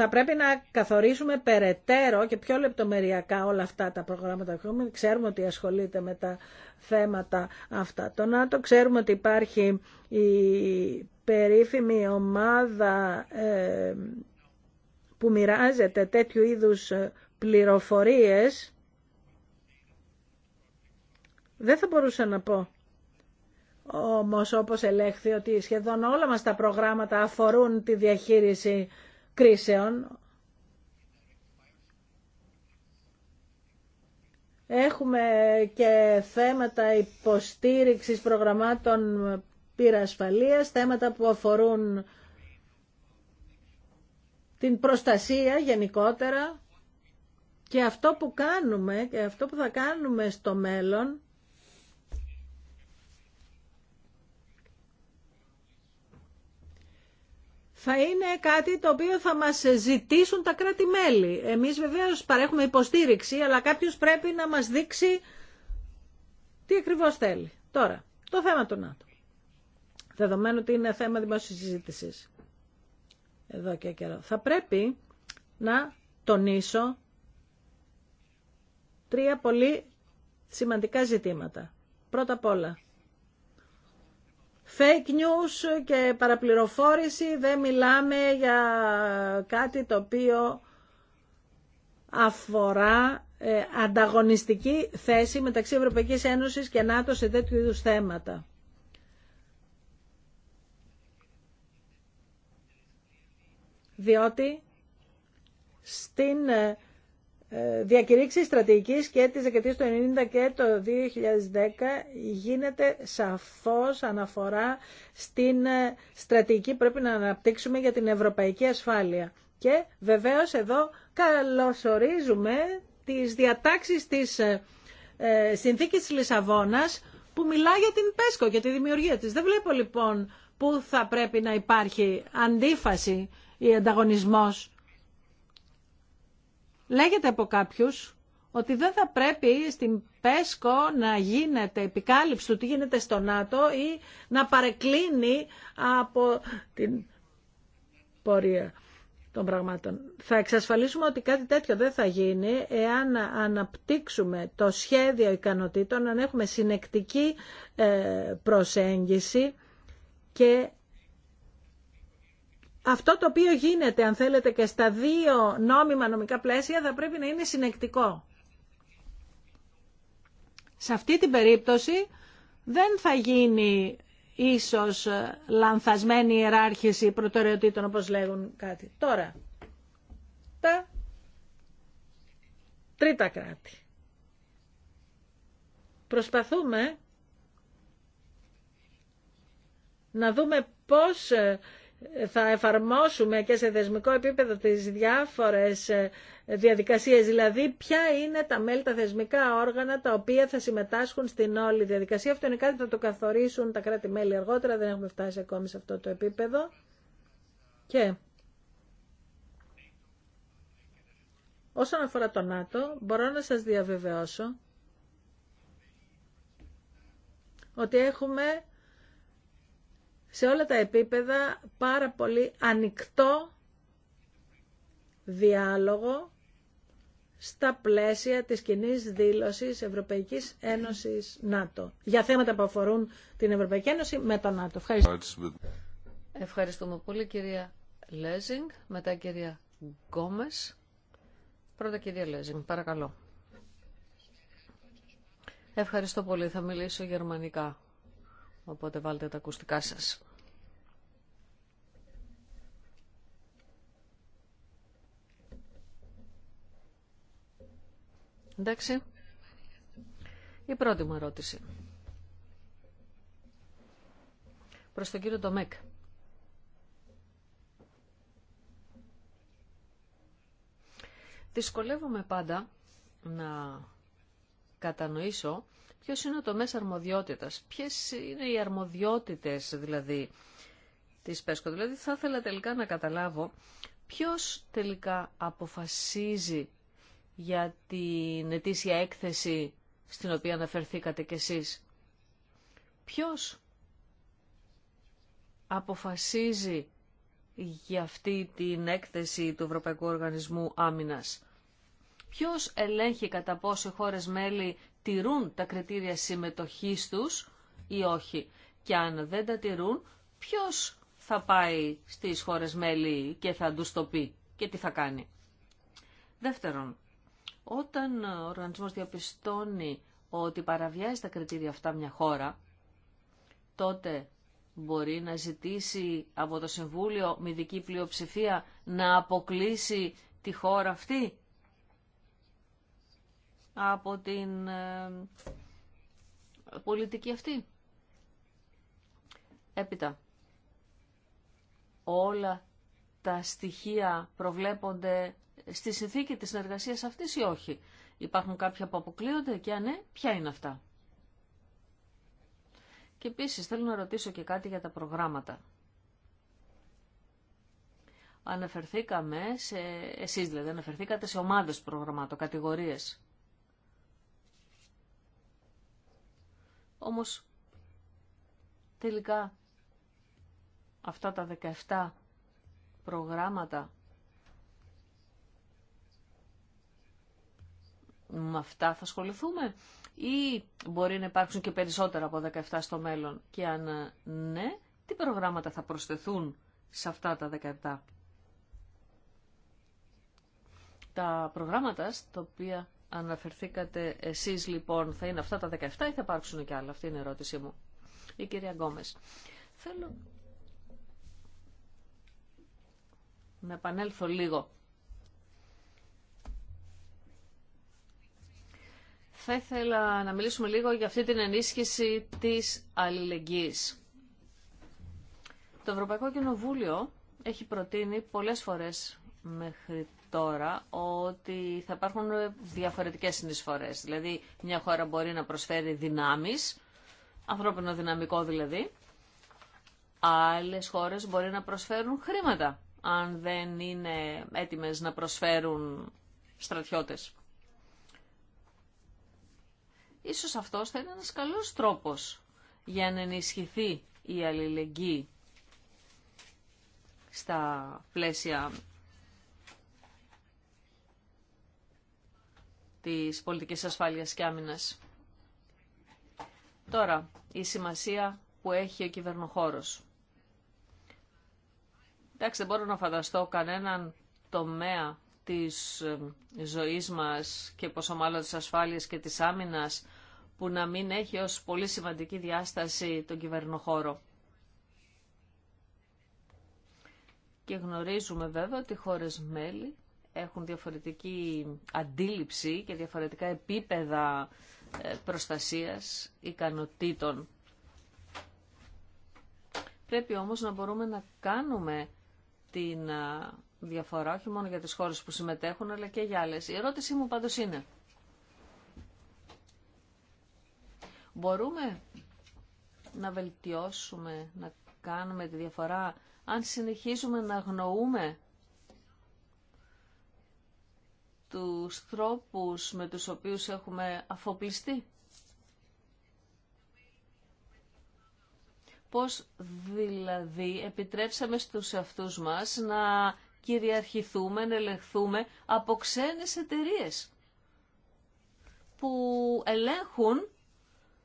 θα πρέπει να καθορίσουμε περαιτέρω και πιο λεπτομεριακά όλα αυτά τα προγράμματα Ξέρουμε ότι ασχολείται με τα θέματα αυτά. Το ΝΑΤΟ ξέρουμε ότι υπάρχει η περίφημη ομάδα ε, που μοιράζεται τέτοιου είδους ε, πληροφορίες. Δεν θα μπορούσα να πω όμως όπως ελέγχθη ότι σχεδόν όλα μας τα προγράμματα αφορούν τη διαχείριση κρίσεων έχουμε και θέματα υποστήριξης προγραμμάτων πυρασφαλείας, θέματα που αφορούν την προστασία γενικότερα και αυτό που κάνουμε και αυτό που θα κάνουμε στο μέλλον θα είναι κάτι το οποίο θα μας ζητήσουν τα κράτη-μέλη. Εμείς βεβαίως παρέχουμε υποστήριξη, αλλά κάποιος πρέπει να μας δείξει τι ακριβώς θέλει. Τώρα, το θέμα του ΝΑΤΟ. Δεδομένου ότι είναι θέμα δημόσια συζήτηση. Εδώ και καιρό. Θα πρέπει να τονίσω τρία πολύ σημαντικά ζητήματα. Πρώτα απ' όλα, fake news και παραπληροφόρηση, δεν μιλάμε για κάτι το οποίο αφορά ε, ανταγωνιστική θέση μεταξύ Ευρωπαϊκής Ένωσης και ΝΑΤΟ σε τέτοιου είδους θέματα. Διότι στην ε, ε, διακηρύξεις στρατηγικής και της δεκαετίας του 90 και το 2010 γίνεται σαφώς αναφορά στην ε, στρατηγική που πρέπει να αναπτύξουμε για την ευρωπαϊκή ασφάλεια. Και βεβαίως εδώ καλωσορίζουμε τις διατάξεις της ε, ε συνθήκης της Λισαβόνας που μιλά για την ΠΕΣΚΟ και τη δημιουργία της. Δεν βλέπω λοιπόν πού θα πρέπει να υπάρχει αντίφαση ή ανταγωνισμός Λέγεται από κάποιους ότι δεν θα πρέπει στην ΠΕΣΚΟ να γίνεται επικάλυψη του τι γίνεται στο ΝΑΤΟ ή να παρεκκλίνει από την πορεία των πραγμάτων. Θα εξασφαλίσουμε ότι κάτι τέτοιο δεν θα γίνει εάν αναπτύξουμε το σχέδιο ικανοτήτων, αν έχουμε συνεκτική ε, προσέγγιση και αυτό το οποίο γίνεται, αν θέλετε, και στα δύο νόμιμα νομικά πλαίσια θα πρέπει να είναι συνεκτικό. Σε αυτή την περίπτωση δεν θα γίνει ίσως λανθασμένη ιεράρχηση προτεραιοτήτων όπως λέγουν κάτι. Τώρα, τα τρίτα κράτη. Προσπαθούμε να δούμε πώς ε, θα εφαρμόσουμε και σε δεσμικό επίπεδο τις διάφορες ε, διαδικασίες, δηλαδή ποια είναι τα μέλη, τα θεσμικά όργανα τα οποία θα συμμετάσχουν στην όλη διαδικασία. Αυτό είναι κάτι που θα το καθορίσουν τα κράτη-μέλη αργότερα, δεν έχουμε φτάσει ακόμη σε αυτό το επίπεδο. Και όσον αφορά το ΝΑΤΟ, μπορώ να σας διαβεβαιώσω ότι έχουμε σε όλα τα επίπεδα πάρα πολύ ανοιχτό διάλογο στα πλαίσια της κοινή δήλωσης Ευρωπαϊκής Ένωσης ΝΑΤΟ για θέματα που αφορούν την Ευρωπαϊκή Ένωση με το ΝΑΤΟ. Ευχαριστούμε πολύ κυρία Λέζινγκ, μετά κυρία Γκόμες. Πρώτα κυρία Λέζινγκ, παρακαλώ. Ευχαριστώ πολύ. Θα μιλήσω γερμανικά. Οπότε βάλτε τα ακουστικά σας. Εντάξει. Η πρώτη μου ερώτηση. Προς τον κύριο Ντομέκ. Δυσκολεύομαι πάντα να κατανοήσω ποιος είναι ο τομέας αρμοδιότητας, ποιες είναι οι αρμοδιότητες δηλαδή της ΠΕΣΚΟ. Δηλαδή θα ήθελα τελικά να καταλάβω ποιος τελικά αποφασίζει για την ετήσια έκθεση στην οποία αναφερθήκατε κι εσείς. Ποιος αποφασίζει για αυτή την έκθεση του Ευρωπαϊκού Οργανισμού Άμυνας. Ποιος ελέγχει κατά πόσο οι χώρες μέλη τηρούν τα κριτήρια συμμετοχής τους ή όχι. Και αν δεν τα τηρούν, ποιος θα πάει στις χώρες μέλη και θα τους το πει και τι θα κάνει. Δεύτερον, όταν ο οργανισμός διαπιστώνει ότι παραβιάζει τα κριτήρια αυτά μια χώρα, τότε μπορεί να ζητήσει από το Συμβούλιο με ειδική πλειοψηφία να αποκλείσει τη χώρα αυτή από την ε, πολιτική αυτή. Έπειτα, όλα τα στοιχεία προβλέπονται στη συνθήκη της συνεργασίας αυτής ή όχι. Υπάρχουν κάποια που αποκλείονται και αν ναι, ποια είναι αυτά. Και επίσης θέλω να ρωτήσω και κάτι για τα προγράμματα. Αναφερθήκαμε σε, εσείς δηλαδή, αναφερθήκατε σε ομάδες προγραμμάτων, κατηγορίες. Όμως τελικά αυτά τα 17 προγράμματα με αυτά θα ασχοληθούμε ή μπορεί να υπάρξουν και περισσότερα από 17 στο μέλλον και αν ε, ναι, τι προγράμματα θα προσθεθούν σε αυτά τα 17. Τα προγράμματα στα οποία αναφερθήκατε εσείς λοιπόν, θα είναι αυτά τα 17 ή θα υπάρξουν και άλλα. Αυτή είναι η ερώτησή μου. Η κυρία Γκόμες. Θέλω να επανέλθω λίγο. Θα ήθελα να μιλήσουμε λίγο για αυτή την ενίσχυση της αλληλεγγύης. Το Ευρωπαϊκό Κοινοβούλιο έχει προτείνει πολλές φορές μέχρι τώρα ότι θα υπάρχουν διαφορετικές συνεισφορές. Δηλαδή μια χώρα μπορεί να προσφέρει δυνάμεις, ανθρώπινο δυναμικό δηλαδή, άλλες χώρες μπορεί να προσφέρουν χρήματα, αν δεν είναι έτοιμες να προσφέρουν στρατιώτες. Ίσως αυτός θα είναι ένας καλός τρόπος για να ενισχυθεί η αλληλεγγύη στα πλαίσια της πολιτικής ασφάλειας και άμυνας. Τώρα, η σημασία που έχει ο κυβερνοχώρος. Εντάξει, δεν μπορώ να φανταστώ κανέναν τομέα της ε, ζωής μας και πόσο μάλλον της ασφάλειας και της άμυνας που να μην έχει ως πολύ σημαντική διάσταση τον κυβερνοχώρο. Και γνωρίζουμε βέβαια ότι χώρες μέλη έχουν διαφορετική αντίληψη και διαφορετικά επίπεδα ε, προστασίας ικανοτήτων. Πρέπει όμως να μπορούμε να κάνουμε την ε, διαφορά, όχι μόνο για τις χώρες που συμμετέχουν, αλλά και για άλλες. Η ερώτησή μου πάντως είναι, μπορούμε να βελτιώσουμε, να κάνουμε τη διαφορά, αν συνεχίζουμε να αγνοούμε τους τρόπους με τους οποίους έχουμε αφοπλιστεί. Πώς δηλαδή επιτρέψαμε στους αυτούς μας να κυριαρχηθούμε, να ελεγχθούμε από ξένες εταιρείε που ελέγχουν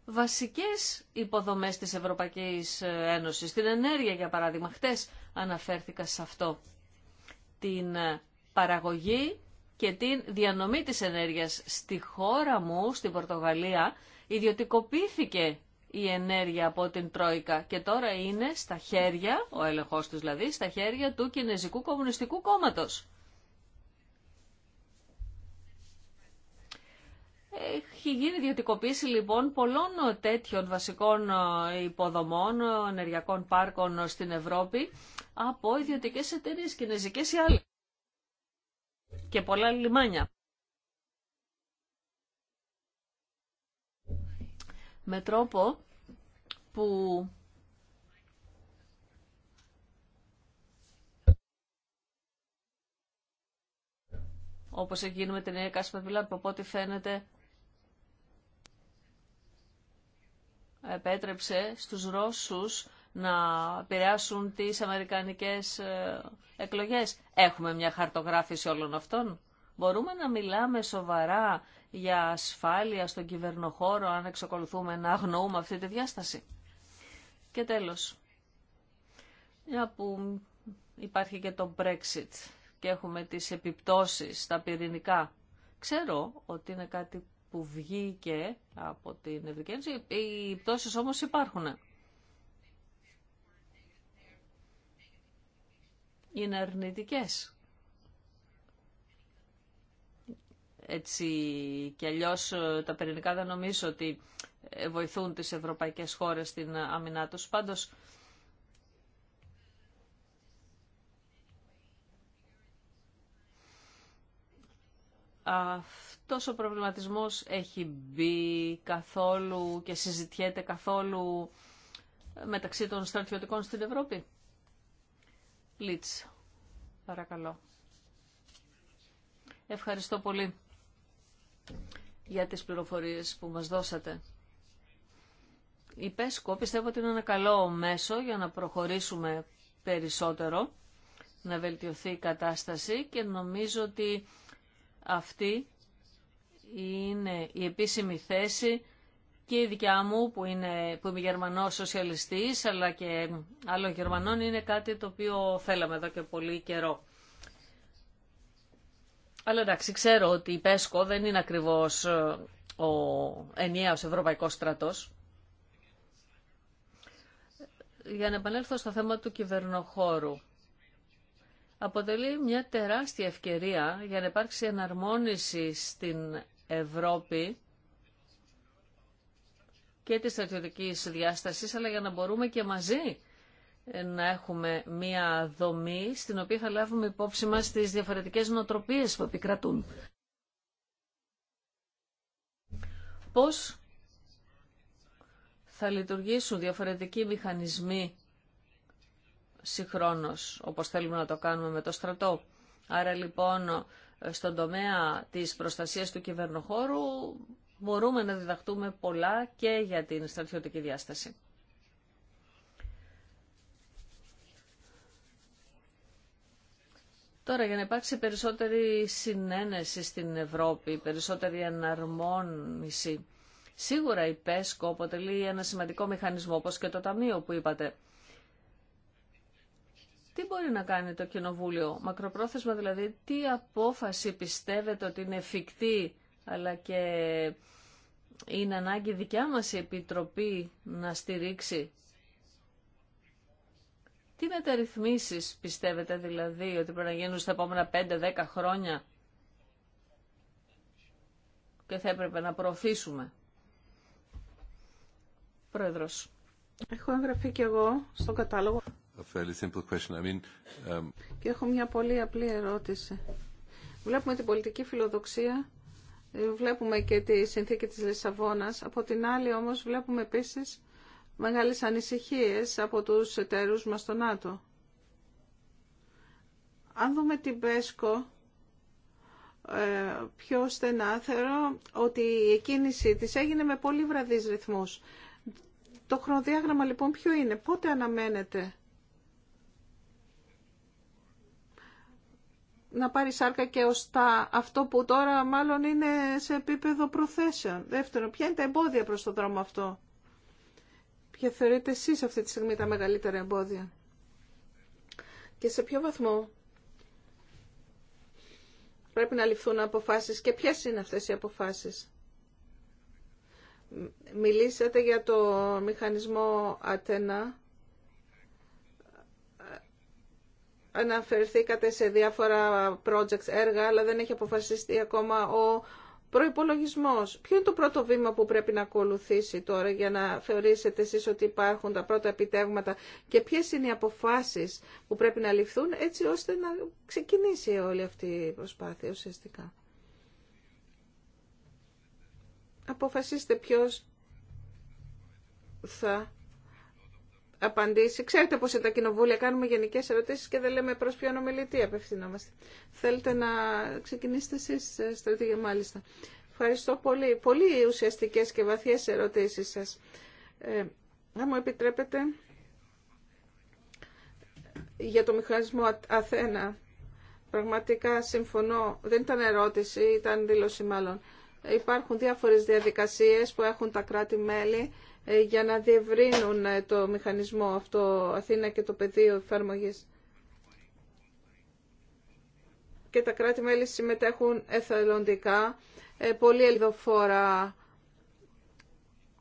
βασικές υποδομές της Ευρωπαϊκής Ένωσης. Την ενέργεια, για παράδειγμα, χτες αναφέρθηκα σε αυτό. Την παραγωγή και την διανομή της ενέργειας. Στη χώρα μου, στην Πορτογαλία, ιδιωτικοποιήθηκε η ενέργεια από την Τρόικα και τώρα είναι στα χέρια, ο έλεγχος τους δηλαδή, στα χέρια του Κινέζικου Κομμουνιστικού Κόμματος. Έχει γίνει ιδιωτικοποίηση λοιπόν πολλών τέτοιων βασικών ε, υποδομών, ενεργειακών πάρκων στην Ευρώπη από ιδιωτικές εταιρείες, κινέζικες ή άλλες και πολλά λιμάνια. Με τρόπο που όπως εκείνη με την Ερικά Σπαβιλά που από ό,τι φαίνεται επέτρεψε στους Ρώσους να επηρεάσουν τις αμερικανικές ε, εκλογές. Έχουμε μια χαρτογράφηση όλων αυτών. Μπορούμε να μιλάμε σοβαρά για ασφάλεια στον κυβερνοχώρο αν εξακολουθούμε να αγνοούμε αυτή τη διάσταση. Και τέλος, μια που υπάρχει και το Brexit και έχουμε τις επιπτώσεις στα πυρηνικά. Ξέρω ότι είναι κάτι που βγήκε από την Ευρική οι πτώσεις όμως υπάρχουν. είναι αρνητικές. Έτσι και αλλιώς ε, τα πυρηνικά δεν νομίζω ότι ε, βοηθούν τις ευρωπαϊκές χώρες στην άμυνά τους. Πάντως, αυτός ο προβληματισμός έχει μπει καθόλου και συζητιέται καθόλου μεταξύ των στρατιωτικών στην Ευρώπη. Λίτς, παρακαλώ. Ευχαριστώ πολύ για τις πληροφορίες που μας δώσατε. Η ΠΕΣΚΟ πιστεύω ότι είναι ένα καλό μέσο για να προχωρήσουμε περισσότερο, να βελτιωθεί η κατάσταση και νομίζω ότι αυτή είναι η επίσημη θέση και η δικιά μου που, είναι, που είμαι Γερμανός σοσιαλιστής αλλά και άλλων Γερμανών είναι κάτι το οποίο θέλαμε εδώ και πολύ καιρό. Αλλά εντάξει, ξέρω ότι η ΠΕΣΚΟ δεν είναι ακριβώς ε, ο ενιαίος ευρωπαϊκός στρατός. Για να επανέλθω στο θέμα του κυβερνοχώρου. Αποτελεί μια τεράστια ευκαιρία για να υπάρξει εναρμόνιση στην Ευρώπη και της στρατιωτικής διάστασης, αλλά για να μπορούμε και μαζί να έχουμε μία δομή στην οποία θα λάβουμε υπόψη μας τις διαφορετικές νοοτροπίες που επικρατούν. Πώς θα λειτουργήσουν διαφορετικοί μηχανισμοί συγχρόνως, όπως θέλουμε να το κάνουμε με το στρατό. Άρα λοιπόν στον τομέα της προστασίας του κυβερνοχώρου μπορούμε να διδαχτούμε πολλά και για την στρατιωτική διάσταση. Τώρα, για να υπάρξει περισσότερη συνένεση στην Ευρώπη, περισσότερη εναρμόνιση, σίγουρα η ΠΕΣΚΟ αποτελεί ένα σημαντικό μηχανισμό, όπως και το Ταμείο που είπατε. Τι μπορεί να κάνει το Κοινοβούλιο, μακροπρόθεσμα δηλαδή, τι απόφαση πιστεύετε ότι είναι εφικτή, αλλά και είναι ανάγκη δικιά μας η Επιτροπή να στηρίξει. Τι μεταρρυθμίσεις πιστεύετε δηλαδή ότι πρέπει να γίνουν στα επόμενα 5-10 χρόνια και θα έπρεπε να προωθήσουμε. Πρόεδρος. Έχω εγγραφεί κι εγώ στον κατάλογο. I mean, um... Και έχω μια πολύ απλή ερώτηση. Βλέπουμε την πολιτική φιλοδοξία βλέπουμε και τη συνθήκη της Λισαβόνας. Από την άλλη όμως βλέπουμε επίσης μεγάλες ανησυχίες από τους εταίρους μας στο ΝΑΤΟ. Αν δούμε την ΠΕΣΚΟ ε, πιο στενά, θεωρώ ότι η κίνησή της έγινε με πολύ βραδείς ρυθμούς. Το χρονοδιάγραμμα λοιπόν ποιο είναι, πότε αναμένεται να πάρει σάρκα και ωστά αυτό που τώρα μάλλον είναι σε επίπεδο προθέσεων. Δεύτερον, ποια είναι τα εμπόδια προς το δρόμο αυτό. Ποια θεωρείτε εσείς αυτή τη στιγμή τα μεγαλύτερα εμπόδια. Και σε ποιο βαθμό πρέπει να ληφθούν αποφάσεις και ποιες είναι αυτές οι αποφάσεις. Μιλήσατε για το μηχανισμό Ατένα Αναφερθήκατε σε διάφορα projects, έργα, αλλά δεν έχει αποφασιστεί ακόμα ο προϋπολογισμός. Ποιο είναι το πρώτο βήμα που πρέπει να ακολουθήσει τώρα για να θεωρήσετε εσείς ότι υπάρχουν τα πρώτα επιτεύγματα και ποιες είναι οι αποφάσεις που πρέπει να ληφθούν έτσι ώστε να ξεκινήσει όλη αυτή η προσπάθεια ουσιαστικά. Αποφασίστε ποιος θα απαντήσει. Ξέρετε πώ σε τα κοινοβούλια κάνουμε γενικέ ερωτήσει και δεν λέμε προ ποιον ομιλητή απευθυνόμαστε. Θέλετε να ξεκινήσετε εσεί ε, στρατηγέ, μάλιστα. Ευχαριστώ πολύ. Πολύ ουσιαστικέ και βαθίε ερωτήσει σα. Ε, αν μου επιτρέπετε, για το μηχανισμό Αθένα, πραγματικά συμφωνώ, δεν ήταν ερώτηση, ήταν δήλωση μάλλον. Υπάρχουν διάφορες διαδικασίες που έχουν τα κράτη-μέλη ε, για να διευρύνουν ε, το μηχανισμό αυτό Αθήνα και το πεδίο εφαρμογή. Και τα κράτη-μέλη συμμετέχουν εθελοντικά, ε, πολύ ελδοφόρα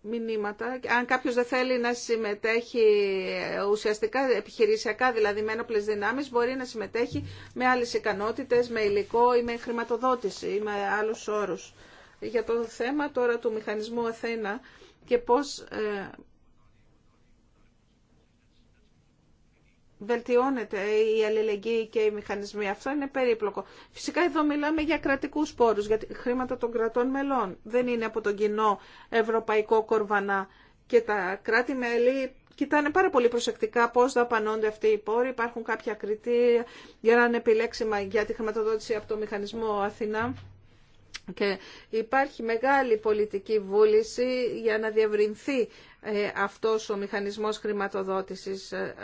μηνύματα. Αν κάποιος δεν θέλει να συμμετέχει ουσιαστικά επιχειρησιακά, δηλαδή με ένοπλες δυνάμεις, μπορεί να συμμετέχει με άλλες ικανότητες, με υλικό ή με χρηματοδότηση ή με άλλους όρους. Για το θέμα τώρα του μηχανισμού Αθήνα, και πώς ε, βελτιώνεται η αλληλεγγύη και οι μηχανισμοί. Αυτό είναι περίπλοκο. Φυσικά εδώ μιλάμε για κρατικούς πόρους, γιατί χρήματα των κρατών μελών. Δεν είναι από τον κοινό ευρωπαϊκό κορβανά και τα κράτη-μέλη κοιτάνε πάρα πολύ προσεκτικά πώς δαπανώνται αυτοί οι πόροι. Υπάρχουν κάποια κριτήρια για να είναι επιλέξιμα για τη χρηματοδότηση από το μηχανισμό Αθηνά. Και υπάρχει μεγάλη πολιτική βούληση για να διευρυνθεί ε, αυτός ο μηχανισμός χρηματοδότησης ε,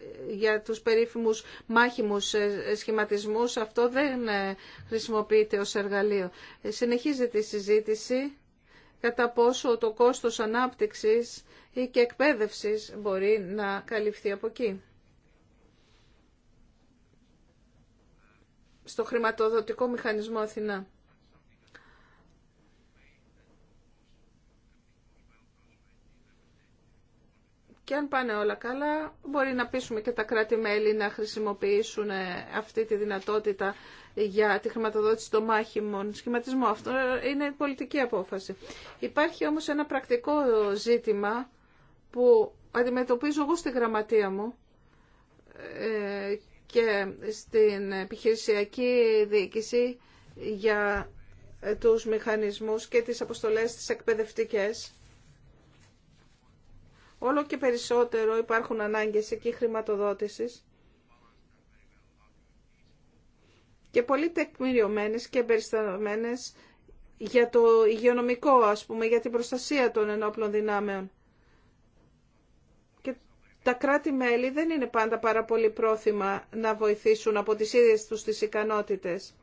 ε, για τους περίφημους μάχημους σχηματισμούς. Αυτό δεν χρησιμοποιείται ως εργαλείο. Συνεχίζεται η συζήτηση κατά πόσο το κόστος ανάπτυξης ή και εκπαίδευσης μπορεί να καλυφθεί από εκεί. Στο χρηματοδοτικό μηχανισμό Αθηνά. Και αν πάνε όλα καλά, μπορεί να πείσουμε και τα κράτη-μέλη να χρησιμοποιήσουν ε, αυτή τη δυνατότητα για τη χρηματοδότηση των μάχημων σχηματισμό. Αυτό είναι πολιτική απόφαση. Υπάρχει όμως ένα πρακτικό ζήτημα που αντιμετωπίζω εγώ στη γραμματεία μου ε, και στην επιχειρησιακή διοίκηση για τους μηχανισμούς και τις αποστολές τις εκπαιδευτικές όλο και περισσότερο υπάρχουν ανάγκες εκεί χρηματοδότησης και πολύ τεκμηριωμένες και εμπεριστατωμένες για το υγειονομικό, ας πούμε, για την προστασία των ενόπλων δυνάμεων. Και τα κράτη-μέλη δεν είναι πάντα πάρα πολύ πρόθυμα να βοηθήσουν από τις ίδιες τους τις ικανότητες.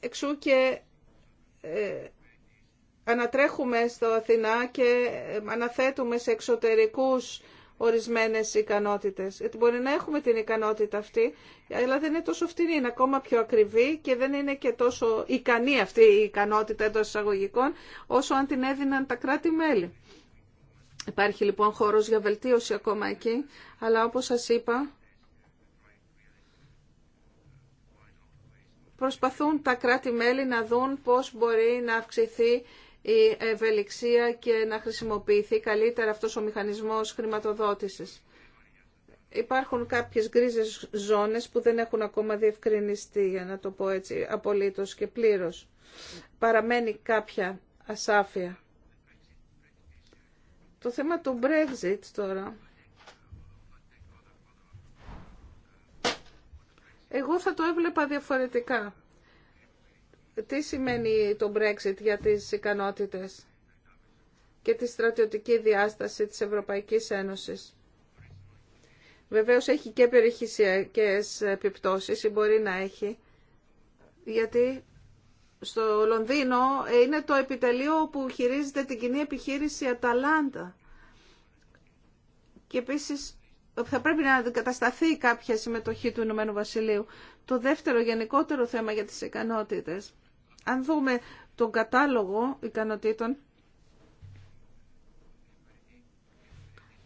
Εξού και ε, ανατρέχουμε στο Αθηνά και ε, αναθέτουμε σε εξωτερικούς ορισμένες ικανότητες. Γιατί μπορεί να έχουμε την ικανότητα αυτή, αλλά δεν είναι τόσο φτηνή, είναι ακόμα πιο ακριβή και δεν είναι και τόσο ικανή αυτή η ικανότητα εντό εισαγωγικών, όσο αν την έδιναν τα κράτη-μέλη. Υπάρχει λοιπόν χώρος για βελτίωση ακόμα εκεί, αλλά όπως σας είπα, προσπαθούν τα κράτη-μέλη να δουν πώς μπορεί να αυξηθεί η ευελιξία και να χρησιμοποιηθεί καλύτερα αυτός ο μηχανισμός χρηματοδότησης. Υπάρχουν κάποιες γκρίζες ζώνες που δεν έχουν ακόμα διευκρινιστεί, για να το πω έτσι, απολύτως και πλήρως. Παραμένει κάποια ασάφεια. Το θέμα του Brexit τώρα. Εγώ θα το έβλεπα διαφορετικά τι σημαίνει το Brexit για τις ικανότητες και τη στρατιωτική διάσταση της Ευρωπαϊκής Ένωσης. Βεβαίως έχει και περιχυσιακές επιπτώσεις ή μπορεί να έχει, γιατί στο Λονδίνο είναι το επιτελείο που χειρίζεται την κοινή επιχείρηση Αταλάντα. Και επίσης θα πρέπει να αντικατασταθεί κάποια συμμετοχή του Ηνωμένου Βασιλείου. Το δεύτερο γενικότερο θέμα για τις ικανότητες αν δούμε τον κατάλογο ικανοτήτων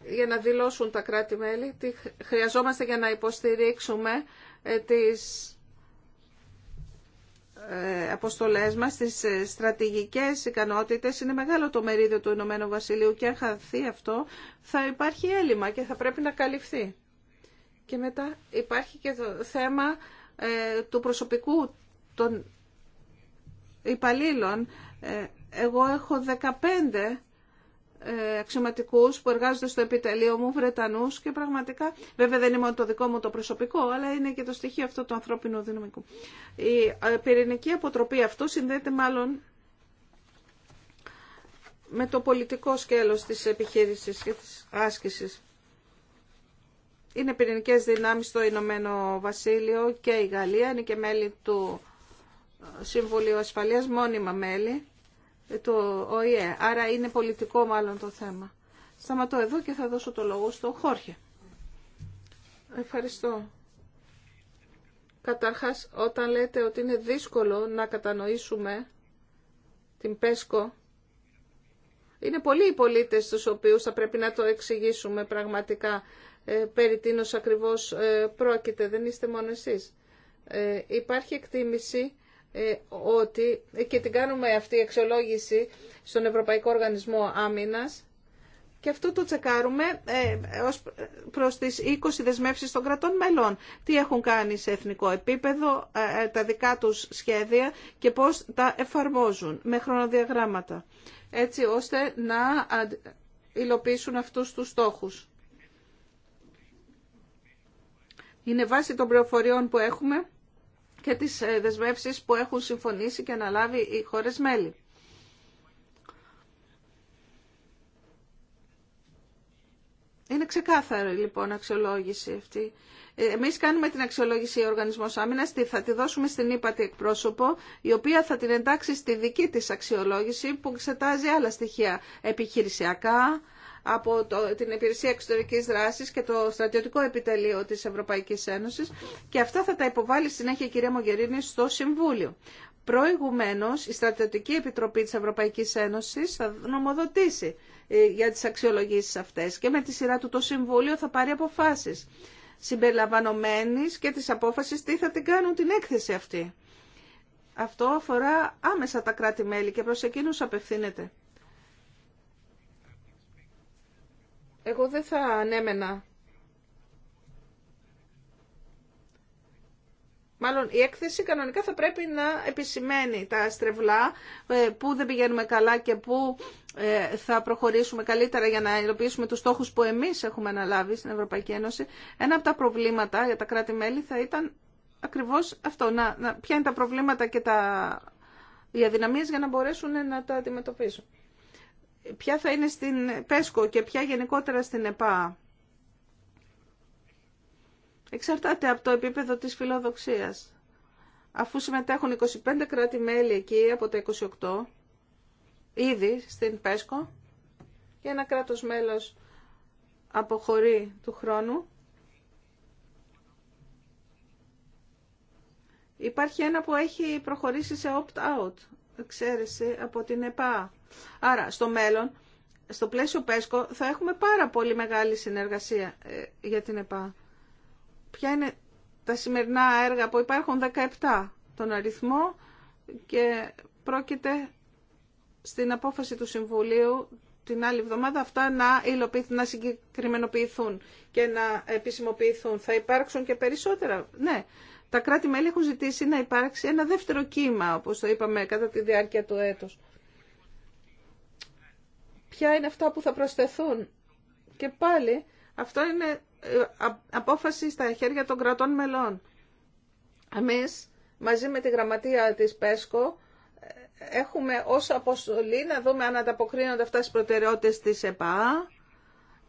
για να δηλώσουν τα κράτη-μέλη, τι χρειαζόμαστε για να υποστηρίξουμε ε, τις ε, αποστολές μας, τις ε, στρατηγικές ικανότητες, είναι μεγάλο το μερίδιο του Ηνωμένου Βασιλείου και αν χαθεί αυτό θα υπάρχει έλλειμμα και θα πρέπει να καλυφθεί. Και μετά υπάρχει και το θέμα του προσωπικού των υπαλλήλων. Ε, εγώ έχω 15 ε, αξιωματικούς που εργάζονται στο επιτελείο μου, Βρετανούς και πραγματικά, βέβαια δεν είναι το δικό μου το προσωπικό, αλλά είναι και το στοιχείο αυτό του ανθρώπινου δυναμικού. Η ε, πυρηνική αποτροπή αυτού συνδέεται μάλλον με το πολιτικό σκέλος της επιχείρησης και της άσκησης. Είναι πυρηνικές δυνάμεις στο Ηνωμένο Βασίλειο και η Γαλλία, είναι και μέλη του Συμβουλίου Ασφαλείας μόνιμα μέλη ε, του ΟΗΕ. Άρα είναι πολιτικό μάλλον το θέμα. Σταματώ εδώ και θα δώσω το λόγο στον Χόρχε. Ευχαριστώ. Καταρχάς, όταν λέτε ότι είναι δύσκολο να κατανοήσουμε την ΠΕΣΚΟ, είναι πολλοί οι πολίτες τους οποίους θα πρέπει να το εξηγήσουμε πραγματικά ε, περί τίνος ακριβώς ε, πρόκειται, δεν είστε μόνο εσείς. Ε, υπάρχει εκτίμηση ε, ότι, ε, και την κάνουμε αυτή η αξιολόγηση στον Ευρωπαϊκό Οργανισμό Άμυνας, και αυτό το τσεκάρουμε ε, ως προς τις 20 δεσμεύσεις των κρατών μελών. Τι έχουν κάνει σε εθνικό επίπεδο, ε, τα δικά τους σχέδια και πώς τα εφαρμόζουν με χρονοδιαγράμματα. Έτσι ώστε να υλοποιήσουν αυτούς τους στόχους. Είναι βάση των πληροφοριών που έχουμε και τις ε, δεσμεύσεις που έχουν συμφωνήσει και αναλάβει οι χώρες μέλη. Είναι ξεκάθαρη λοιπόν αξιολόγηση αυτή. Ε, εμείς κάνουμε την αξιολόγηση ο Οργανισμός Άμυνας, θα τη δώσουμε στην ύπατη εκπρόσωπο, η οποία θα την εντάξει στη δική της αξιολόγηση που εξετάζει άλλα στοιχεία επιχειρησιακά, από την Υπηρεσία εξωτερική δράση και το στρατιωτικό επιτελείο τη Ευρωπαϊκή Ένωση. και αυτά θα τα υποβάλει συνέχεια η κυρία Μογερίνη στο Συμβούλιο. Προηγουμένω, η Στρατιωτική Επιτροπή τη Ευρωπαϊκή Ένωση θα νομοδοτήσει ε, για τις αξιολογήσεις αυτές και με τη σειρά του το Συμβούλιο θα πάρει αποφάσεις συμπεριλαμβανομένης και της απόφαση τι θα την κάνουν την έκθεση αυτή. Αυτό αφορά άμεσα τα κράτη-μέλη και προς εκείνους απευθύνεται. Εγώ δεν θα ανέμενα. Μάλλον η έκθεση κανονικά θα πρέπει να επισημαίνει τα στρεβλά, ε, πού δεν πηγαίνουμε καλά και πού ε, θα προχωρήσουμε καλύτερα για να υλοποιήσουμε τους στόχους που εμείς έχουμε αναλάβει στην Ευρωπαϊκή Ένωση. Ένα από τα προβλήματα για τα κράτη-μέλη θα ήταν ακριβώς αυτό, να, να ποια είναι τα προβλήματα και τα, οι αδυναμίες για να μπορέσουν να τα αντιμετωπίσουν ποια θα είναι στην ΠΕΣΚΟ και ποια γενικότερα στην ΕΠΑ. Εξαρτάται από το επίπεδο της φιλοδοξίας. Αφού συμμετέχουν 25 κράτη-μέλη εκεί από τα 28, ήδη στην ΠΕΣΚΟ, και ένα κράτος μέλος αποχωρεί του χρόνου, Υπάρχει ένα που έχει προχωρήσει σε opt-out, εξαίρεση, από την ΕΠΑ. Άρα, στο μέλλον, στο πλαίσιο ΠΕΣΚΟ, θα έχουμε πάρα πολύ μεγάλη συνεργασία ε, για την ΕΠΑ. Ποια είναι τα σημερινά έργα που υπάρχουν 17 τον αριθμό και πρόκειται στην απόφαση του Συμβουλίου την άλλη εβδομάδα αυτά να, να συγκεκριμενοποιηθούν και να επισημοποιηθούν. Θα υπάρξουν και περισσότερα. Ναι, τα κράτη-μέλη έχουν ζητήσει να υπάρξει ένα δεύτερο κύμα, όπως το είπαμε, κατά τη διάρκεια του έτους ποια είναι αυτά που θα προσθεθούν. Και πάλι αυτό είναι ε, απόφαση στα χέρια των κρατών μελών. Εμείς μαζί με τη γραμματεία της ΠΕΣΚΟ ε, έχουμε ως αποστολή να δούμε αν ανταποκρίνονται αυτά τις προτεραιότητες της ΕΠΑ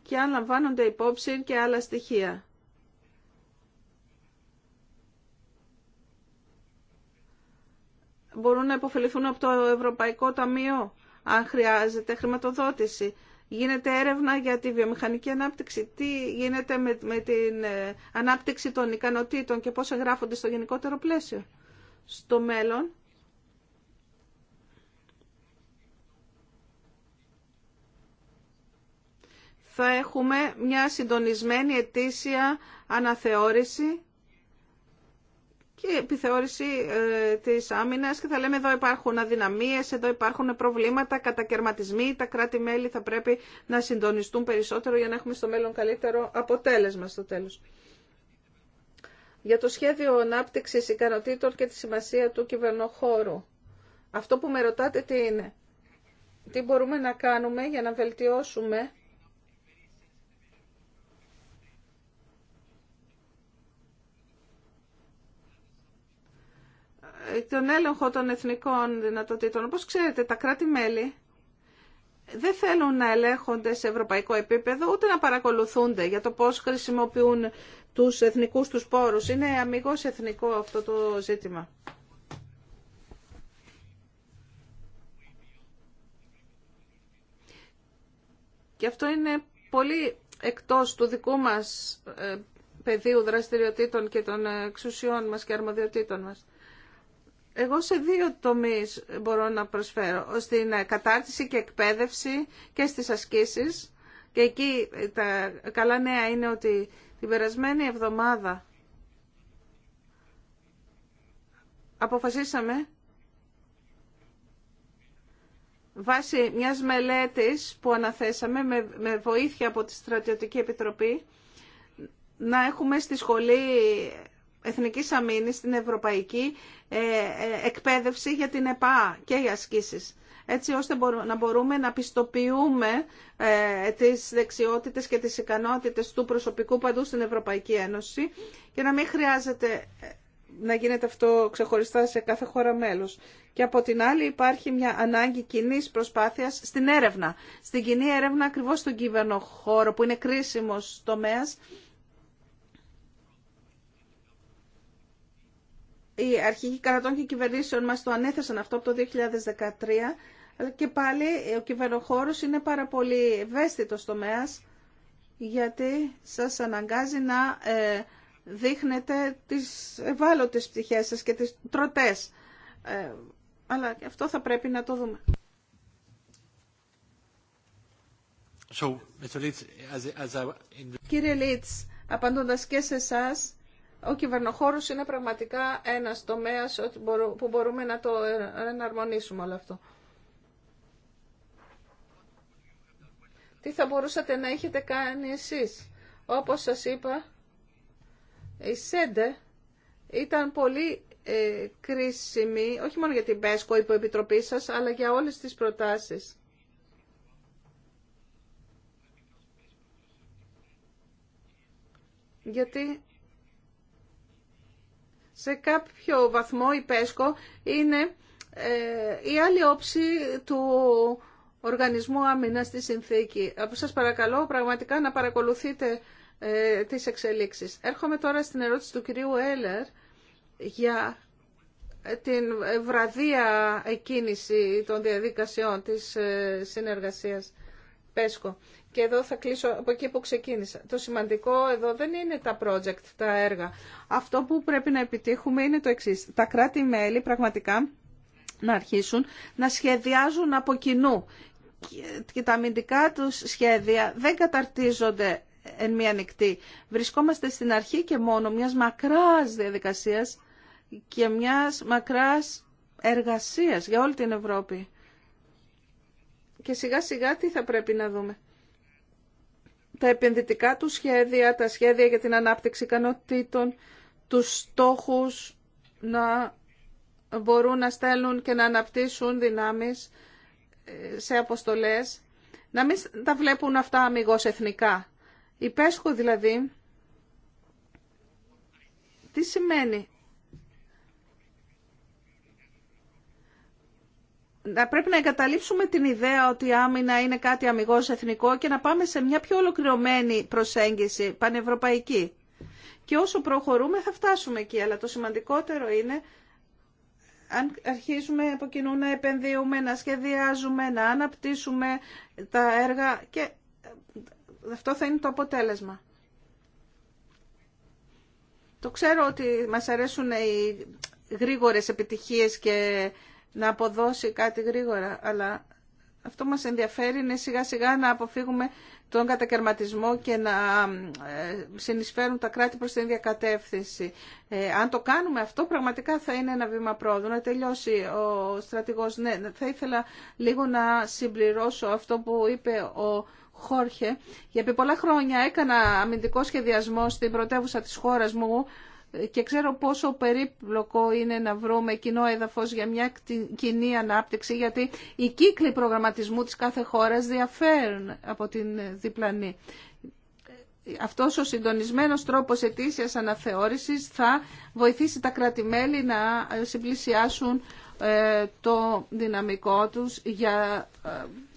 και αν λαμβάνονται υπόψη και άλλα στοιχεία. Μπορούν να υποφεληθούν από το Ευρωπαϊκό Ταμείο αν χρειάζεται χρηματοδότηση. Γίνεται έρευνα για τη βιομηχανική ανάπτυξη. Τι γίνεται με, την ε, ανάπτυξη των ικανοτήτων και πώς εγγράφονται στο γενικότερο πλαίσιο. Στο μέλλον, θα έχουμε μια συντονισμένη ετήσια αναθεώρηση και επιθεώρηση ε, της άμυνας και θα λέμε εδώ υπάρχουν αδυναμίες, εδώ υπάρχουν προβλήματα, κατακαιρματισμοί, τα κράτη-μέλη θα πρέπει να συντονιστούν περισσότερο για να έχουμε στο μέλλον καλύτερο αποτέλεσμα στο τέλος. Για το σχέδιο ανάπτυξης ικανοτήτων και τη σημασία του κυβερνοχώρου. Αυτό που με ρωτάτε τι είναι. Τι μπορούμε να κάνουμε για να βελτιώσουμε τον έλεγχο των εθνικών δυνατοτήτων. Όπως ξέρετε, τα κράτη-μέλη δεν θέλουν να ελέγχονται σε ευρωπαϊκό επίπεδο, ούτε να παρακολουθούνται για το πώς χρησιμοποιούν τους εθνικούς τους πόρους. Είναι αμυγός εθνικό αυτό το ζήτημα. Και αυτό είναι πολύ εκτός του δικού μας ε, πεδίου δραστηριοτήτων και των εξουσιών μας και αρμοδιοτήτων μας. Εγώ σε δύο τομείς μπορώ να προσφέρω. Στην ε, κατάρτιση και εκπαίδευση και στις ασκήσεις. Και εκεί ε, τα καλά νέα είναι ότι την περασμένη εβδομάδα αποφασίσαμε βάσει μιας μελέτης που αναθέσαμε με, βοήθεια από τη Στρατιωτική Επιτροπή να έχουμε στη σχολή Εθνικής Αμήνης στην Ευρωπαϊκή ε, ε, Εκπαίδευση για την ΕΠΑ και οι ασκήσεις. Έτσι ώστε να μπορούμε να πιστοποιούμε ε, τις δεξιότητες και τις ικανότητες του προσωπικού παντού στην Ευρωπαϊκή Ένωση και να μην χρειάζεται να γίνεται αυτό ξεχωριστά σε κάθε χώρα μέλος. Και από την άλλη υπάρχει μια ανάγκη κοινή προσπάθειας στην έρευνα. Στην κοινή έρευνα ακριβώς στον κυβερνοχώρο που είναι κρίσιμος τομέας οι αρχηγοί κρατών και κυβερνήσεων μας το ανέθεσαν αυτό από το 2013, αλλά και πάλι ο κυβεροχώρος είναι πάρα πολύ ευαίσθητος τομέας, γιατί σας αναγκάζει να ε, δείχνετε τις ευάλωτες πτυχές σας και τις τροτές. Ε, αλλά αυτό θα πρέπει να το δούμε. Κύριε Λίτς, απαντώντας και σε εσάς, ο κυβερνοχώρο είναι πραγματικά ένας τομέας που μπορούμε να το ε, εναρμονίσουμε όλο αυτό. Τι θα μπορούσατε να έχετε κάνει εσείς. Όπως σας είπα, η ΣΕΝΤΕ ήταν πολύ ε, κρίσιμη, όχι μόνο για την ΠΕΣΚΟ, υπό Επιτροπή σας, αλλά για όλες τις προτάσεις. Γιατί σε κάποιο βαθμό η ΠΕΣΚΟ είναι ε, η άλλη όψη του Οργανισμού Άμυνα στη Συνθήκη. Από σας παρακαλώ πραγματικά να παρακολουθείτε ε, τις εξελίξεις. Έρχομαι τώρα στην ερώτηση του κυρίου Έλερ για την βραδία εκκίνηση των διαδικασιών της ε, συνεργασίας ΠΕΣΚΟ και εδώ θα κλείσω από εκεί που ξεκίνησα. Το σημαντικό εδώ δεν είναι τα project, τα έργα. Αυτό που πρέπει να επιτύχουμε είναι το εξής. Τα κράτη-μέλη πραγματικά να αρχίσουν να σχεδιάζουν από κοινού. Και τα αμυντικά τους σχέδια δεν καταρτίζονται εν μία νυχτή. Βρισκόμαστε στην αρχή και μόνο μιας μακράς διαδικασίας και μιας μακράς εργασίας για όλη την Ευρώπη. Και σιγά σιγά τι θα πρέπει να δούμε τα επενδυτικά του σχέδια, τα σχέδια για την ανάπτυξη ικανοτήτων, τους στόχους να μπορούν να στέλνουν και να αναπτύσσουν δυνάμεις ε, σε αποστολές, να μην τα βλέπουν αυτά αμυγός εθνικά. Η Πέσχο δηλαδή, τι σημαίνει να πρέπει να εγκαταλείψουμε την ιδέα ότι η άμυνα είναι κάτι αμυγός εθνικό και να πάμε σε μια πιο ολοκληρωμένη προσέγγιση πανευρωπαϊκή. Και όσο προχωρούμε θα φτάσουμε εκεί, αλλά το σημαντικότερο είναι αν αρχίζουμε από κοινού να επενδύουμε, να σχεδιάζουμε, να αναπτύσσουμε τα έργα και αυτό θα είναι το αποτέλεσμα. Το ξέρω ότι μας αρέσουν οι γρήγορες επιτυχίες και να αποδώσει κάτι γρήγορα, αλλά αυτό μας ενδιαφέρει είναι σιγά σιγά να αποφύγουμε τον κατακαιρματισμό και να ε, συνεισφέρουν τα κράτη προς την διακατεύθυνση. Ε, αν το κάνουμε αυτό πραγματικά θα είναι ένα βήμα πρόοδου. Να τελειώσει ο στρατηγός. Ναι, θα ήθελα λίγο να συμπληρώσω αυτό που είπε ο Χόρχε. Για πολλά χρόνια έκανα αμυντικό σχεδιασμό στην πρωτεύουσα της χώρας μου και ξέρω πόσο περίπλοκο είναι να βρούμε κοινό έδαφος για μια κοινή ανάπτυξη γιατί οι κύκλοι προγραμματισμού της κάθε χώρας διαφέρουν από την διπλανή. Αυτός ο συντονισμένος τρόπος ετήσιας αναθεώρησης θα βοηθήσει τα κράτη-μέλη να συμπλησιάσουν ε, το δυναμικό τους για ε,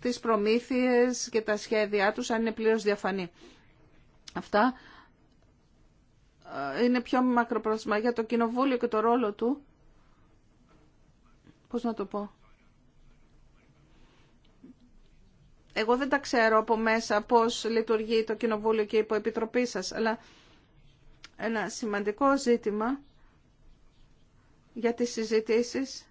τις προμήθειες και τα σχέδιά τους αν είναι πλήρως διαφανή. Αυτά ε, είναι πιο μακροπρόθεσμα για το κοινοβούλιο και το ρόλο του. Πώς να το πω. Εγώ δεν τα ξέρω από μέσα πώς λειτουργεί το κοινοβούλιο και η υποεπιτροπή σας, αλλά ένα σημαντικό ζήτημα για τις συζητήσεις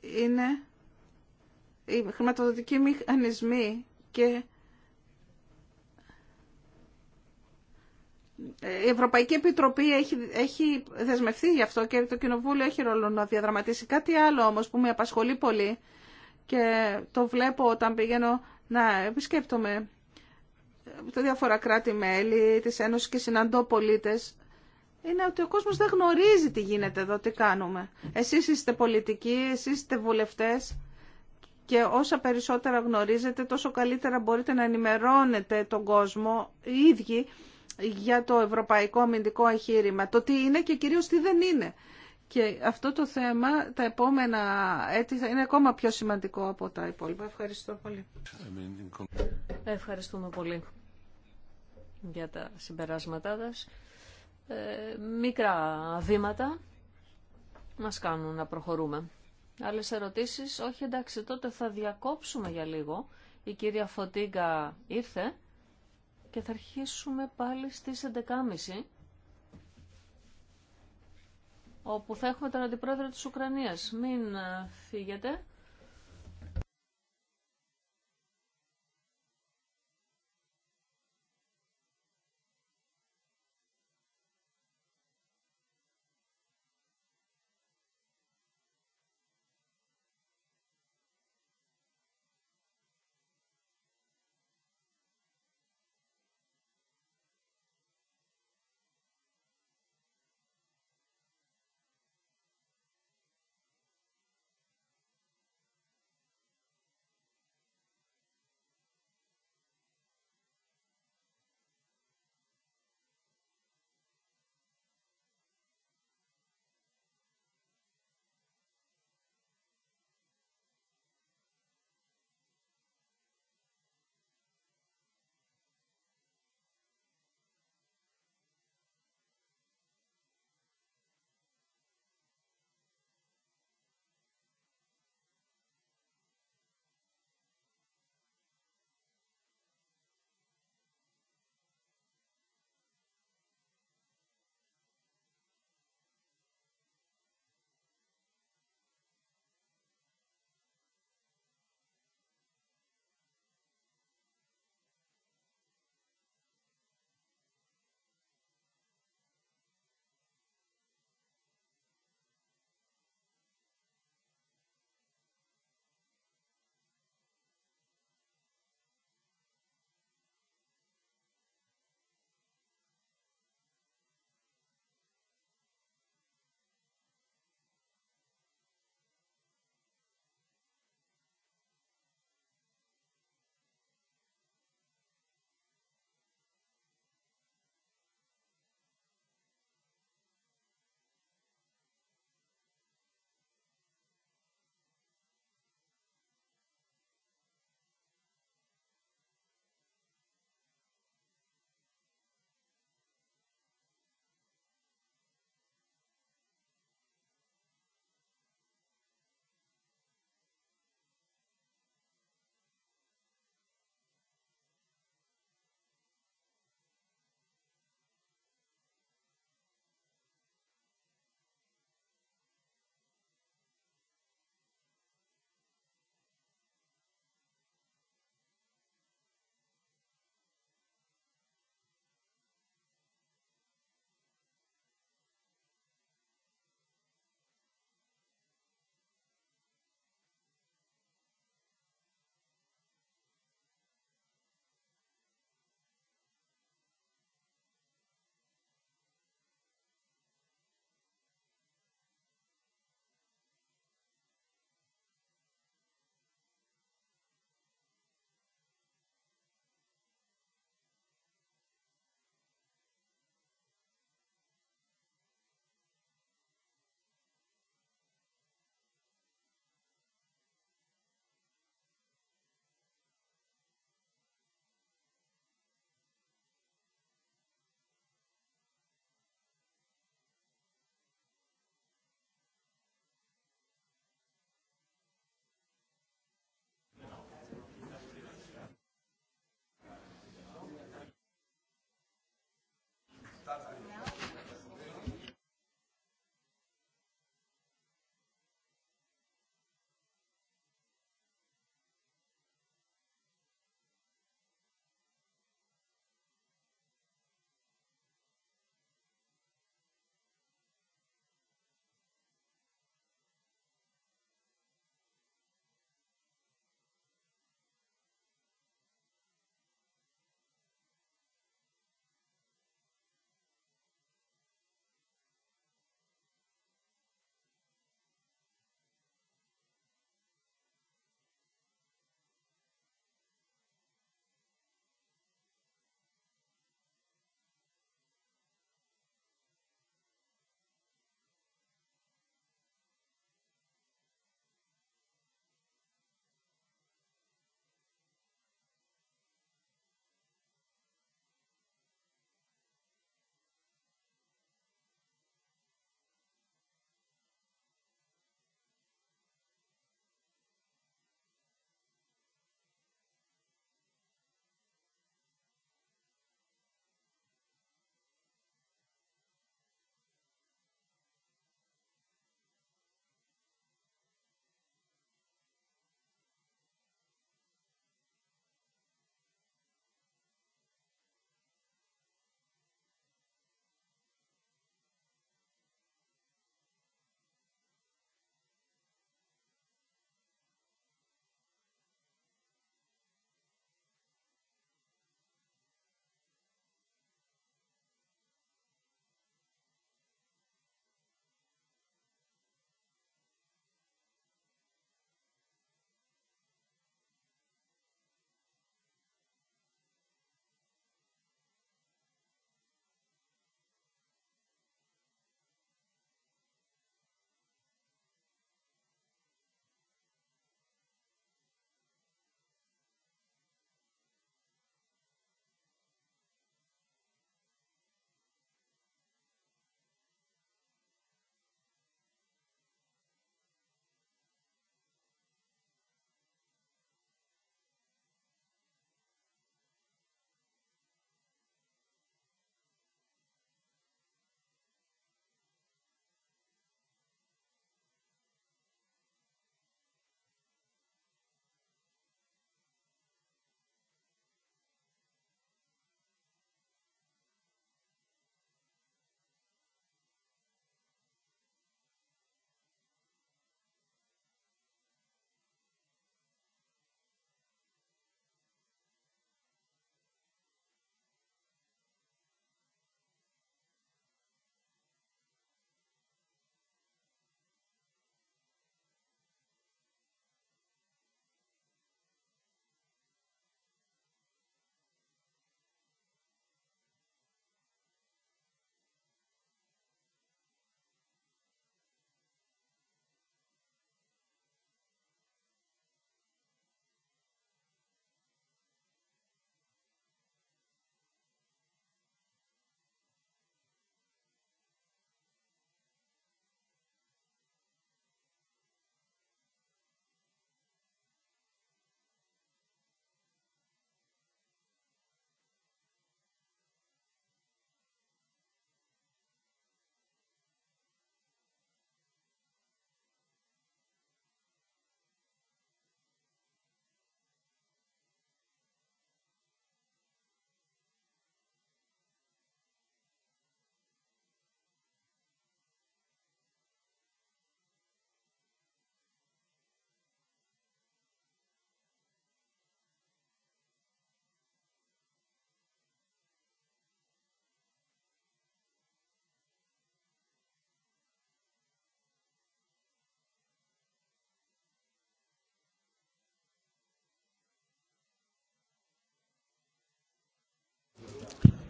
είναι οι χρηματοδοτικοί μηχανισμοί και Ε, η Ευρωπαϊκή Επιτροπή έχει, έχει γι' αυτό και το Κοινοβούλιο έχει ρόλο να διαδραματίσει. Κάτι άλλο όμως που με απασχολεί πολύ και το βλέπω όταν πηγαίνω να επισκέπτομαι ε, τα διάφορα κράτη-μέλη της Ένωσης και συναντώ πολίτε, είναι ότι ο κόσμος δεν γνωρίζει τι γίνεται εδώ, τι κάνουμε. Εσείς είστε πολιτικοί, εσείς είστε βουλευτές και όσα περισσότερα γνωρίζετε, τόσο καλύτερα μπορείτε να ενημερώνετε τον κόσμο οι ίδιοι για το ευρωπαϊκό αμυντικό εγχείρημα, το τι είναι και κυρίως τι δεν είναι. Και αυτό το θέμα τα επόμενα έτη θα είναι ακόμα πιο σημαντικό από τα υπόλοιπα. Ευχαριστώ πολύ. Ευχαριστούμε πολύ για τα συμπεράσματά σας. Ε, μικρά βήματα μας κάνουν να προχωρούμε. Άλλες ερωτήσεις. Όχι εντάξει, τότε θα διακόψουμε για λίγο. Η κυρία Φωτίγκα ήρθε και θα αρχίσουμε πάλι στις 11.30 όπου θα έχουμε τον Αντιπρόεδρο της Ουκρανίας. Μην ε, φύγετε.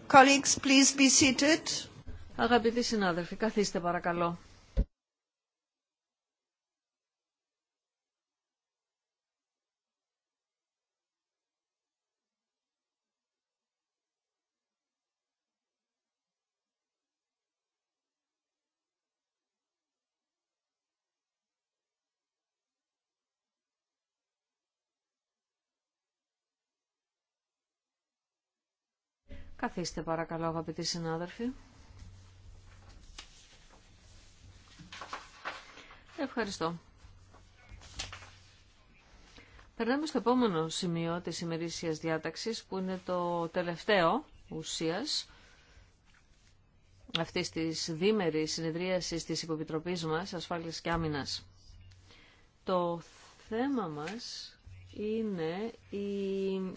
Colleagues, please be seated. Αγαπητοί συνάδελφοι, καθίστε παρακαλώ. Καθίστε παρακαλώ αγαπητοί συνάδελφοι. Ευχαριστώ. Περνάμε στο επόμενο σημείο της ημερήσιας διάταξης που είναι το τελευταίο ουσίας αυτή της δίμερης συνεδρίασης της Υποπιτροπής μας Ασφάλειας και Άμυνας. Το θέμα μας είναι η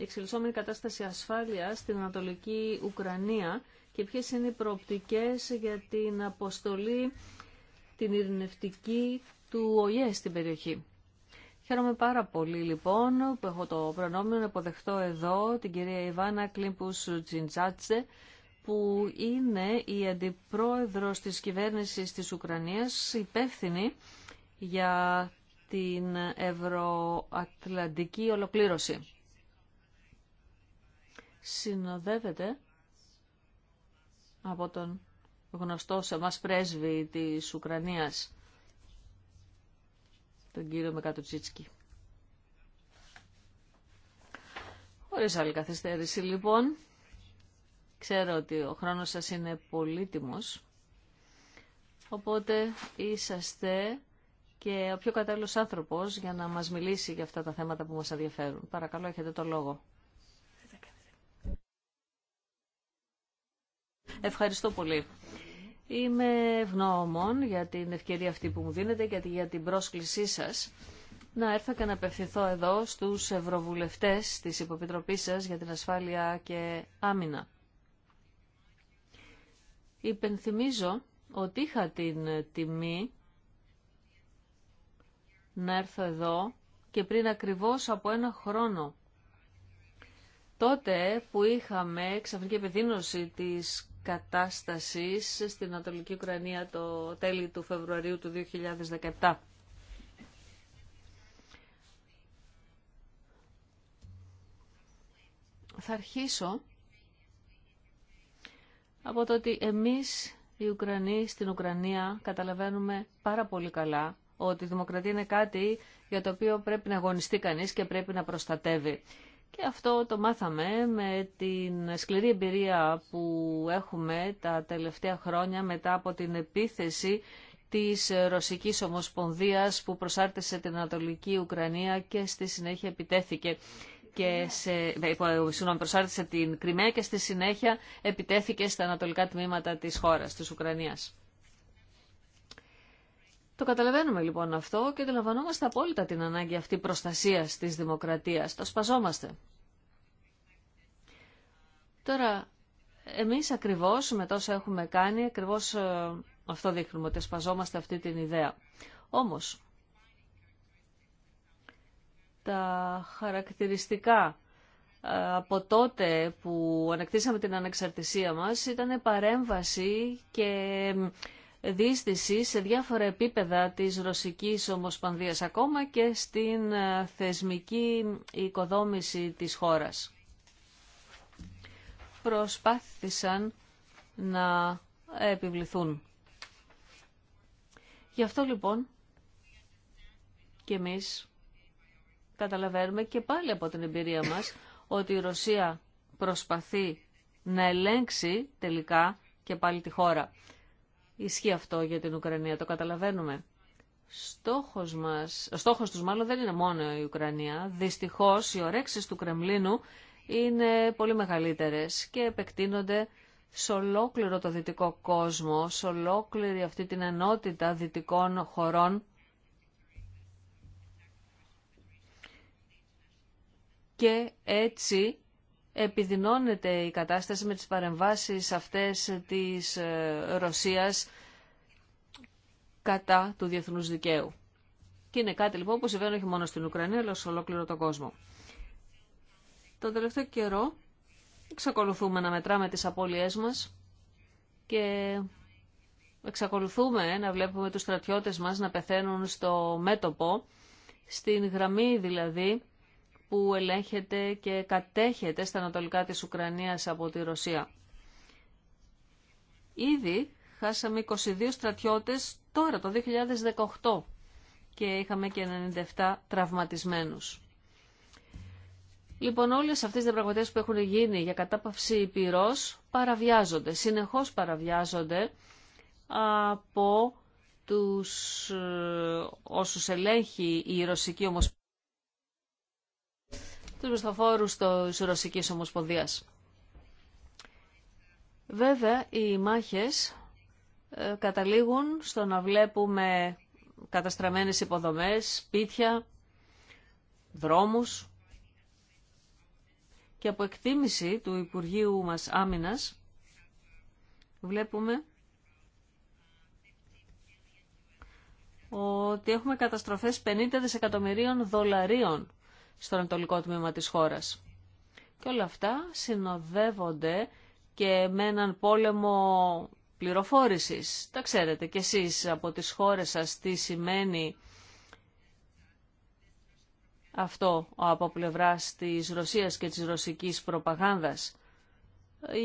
εξελισσόμενη κατάσταση ασφάλειας στην Ανατολική Ουκρανία και ποιες είναι οι προοπτικές για την αποστολή την ειρηνευτική του ΟΙΕ στην περιοχή. Χαίρομαι πάρα πολύ λοιπόν που έχω το προνόμιο να υποδεχτώ εδώ την κυρία Ιβάνα Κλίμπους Τζιντζάτσε που είναι η αντιπρόεδρος της κυβέρνησης της Ουκρανίας υπεύθυνη για την ευρωατλαντική ολοκλήρωση. Συνοδεύεται από τον γνωστό σε μας πρέσβη της Ουκρανίας, τον κύριο Μεκατοτσίτσκι. Χωρίς άλλη καθυστέρηση λοιπόν, ξέρω ότι ο χρόνος σας είναι πολύτιμος, οπότε είσαστε και ο πιο κατάλληλος άνθρωπος για να μας μιλήσει για αυτά τα θέματα που μας ενδιαφέρουν. Παρακαλώ, έχετε το λόγο. Ευχαριστώ πολύ. Είμαι ευγνώμων για την ευκαιρία αυτή που μου δίνετε και για την πρόσκλησή σας να έρθω και να απευθυνθώ εδώ στους ευρωβουλευτές της Υποπιτροπής σας για την ασφάλεια και άμυνα. Υπενθυμίζω ότι είχα την τιμή να έρθω εδώ και πριν ακριβώς από ένα χρόνο. Τότε που είχαμε ξαφνική επιδείνωση της κατάστασης στην Ανατολική Ουκρανία το τέλη του Φεβρουαρίου του 2017. Θα αρχίσω από το ότι εμείς οι Ουκρανοί στην Ουκρανία καταλαβαίνουμε πάρα πολύ καλά ότι η δημοκρατία είναι κάτι για το οποίο πρέπει να αγωνιστεί κανείς και πρέπει να προστατεύει. Και αυτό το μάθαμε με την σκληρή εμπειρία που έχουμε τα τελευταία χρόνια μετά από την επίθεση της Ρωσικής Ομοσπονδίας που προσάρτησε την Ανατολική Ουκρανία και στη συνέχεια επιτέθηκε και σε, την Κρυμαία και στη συνέχεια επιτέθηκε στα ανατολικά τμήματα της χώρας, της Ουκρανίας. Το καταλαβαίνουμε λοιπόν αυτό και αντιλαμβανόμαστε απόλυτα την ανάγκη αυτή προστασίας της δημοκρατίας. Το σπαζόμαστε. Τώρα, εμείς ακριβώς με τόσα έχουμε κάνει, ακριβώς ε, αυτό δείχνουμε ότι σπαζόμαστε αυτή την ιδέα. Όμως, τα χαρακτηριστικά ε, από τότε που ανακτήσαμε την ανεξαρτησία μας ήταν παρέμβαση και ε, Δίστηση σε διάφορα επίπεδα της Ρωσικής ομοσπονδίας ακόμα και στην ε, θεσμική οικοδόμηση της χώρας. Προσπάθησαν να επιβληθούν. Γι' αυτό λοιπόν και εμείς καταλαβαίνουμε και πάλι από την εμπειρία μας ότι η Ρωσία προσπαθεί να ελέγξει τελικά και πάλι τη χώρα. Ισχύει αυτό για την Ουκρανία, το καταλαβαίνουμε. Στόχος μας, ο στόχος τους μάλλον δεν είναι μόνο η Ουκρανία. Δυστυχώς οι ορέξεις του Κρεμλίνου είναι πολύ μεγαλύτερες και επεκτείνονται σε ολόκληρο το δυτικό κόσμο, σε ολόκληρη αυτή την ενότητα δυτικών χωρών και έτσι επιδεινώνεται η κατάσταση με τις παρεμβάσεις αυτές της ε, Ρωσίας κατά του διεθνούς δικαίου. Και είναι κάτι λοιπόν που συμβαίνει όχι μόνο στην Ουκρανία, αλλά σε ολόκληρο τον κόσμο. Το τελευταίο καιρό εξακολουθούμε να μετράμε τις απώλειές μας και εξακολουθούμε να βλέπουμε τους στρατιώτες μας να πεθαίνουν στο μέτωπο, στην γραμμή δηλαδή που ελέγχεται και κατέχεται στα ανατολικά της Ουκρανίας από τη Ρωσία. Ήδη χάσαμε 22 στρατιώτες τώρα το 2018 και είχαμε και 97 τραυματισμένους. Λοιπόν, όλες αυτές οι διαπραγματεύσει που έχουν γίνει για κατάπαυση πυρό παραβιάζονται, συνεχώς παραβιάζονται από τους ε, όσους ελέγχει η Ρωσική Ομοσπονδία τους μισθοφόρους της Ρωσικής Ομοσπονδίας. Βέβαια, οι μάχες ε, καταλήγουν στο να βλέπουμε καταστραμμένες υποδομές, σπίτια, δρόμους και από εκτίμηση του Υπουργείου μας Άμυνας βλέπουμε ότι έχουμε καταστροφές 50 δισεκατομμυρίων δολαρίων στο ανατολικό τμήμα της χώρας. Και όλα αυτά συνοδεύονται και με έναν πόλεμο πληροφόρησης. Τα ξέρετε κι εσείς από τις χώρες σας τι σημαίνει αυτό από πλευράς της Ρωσίας και της ρωσικής προπαγάνδας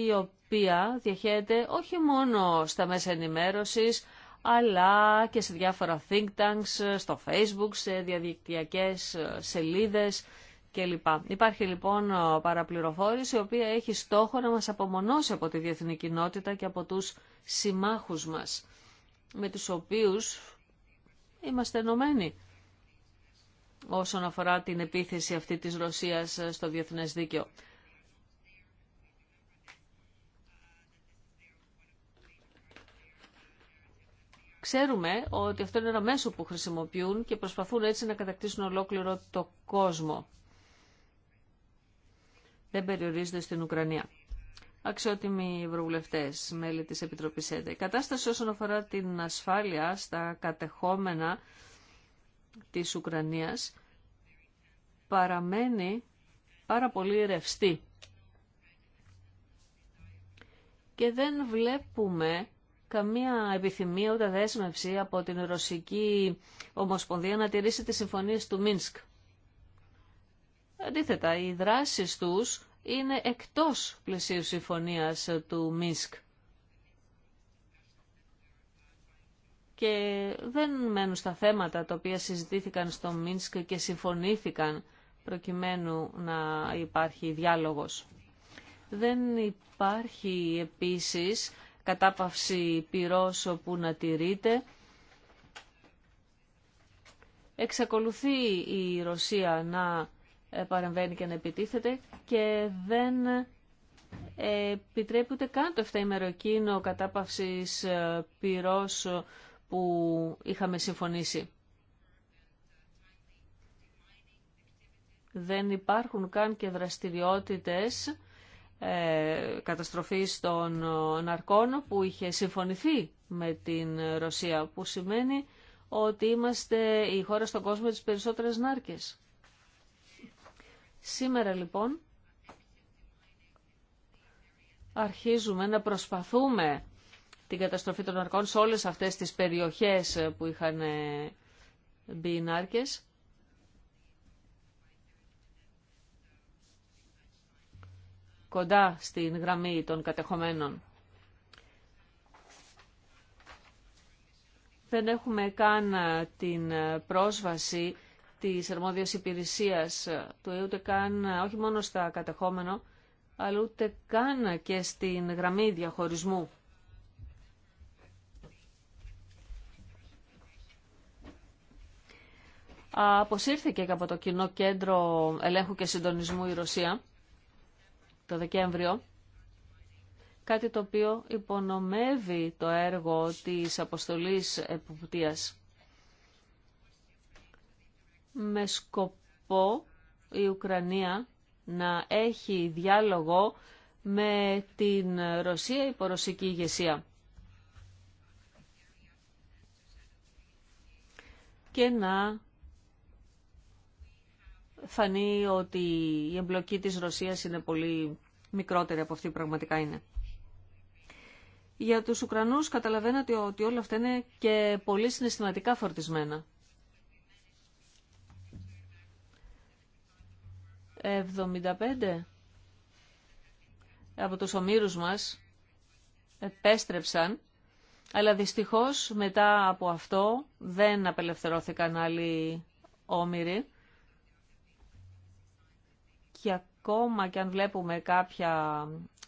η οποία διαχέεται όχι μόνο στα μέσα ενημέρωσης αλλά και σε διάφορα think tanks, στο facebook, σε διαδικτυακές ε, σελίδες κλπ. Υπάρχει λοιπόν ε, παραπληροφόρηση η οποία έχει στόχο να μας απομονώσει από τη διεθνή κοινότητα και από τους συμμάχους μας, με τους οποίους είμαστε ενωμένοι όσον αφορά την επίθεση αυτή της Ρωσίας ε, στο διεθνές δίκαιο. Ξέρουμε ότι αυτό είναι ένα μέσο που χρησιμοποιούν και προσπαθούν έτσι να κατακτήσουν ολόκληρο το κόσμο. Δεν περιορίζονται στην Ουκρανία. Αξιότιμοι ευρωβουλευτέ, μέλη της Επιτροπής ΕΔΕ. Η κατάσταση όσον αφορά την ασφάλεια στα κατεχόμενα της Ουκρανίας παραμένει πάρα πολύ ρευστή. Και δεν βλέπουμε καμία επιθυμία ούτε δέσμευση από την Ρωσική Ομοσπονδία να τηρήσει τις συμφωνίες του Μίνσκ. Αντίθετα, οι δράσεις τους είναι εκτός πλαισίου συμφωνίας του Μίνσκ. Και δεν μένουν στα θέματα τα οποία συζητήθηκαν στο Μίνσκ και συμφωνήθηκαν προκειμένου να υπάρχει διάλογος. Δεν υπάρχει επίσης κατάπαυση πυρός ...που να τηρείται. Εξακολουθεί η Ρωσία να ε, παρεμβαίνει και να επιτίθεται και δεν ε, επιτρέπει ούτε καν το 7 ημέρο εκείνο κατάπαυσης ε, πυρός που είχαμε συμφωνήσει. Δεν υπάρχουν καν και δραστηριότητες ε, καταστροφής των ε, ναρκών που είχε συμφωνηθεί με την ε, Ρωσία, που σημαίνει ότι είμαστε η χώρα στον κόσμο της περισσότερες νάρκες. Σήμερα λοιπόν αρχίζουμε να προσπαθούμε την καταστροφή των ναρκών σε όλες αυτές τις περιοχές που είχαν μπει οι νάρκες κοντά στην γραμμή των κατεχομένων. Δεν έχουμε καν ε, την ε, πρόσβαση της αρμόδιας υπηρεσίας ε, του ΕΕ, ούτε καν, όχι μόνο στα κατεχόμενο, αλλά ούτε καν και στην γραμμή διαχωρισμού. Αποσύρθηκε και από το κοινό κέντρο ελέγχου και συντονισμού η Ρωσία το Δεκέμβριο, κάτι το οποίο υπονομεύει το έργο της αποστολής εποπτείας. Με σκοπό η Ουκρανία να έχει διάλογο με την Ρωσία υπό ρωσική ηγεσία. και να φανεί ότι η εμπλοκή της Ρωσίας είναι πολύ μικρότερη από αυτή που πραγματικά είναι. Για τους Ουκρανούς καταλαβαίνετε ότι όλα αυτά είναι και πολύ συναισθηματικά φορτισμένα. 75 από τους ομήρους μας επέστρεψαν, αλλά δυστυχώς μετά από αυτό δεν απελευθερώθηκαν άλλοι όμοιροι και ακόμα και αν βλέπουμε κάποια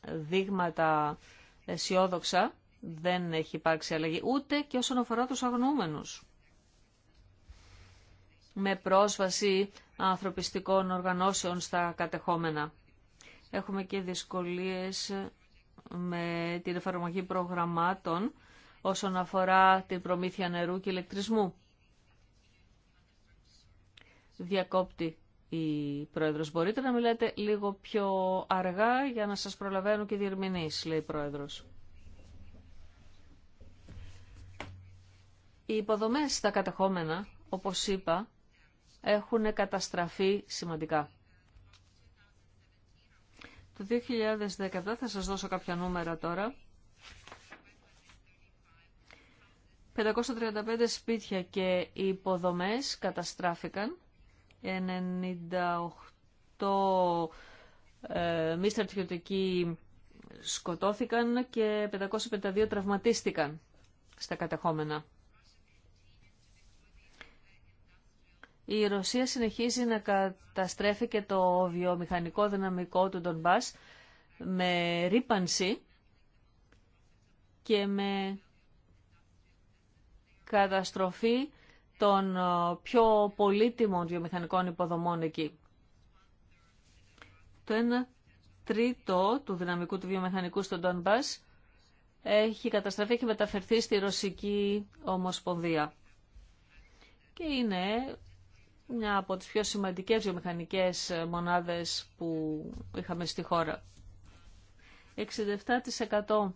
δείγματα αισιόδοξα, δεν έχει υπάρξει αλλαγή, ούτε και όσον αφορά τους αγνούμενους, Με πρόσβαση ανθρωπιστικών οργανώσεων στα κατεχόμενα. Έχουμε και δυσκολίες με την εφαρμογή προγραμμάτων όσον αφορά την προμήθεια νερού και ηλεκτρισμού. Διακόπτη η Πρόεδρος. Μπορείτε να μιλάτε λίγο πιο αργά για να σας προλαβαίνουν και οι διερμηνείς, λέει η Πρόεδρος. Οι υποδομές στα κατεχόμενα, όπως είπα, έχουν καταστραφεί σημαντικά. Το 2017 θα σας δώσω κάποια νούμερα τώρα. 535 σπίτια και υποδομές καταστράφηκαν 98 ε, μη στρατιωτικοί σκοτώθηκαν και 552 τραυματίστηκαν στα κατεχόμενα. Η Ρωσία συνεχίζει να καταστρέφει και το βιομηχανικό δυναμικό του Ντονμπάς με ρήπανση και με καταστροφή των ε, πιο πολύτιμων βιομηχανικών υποδομών εκεί. Το 1 τρίτο του δυναμικού του βιομηχανικού στον Τονμπάς έχει καταστραφεί και μεταφερθεί στη Ρωσική Ομοσπονδία. Και είναι μια από τις πιο σημαντικές βιομηχανικές μονάδες που είχαμε στη χώρα. 67%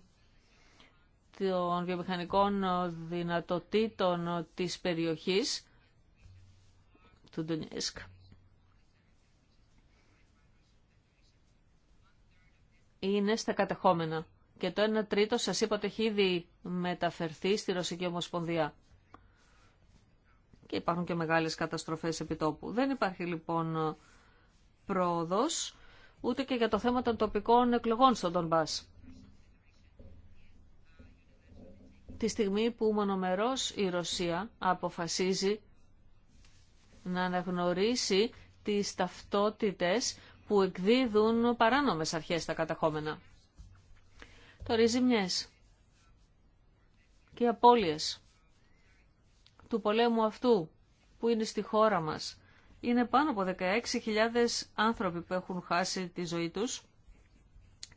των βιομηχανικών δυνατοτήτων της περιοχής του Ντονιέσκ. Είναι στα κατεχόμενα και το 1 τρίτο σας είπα έχει ήδη μεταφερθεί στη Ρωσική Ομοσπονδία. Και υπάρχουν και μεγάλες καταστροφές επιτόπου. Δεν υπάρχει λοιπόν πρόοδος ούτε και για το θέμα των τοπικών εκλογών στον Τονμπάς. τη στιγμή που μονομερός η Ρωσία αποφασίζει να αναγνωρίσει τις ταυτότητες που εκδίδουν παράνομες αρχές στα καταχώμενα. Το ρίζιμιές και οι απώλειες του πολέμου αυτού που είναι στη χώρα μας είναι πάνω από 16.000 άνθρωποι που έχουν χάσει τη ζωή τους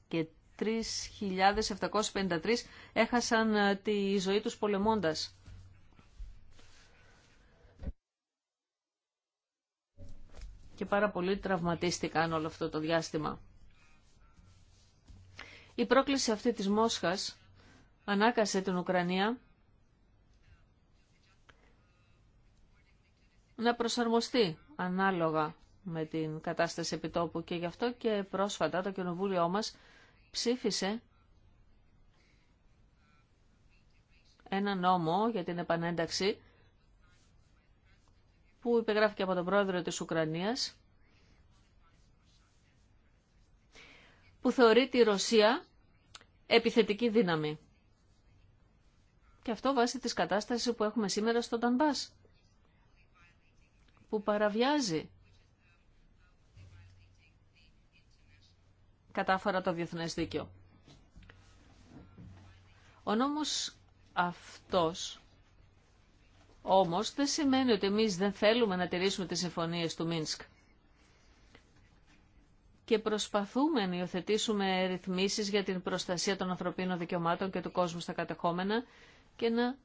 και 3.753 έχασαν ε, τη ζωή τους πολεμώντας. Και πάρα πολύ τραυματίστηκαν όλο αυτό το διάστημα. Η πρόκληση αυτή της Μόσχας ανάκασε την Ουκρανία να προσαρμοστεί ανάλογα με την κατάσταση επιτόπου και γι' αυτό και πρόσφατα το κοινοβούλιο μας ψήφισε ένα νόμο για την επανένταξη που υπεγράφηκε από τον πρόεδρο της Ουκρανίας που θεωρεί τη Ρωσία επιθετική δύναμη. Και αυτό βάσει της κατάστασης που έχουμε σήμερα στο Τανμπάς, που παραβιάζει κατάφορα το διεθνές δίκαιο. Ο νόμος αυτός όμως δεν σημαίνει ότι εμείς δεν θέλουμε να τηρήσουμε τις συμφωνίες του Μίνσκ. Και προσπαθούμε να υιοθετήσουμε ρυθμίσεις για την προστασία των ανθρωπίνων δικαιωμάτων και του κόσμου στα κατεχόμενα και να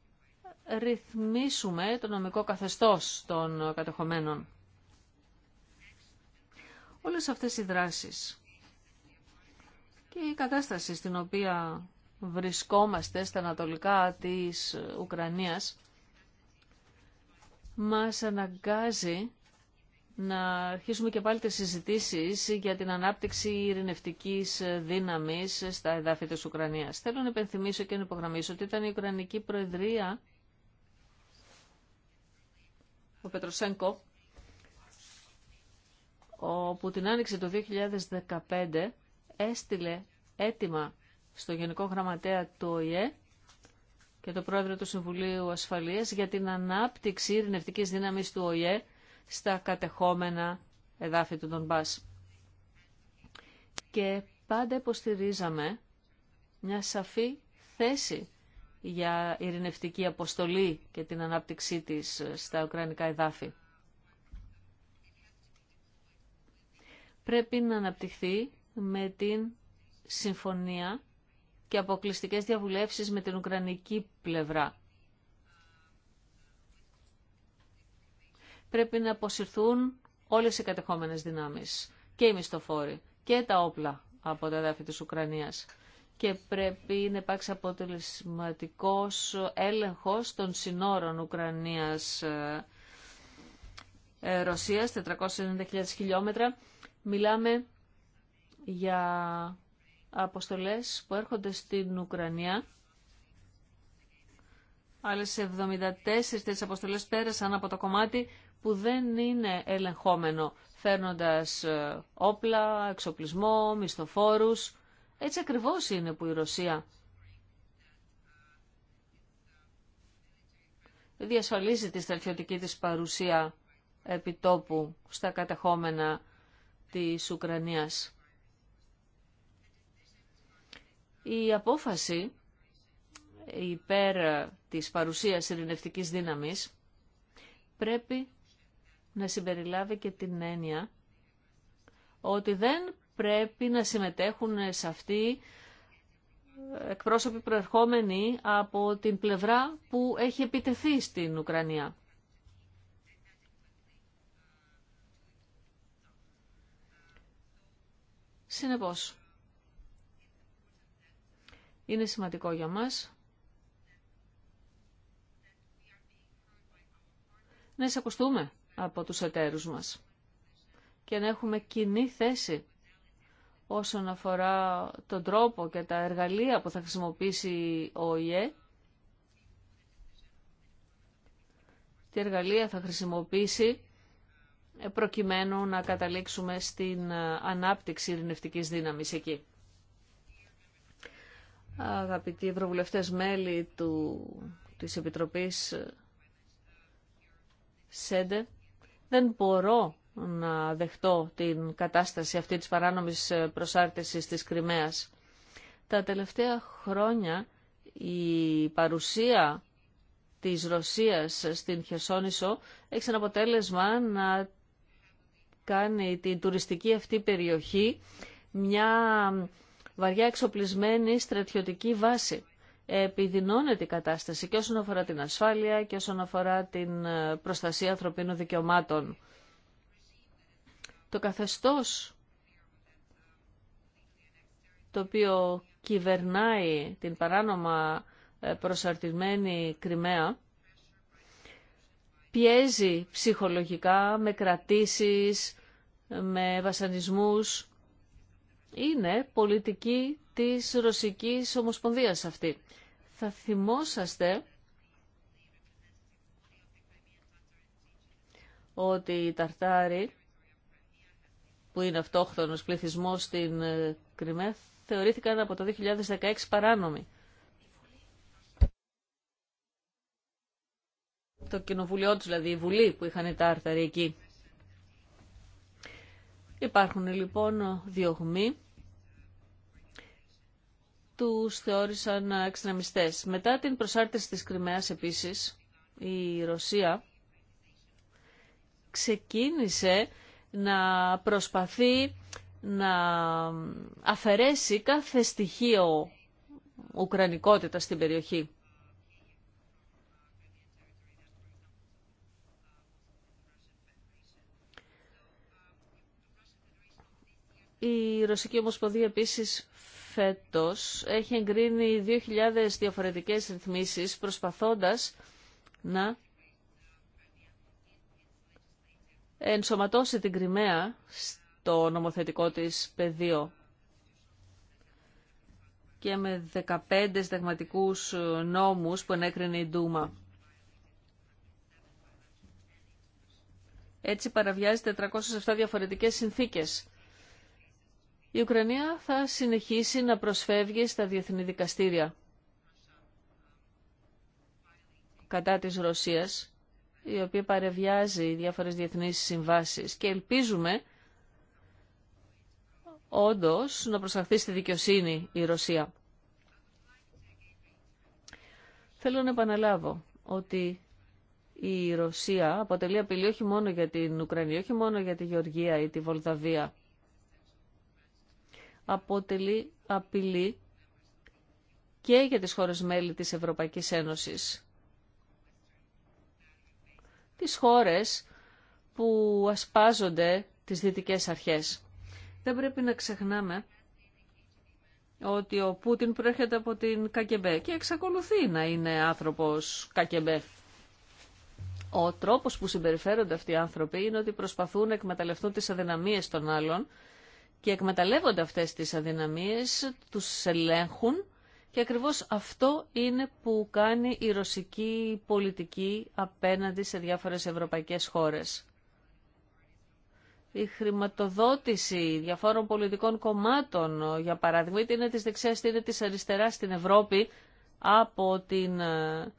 ρυθμίσουμε το νομικό καθεστώς των κατεχομένων. Όλες αυτές οι δράσεις και η κατάσταση στην οποία βρισκόμαστε στα ανατολικά της Ουκρανίας μας αναγκάζει να αρχίσουμε και πάλι τις συζητήσεις για την ανάπτυξη ειρηνευτικής δύναμης στα εδάφη της Ουκρανίας. Θέλω να επενθυμίσω και να υπογραμμίσω ότι ήταν η Ουκρανική Προεδρία, ο Πετροσέγκο, όπου την άνοιξε το 2015 έστειλε έτοιμα στο Γενικό Γραμματέα του ΟΗΕ και το Πρόεδρο του Συμβουλίου Ασφαλείας για την ανάπτυξη ειρηνευτικής δύναμης του ΟΗΕ στα κατεχόμενα εδάφη του Ντονμπάς. Και πάντα υποστηρίζαμε μια σαφή θέση για ειρηνευτική αποστολή και την ανάπτυξή της στα ουκρανικά εδάφη. Πρέπει να αναπτυχθεί με την συμφωνία και αποκλειστικές διαβουλεύσεις με την Ουκρανική πλευρά. Πρέπει να αποσυρθούν όλες οι κατεχόμενες δυνάμεις και οι μισθοφόροι και τα όπλα από τα δάφη της Ουκρανίας και πρέπει να υπάρξει αποτελεσματικός έλεγχος των συνόρων Ουκρανίας ε, ε, Ρωσίας, 490.000 χιλιόμετρα. Μιλάμε για αποστολές που έρχονται στην Ουκρανία. Άλλες 74 τέτοιε αποστολές πέρασαν από το κομμάτι που δεν είναι ελεγχόμενο, φέρνοντας ε, όπλα, εξοπλισμό, μισθοφόρους. Έτσι ακριβώς είναι που η Ρωσία διασφαλίζει τη στρατιωτική της παρουσία επιτόπου στα κατεχόμενα της Ουκρανίας. Η απόφαση υπέρ της παρουσίας ειρηνευτικής δύναμης πρέπει να συμπεριλάβει και την έννοια ότι δεν πρέπει να συμμετέχουν σε αυτή ε, εκπρόσωποι προερχόμενοι από την πλευρά που έχει επιτεθεί στην Ουκρανία. Συνεπώς, είναι σημαντικό για μας να εισακουστούμε από τους εταίρους μας και να έχουμε κοινή θέση όσον αφορά τον τρόπο και τα εργαλεία που θα χρησιμοποιήσει ο ΙΕ, τι εργαλεία θα χρησιμοποιήσει προκειμένου να καταλήξουμε στην ανάπτυξη ειρηνευτικής δύναμης εκεί αγαπητοί ευρωβουλευτές μέλη του, της Επιτροπής ΣΕΝΤΕ, δεν μπορώ να δεχτώ την κατάσταση αυτή της παράνομης προσάρτησης της Κρυμαίας. Τα τελευταία χρόνια η παρουσία της Ρωσίας στην Χερσόνησο έχει σαν αποτέλεσμα να κάνει την τουριστική αυτή περιοχή μια βαριά εξοπλισμένη στρατιωτική βάση. Επιδεινώνεται η κατάσταση και όσον αφορά την ασφάλεια και όσον αφορά την ε, προστασία ανθρωπίνων δικαιωμάτων. Το καθεστώς το οποίο κυβερνάει την παράνομα ε, προσαρτημένη Κρυμαία πιέζει ψυχολογικά με κρατήσεις, ε, με βασανισμούς είναι πολιτική της Ρωσικής Ομοσπονδίας αυτή. Θα θυμόσαστε ότι οι Ταρτάροι, που είναι αυτόχθονος πληθυσμός στην ε, Κρυμαία, θεωρήθηκαν από το 2016 παράνομοι. Το κοινοβουλίο τους, δηλαδή η Βουλή που είχαν οι Τάρταροι εκεί. Υπάρχουν λοιπόν διωγμοί τους θεώρησαν εξτρεμιστές. Μετά την προσάρτηση της Κρυμαίας επίσης, η Ρωσία ξεκίνησε να προσπαθεί να αφαιρέσει κάθε στοιχείο ουκρανικότητα στην περιοχή. Η Ρωσική Ομοσπονδία επίσης φέτος έχει εγκρίνει 2.000 διαφορετικές ρυθμίσεις προσπαθώντας να ενσωματώσει την Κρυμαία στο νομοθετικό της πεδίο και με 15 συνταγματικούς νόμους που ενέκρινε η Ντούμα. Έτσι παραβιάζει 407 διαφορετικές συνθήκες η Ουκρανία θα συνεχίσει να προσφεύγει στα διεθνή δικαστήρια κατά της Ρωσίας, η οποία παρεβιάζει διάφορες διεθνείς συμβάσεις και ελπίζουμε όντως να προσταχθεί στη δικαιοσύνη η Ρωσία. Θέλω να επαναλάβω ότι η Ρωσία αποτελεί απειλή όχι μόνο για την Ουκρανία, όχι μόνο για τη Γεωργία ή τη Βολδαβία αποτελεί απειλή και για τις χώρες μέλη της Ευρωπαϊκής Ένωσης. Τις χώρες που ασπάζονται τις δυτικές αρχές. Δεν πρέπει να ξεχνάμε ότι ο Πούτιν προέρχεται από την Κακεμπέ και εξακολουθεί να είναι άνθρωπος Κακεμπέ. Ο τρόπος που συμπεριφέρονται αυτοί οι άνθρωποι είναι ότι προσπαθούν να εκμεταλλευτούν τις αδυναμίες των άλλων και εκμεταλλεύονται αυτές τις αδυναμίες, τους ελέγχουν και ακριβώς αυτό είναι που κάνει η ρωσική πολιτική απέναντι σε διάφορες ευρωπαϊκές χώρες. Η χρηματοδότηση διαφόρων πολιτικών κομμάτων, για παράδειγμα, είτε είναι της δεξιάς είτε είναι της αριστεράς στην Ευρώπη, από την ε,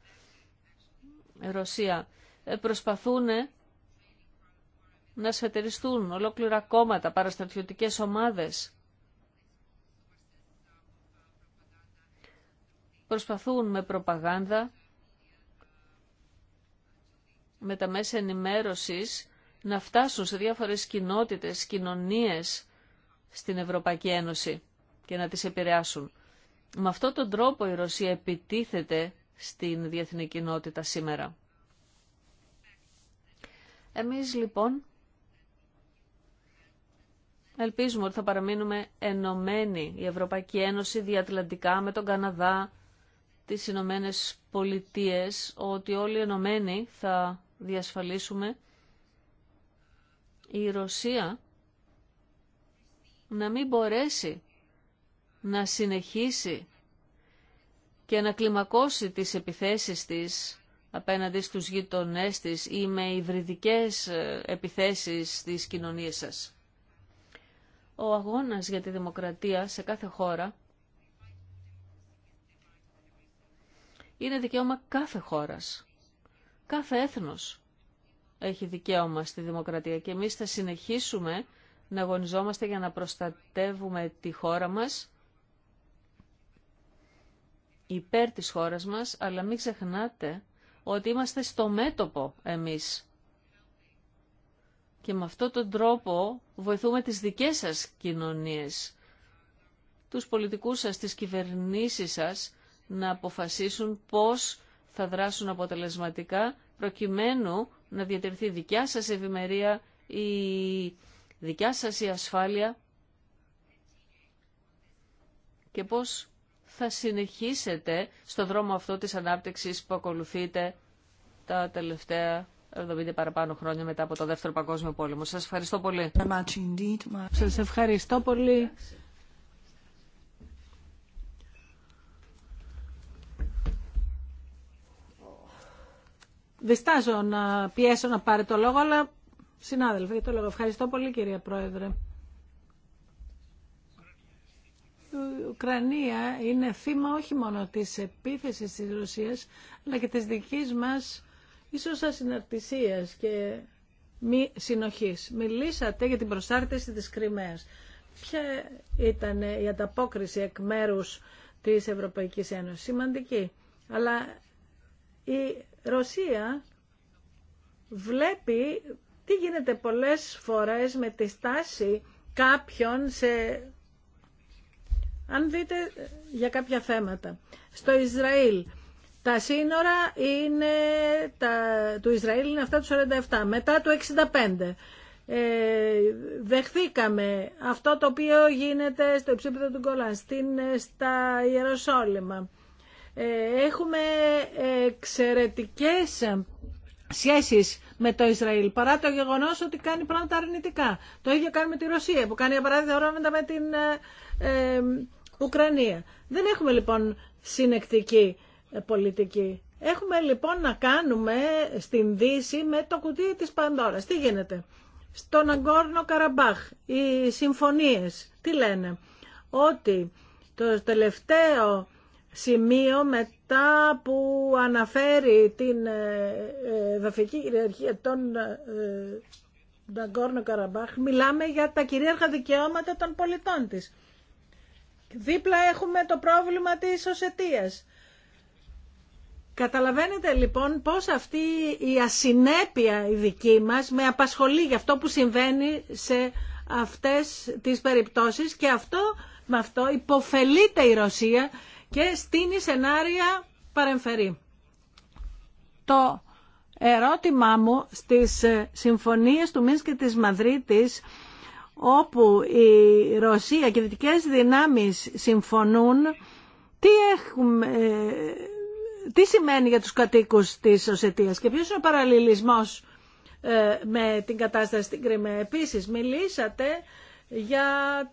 Ρωσία, ε, προσπαθούν να σφετεριστούν ολόκληρα κόμματα, παραστρατιωτικές ομάδες. Προσπαθούν με προπαγάνδα, με τα μέσα ενημέρωσης, να φτάσουν σε διάφορες κοινότητες, κοινωνίες στην Ευρωπαϊκή Ένωση και να τις επηρεάσουν. Με αυτόν τον τρόπο η Ρωσία επιτίθεται στην διεθνή κοινότητα σήμερα. Εμείς λοιπόν Ελπίζουμε ότι θα παραμείνουμε ενωμένοι η Ευρωπαϊκή Ένωση διατλαντικά με τον Καναδά, τις Ηνωμένε Πολιτείε, ότι όλοι ενωμένοι θα διασφαλίσουμε η Ρωσία να μην μπορέσει να συνεχίσει και να κλιμακώσει τις επιθέσεις της απέναντι στους γειτονές της ή με υβριδικές ε, επιθέσεις στις κοινωνίες σας ο αγώνας για τη δημοκρατία σε κάθε χώρα είναι δικαίωμα κάθε χώρας. Κάθε έθνος έχει δικαίωμα στη δημοκρατία και εμείς θα συνεχίσουμε να αγωνιζόμαστε για να προστατεύουμε τη χώρα μας υπέρ της χώρας μας, αλλά μην ξεχνάτε ότι είμαστε στο μέτωπο εμείς και με αυτόν τον τρόπο βοηθούμε τις δικές σας κοινωνίες, τους πολιτικούς σας, τις κυβερνήσεις σας, να αποφασίσουν πώς θα δράσουν αποτελεσματικά, προκειμένου να διατηρηθεί δικιά σας ευημερία, η δικιά σας η ασφάλεια και πώς θα συνεχίσετε στο δρόμο αυτό της ανάπτυξης που ακολουθείτε τα τελευταία 70 παραπάνω χρόνια μετά από το Δεύτερο Παγκόσμιο Πόλεμο. Σας ευχαριστώ πολύ. Σας ευχαριστώ πολύ. Διστάζω να πιέσω να πάρει το λόγο, αλλά συνάδελφοι, για το λόγο. Ευχαριστώ πολύ, κυρία Πρόεδρε. Η Ουκρανία είναι θύμα όχι μόνο της επίθεσης της Ρωσίας, αλλά και της δικής μας ίσως ασυναρτησίας και μη συνοχής. Μιλήσατε για την προσάρτηση της Κρυμαίας. Ποια ήταν η ανταπόκριση εκ μέρους της Ευρωπαϊκής Ένωσης. Σημαντική. Αλλά η Ρωσία βλέπει τι γίνεται πολλές φορές με τη στάση κάποιων σε... Αν δείτε για κάποια θέματα. Στο Ισραήλ τα σύνορα είναι του Ισραήλ είναι αυτά του 47, μετά του 65. Ε, δεχθήκαμε αυτό το οποίο γίνεται στο υψίπεδο του Γκολάν, στην, ε, στα Ιεροσόλυμα. Ε, έχουμε εξαιρετικές σχέσεις με το Ισραήλ, παρά το γεγονός ότι κάνει πράγματα αρνητικά. Το ίδιο κάνει με τη Ρωσία, που κάνει για παράδειγμα με την Ουκρανία. Δεν έχουμε λοιπόν συνεκτική ε, πολιτική. Έχουμε λοιπόν να κάνουμε στην Δύση με το κουτί της Πανδώρας. Τι γίνεται. Στον Αγκόρνο Καραμπάχ οι συμφωνίες τι λένε. Ότι το τελευταίο σημείο μετά που αναφέρει την ε, ε, δαφική κυριαρχία των Αγκόρνο Καραμπάχ μιλάμε για τα κυρίαρχα δικαιώματα των πολιτών της. Δίπλα έχουμε το πρόβλημα της Οσετίας. Καταλαβαίνετε λοιπόν πώς αυτή η ασυνέπεια η δική μας με απασχολεί για αυτό που συμβαίνει σε αυτές τις περιπτώσεις και αυτό με αυτό υποφελείται η Ρωσία και στείνει σενάρια παρεμφερή. Το ερώτημά μου στις ε, συμφωνίες του Μίνσκ και της Μαδρίτης όπου η Ρωσία και οι δυτικές δυνάμεις συμφωνούν τι έχουμε, ε, τι σημαίνει για τους κατοίκους της Οσετίας και ποιος είναι ο παραλληλισμός ε, με την κατάσταση στην Κρυμαία. Επίσης, μιλήσατε για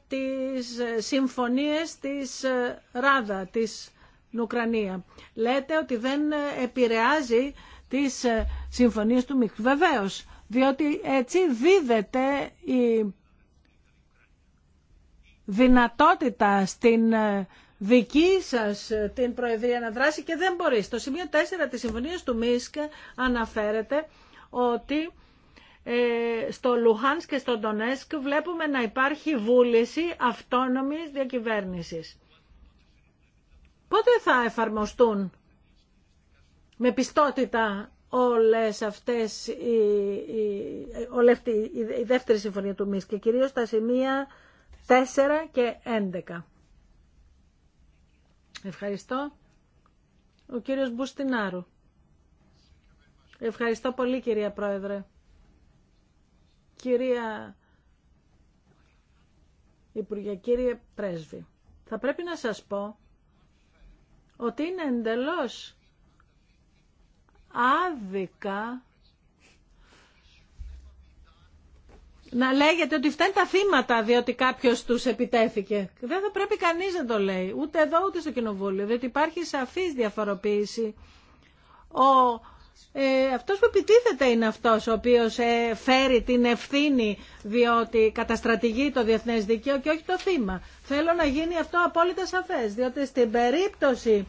τις ε, συμφωνίες της ε, Ράδα, της Ουκρανία. Λέτε ότι δεν επηρεάζει τις συμφωνίες του ΜΙΚ. Βεβαίως, διότι έτσι δίδεται η δυνατότητα στην δική σας ε, την Προεδρία να δράσει και δεν μπορεί. Στο σημείο 4 της Συμφωνίας του ΜΙΣΚ αναφέρεται ότι ε, στο Λουχάνς και στο Ντονέσκ βλέπουμε να υπάρχει βούληση αυτόνομης διακυβέρνησης. Πότε θα εφαρμοστούν με πιστότητα όλες αυτές οι, οι, όλη η δεύτερη συμφωνία του ΜΙΣΚ και κυρίως τα σημεία 4 και 11. Ευχαριστώ. Ο κύριος Μπουστινάρου. Ευχαριστώ πολύ κυρία Πρόεδρε. Κυρία Υπουργέ, κύριε Πρέσβη, θα πρέπει να σας πω ότι είναι εντελώς άδικα να λέγεται ότι φτάνει τα θύματα διότι κάποιο τους επιτέθηκε. Δεν θα πρέπει κανεί να το λέει, ούτε εδώ ούτε στο κοινοβούλιο, διότι υπάρχει σαφής διαφοροποίηση. Ο, ε, αυτός που επιτίθεται είναι αυτός ο οποίος ε, φέρει την ευθύνη διότι καταστρατηγεί το διεθνές δικαίο και όχι το θύμα. Θέλω να γίνει αυτό απόλυτα σαφές, διότι στην περίπτωση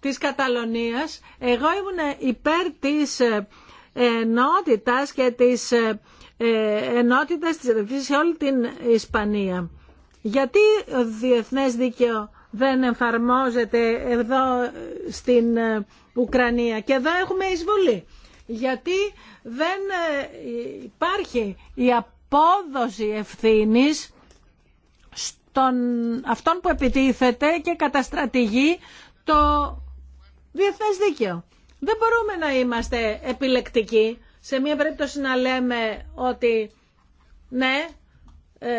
της Καταλωνίας εγώ ήμουν υπέρ της ε, ενότητας και της ε, ενότητα της ρευστής σε όλη την Ισπανία. Γιατί ο διεθνές δίκαιο δεν εφαρμόζεται εδώ στην ε, Ουκρανία και εδώ έχουμε εισβολή. Γιατί δεν ε, υπάρχει η απόδοση ευθύνης στον αυτόν που επιτίθεται και καταστρατηγεί το διεθνές δίκαιο. Δεν μπορούμε να είμαστε επιλεκτικοί σε μία περίπτωση να λέμε ότι ναι, ε,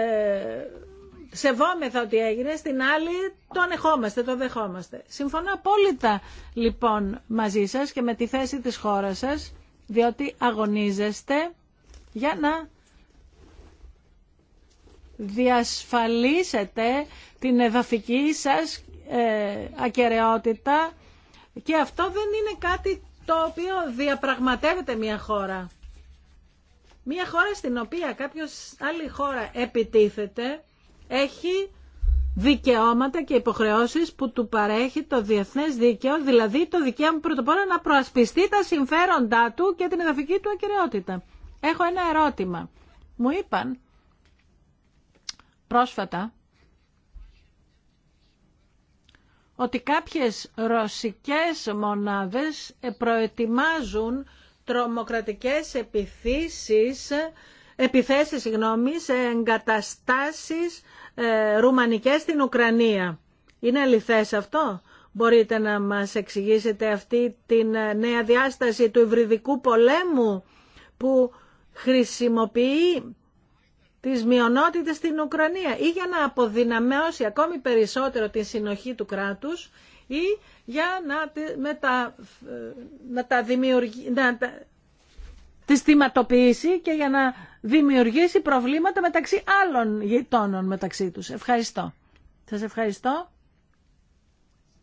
σεβόμεθα ότι έγινε, στην άλλη το ανεχόμαστε, το δεχόμαστε. Συμφωνώ απόλυτα λοιπόν μαζί σας και με τη θέση της χώρας σας, διότι αγωνίζεστε για να διασφαλίσετε την εδαφική σας ε, ακαιρεότητα και αυτό δεν είναι κάτι το οποίο διαπραγματεύεται μια χώρα. Μια χώρα στην οποία κάποιος άλλη χώρα επιτίθεται έχει δικαιώματα και υποχρεώσεις που του παρέχει το διεθνές δίκαιο, δηλαδή το δικαίωμα πρωτοπόρο να προασπιστεί τα συμφέροντά του και την εδαφική του ακυριότητα. Έχω ένα ερώτημα. Μου είπαν πρόσφατα ότι κάποιες ρωσικές μονάδες προετοιμάζουν τρομοκρατικές επιθέσεις, επιθέσεις συγγνώμη, σε εγκαταστάσεις ε, ρουμανικές στην Ουκρανία. Είναι αληθές αυτό? Μπορείτε να μας εξηγήσετε αυτή την ε, νέα διάσταση του υβριδικού πολέμου που χρησιμοποιεί τις μειονότητες στην Ουκρανία ή για να αποδυναμώσει ακόμη περισσότερο τη συνοχή του κράτους ή για να, με τα, να τα να τη θυματοποιήσει και για να δημιουργήσει προβλήματα μεταξύ άλλων γειτόνων μεταξύ τους. Ευχαριστώ. Σας ευχαριστώ.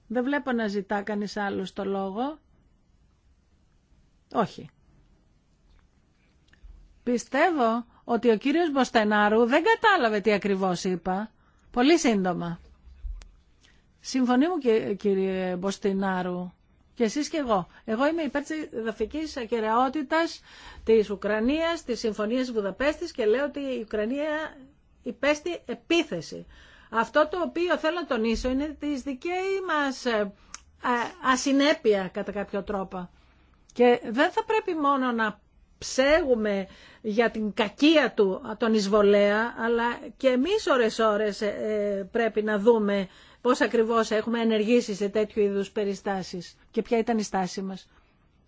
Δεν βλέπω να ζητά κανείς άλλο το λόγο. Όχι. Πιστεύω ότι ο κύριος Μποστενάρου δεν κατάλαβε τι ακριβώς είπα. Πολύ σύντομα. Συμφωνεί μου κύριε Μποστενάρου, και εσείς και εγώ. Εγώ είμαι υπέρ της δαφικής ακεραιότητας της Ουκρανίας, της Συμφωνίας Βουδαπέστης και λέω ότι η Ουκρανία υπέστη επίθεση. Αυτό το οποίο θέλω να τονίσω είναι της δικαίη μας ε, ε, ασυνέπεια κατά κάποιο τρόπο. Και δεν θα πρέπει μόνο να ψέγουμε για την κακία του τον εισβολέα, αλλά και εμείς ώρες-ώρες ε, ε, πρέπει να δούμε πώς ακριβώς έχουμε ενεργήσει σε τέτοιου είδους περιστάσεις και ποια ήταν η στάση μας.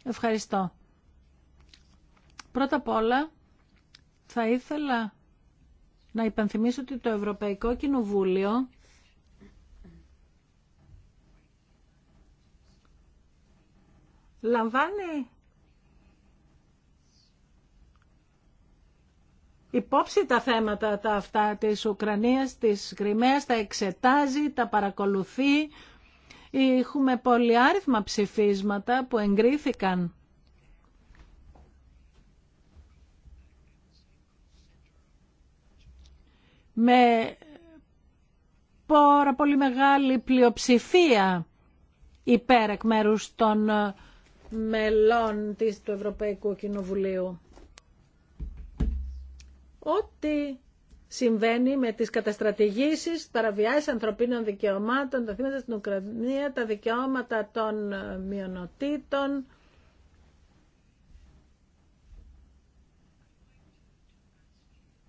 Ευχαριστώ. Πρώτα απ' όλα θα ήθελα να υπενθυμίσω ότι το Ευρωπαϊκό Κοινοβούλιο λαμβάνει υπόψη τα θέματα τα αυτά της Ουκρανίας, της Κρυμαίας, τα εξετάζει, τα παρακολουθεί. Έχουμε πολλοί άριθμα ψηφίσματα που εγκρίθηκαν με πολύ μεγάλη πλειοψηφία υπέρ εκ μέρους των μελών της, του Ευρωπαϊκού Κοινοβουλίου ό,τι συμβαίνει με τις καταστρατηγήσεις, παραβιάσεις ανθρωπίνων δικαιωμάτων, τα θύματα στην Ουκρανία, τα δικαιώματα των ε, μειονοτήτων.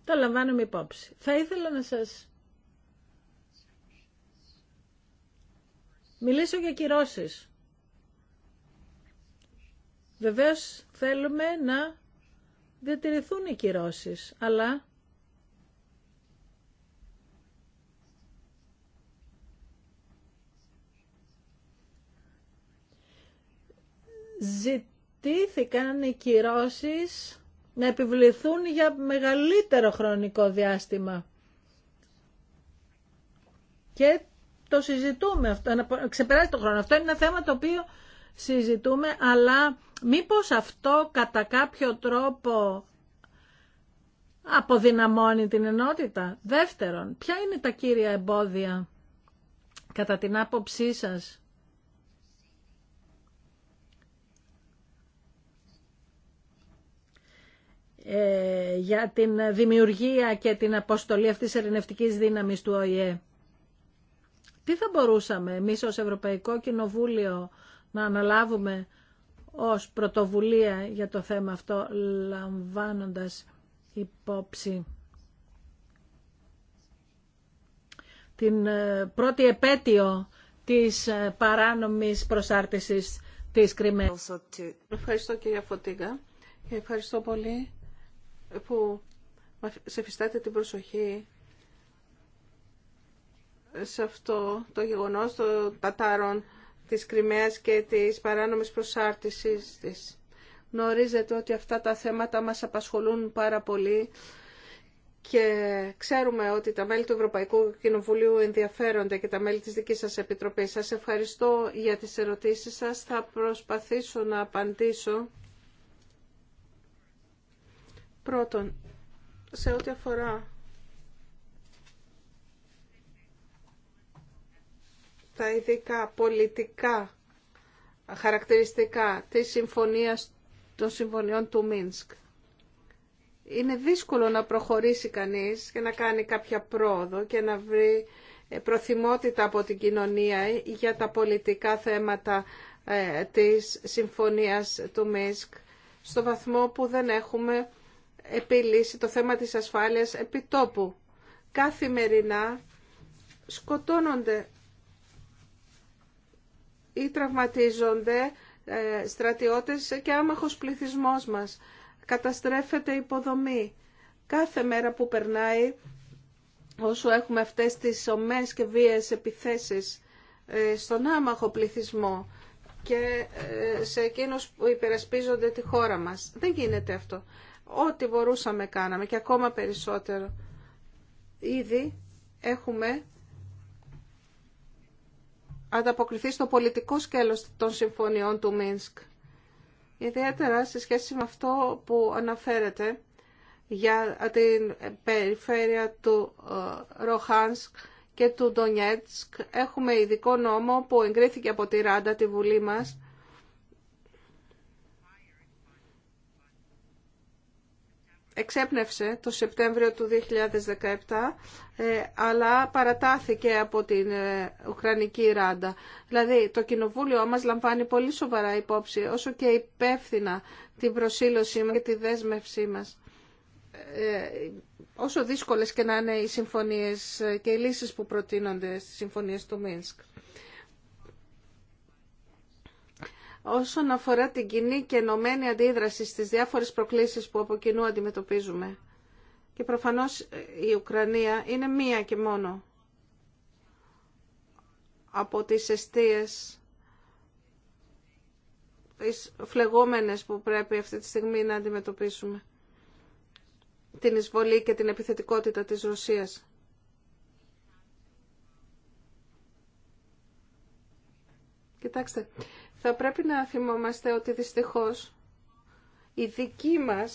Το λαμβάνουμε υπόψη. Θα ήθελα να σας μιλήσω για κυρώσεις. Βεβαίως θέλουμε να διατηρηθούν οι κυρώσεις, αλλά ζητήθηκαν οι κυρώσεις να επιβληθούν για μεγαλύτερο χρονικό διάστημα. Και το συζητούμε αυτό, να ξεπεράσει το χρόνο. Αυτό είναι ένα θέμα το οποίο συζητούμε, αλλά μήπως αυτό κατά κάποιο τρόπο αποδυναμώνει την ενότητα. Δεύτερον, ποια είναι τα κύρια εμπόδια κατά την άποψή σας ε, για την δημιουργία και την αποστολή αυτής της ερηνευτικής δύναμης του ΟΗΕ. Τι θα μπορούσαμε εμείς ως Ευρωπαϊκό Κοινοβούλιο να αναλάβουμε ως πρωτοβουλία για το θέμα αυτό, λαμβάνοντας υπόψη την ε, πρώτη επέτειο της ε, παράνομης προσάρτησης της Κρυμαίας. Ευχαριστώ κυρία Φωτίγα και ευχαριστώ πολύ που σε φυστάτε την προσοχή σε αυτό το γεγονός των Τατάρων της Κρυμαίας και της παράνομης προσάρτησης της. Γνωρίζετε ότι αυτά τα θέματα μας απασχολούν πάρα πολύ και ξέρουμε ότι τα μέλη του Ευρωπαϊκού Κοινοβουλίου ενδιαφέρονται και τα μέλη της δικής σας Επιτροπής. Σας ευχαριστώ για τις ερωτήσεις σας. Θα προσπαθήσω να απαντήσω. Πρώτον, σε ό,τι αφορά τα ειδικά πολιτικά χαρακτηριστικά της συμφωνίας των συμφωνιών του Μίνσκ. Είναι δύσκολο να προχωρήσει κανείς και να κάνει κάποια πρόοδο και να βρει ε, προθυμότητα από την κοινωνία για τα πολιτικά θέματα ε, της συμφωνίας του Μίνσκ στο βαθμό που δεν έχουμε επιλύσει το θέμα της ασφάλειας επιτόπου. Καθημερινά σκοτώνονται ή τραυματίζονται ε, στρατιώτες και άμαχος πληθυσμός μας. Καταστρέφεται υποδομή. Κάθε μέρα που περνάει, όσο έχουμε αυτές τις ομές και βίες επιθέσεις ε, στον άμαχο πληθυσμό και ε, σε εκείνους που υπερασπίζονται τη χώρα μας. Δεν γίνεται αυτό. Ό,τι μπορούσαμε κάναμε και ακόμα περισσότερο. Ήδη έχουμε ανταποκριθεί στο πολιτικό σκέλος των συμφωνιών του Μίνσκ. Ιδιαίτερα σε σχέση με αυτό που αναφέρεται για την περιφέρεια του ε, Ροχάνσκ και του Ντονιέτσκ. Έχουμε ειδικό νόμο που εγκρίθηκε από τη Ράντα, τη Βουλή μας, εξέπνευσε το Σεπτέμβριο του 2017, ε, αλλά παρατάθηκε από την ε, Ουκρανική Ράντα. Δηλαδή, το Κοινοβούλιο μας λαμβάνει πολύ σοβαρά υπόψη, όσο και υπεύθυνα την προσήλωσή μας και τη δέσμευσή μας. Ε, όσο δύσκολες και να είναι οι συμφωνίες και οι λύσεις που προτείνονται στις συμφωνίες του Μίνσκ όσον αφορά την κοινή και ενωμένη αντίδραση στις διάφορες προκλήσεις που από κοινού αντιμετωπίζουμε. Και προφανώς ε, η Ουκρανία είναι μία και μόνο από τις αιστείες τις φλεγόμενες που πρέπει αυτή τη στιγμή να αντιμετωπίσουμε την εισβολή και την επιθετικότητα της Ρωσίας. Κοιτάξτε, θα πρέπει να θυμόμαστε ότι δυστυχώς η δική μας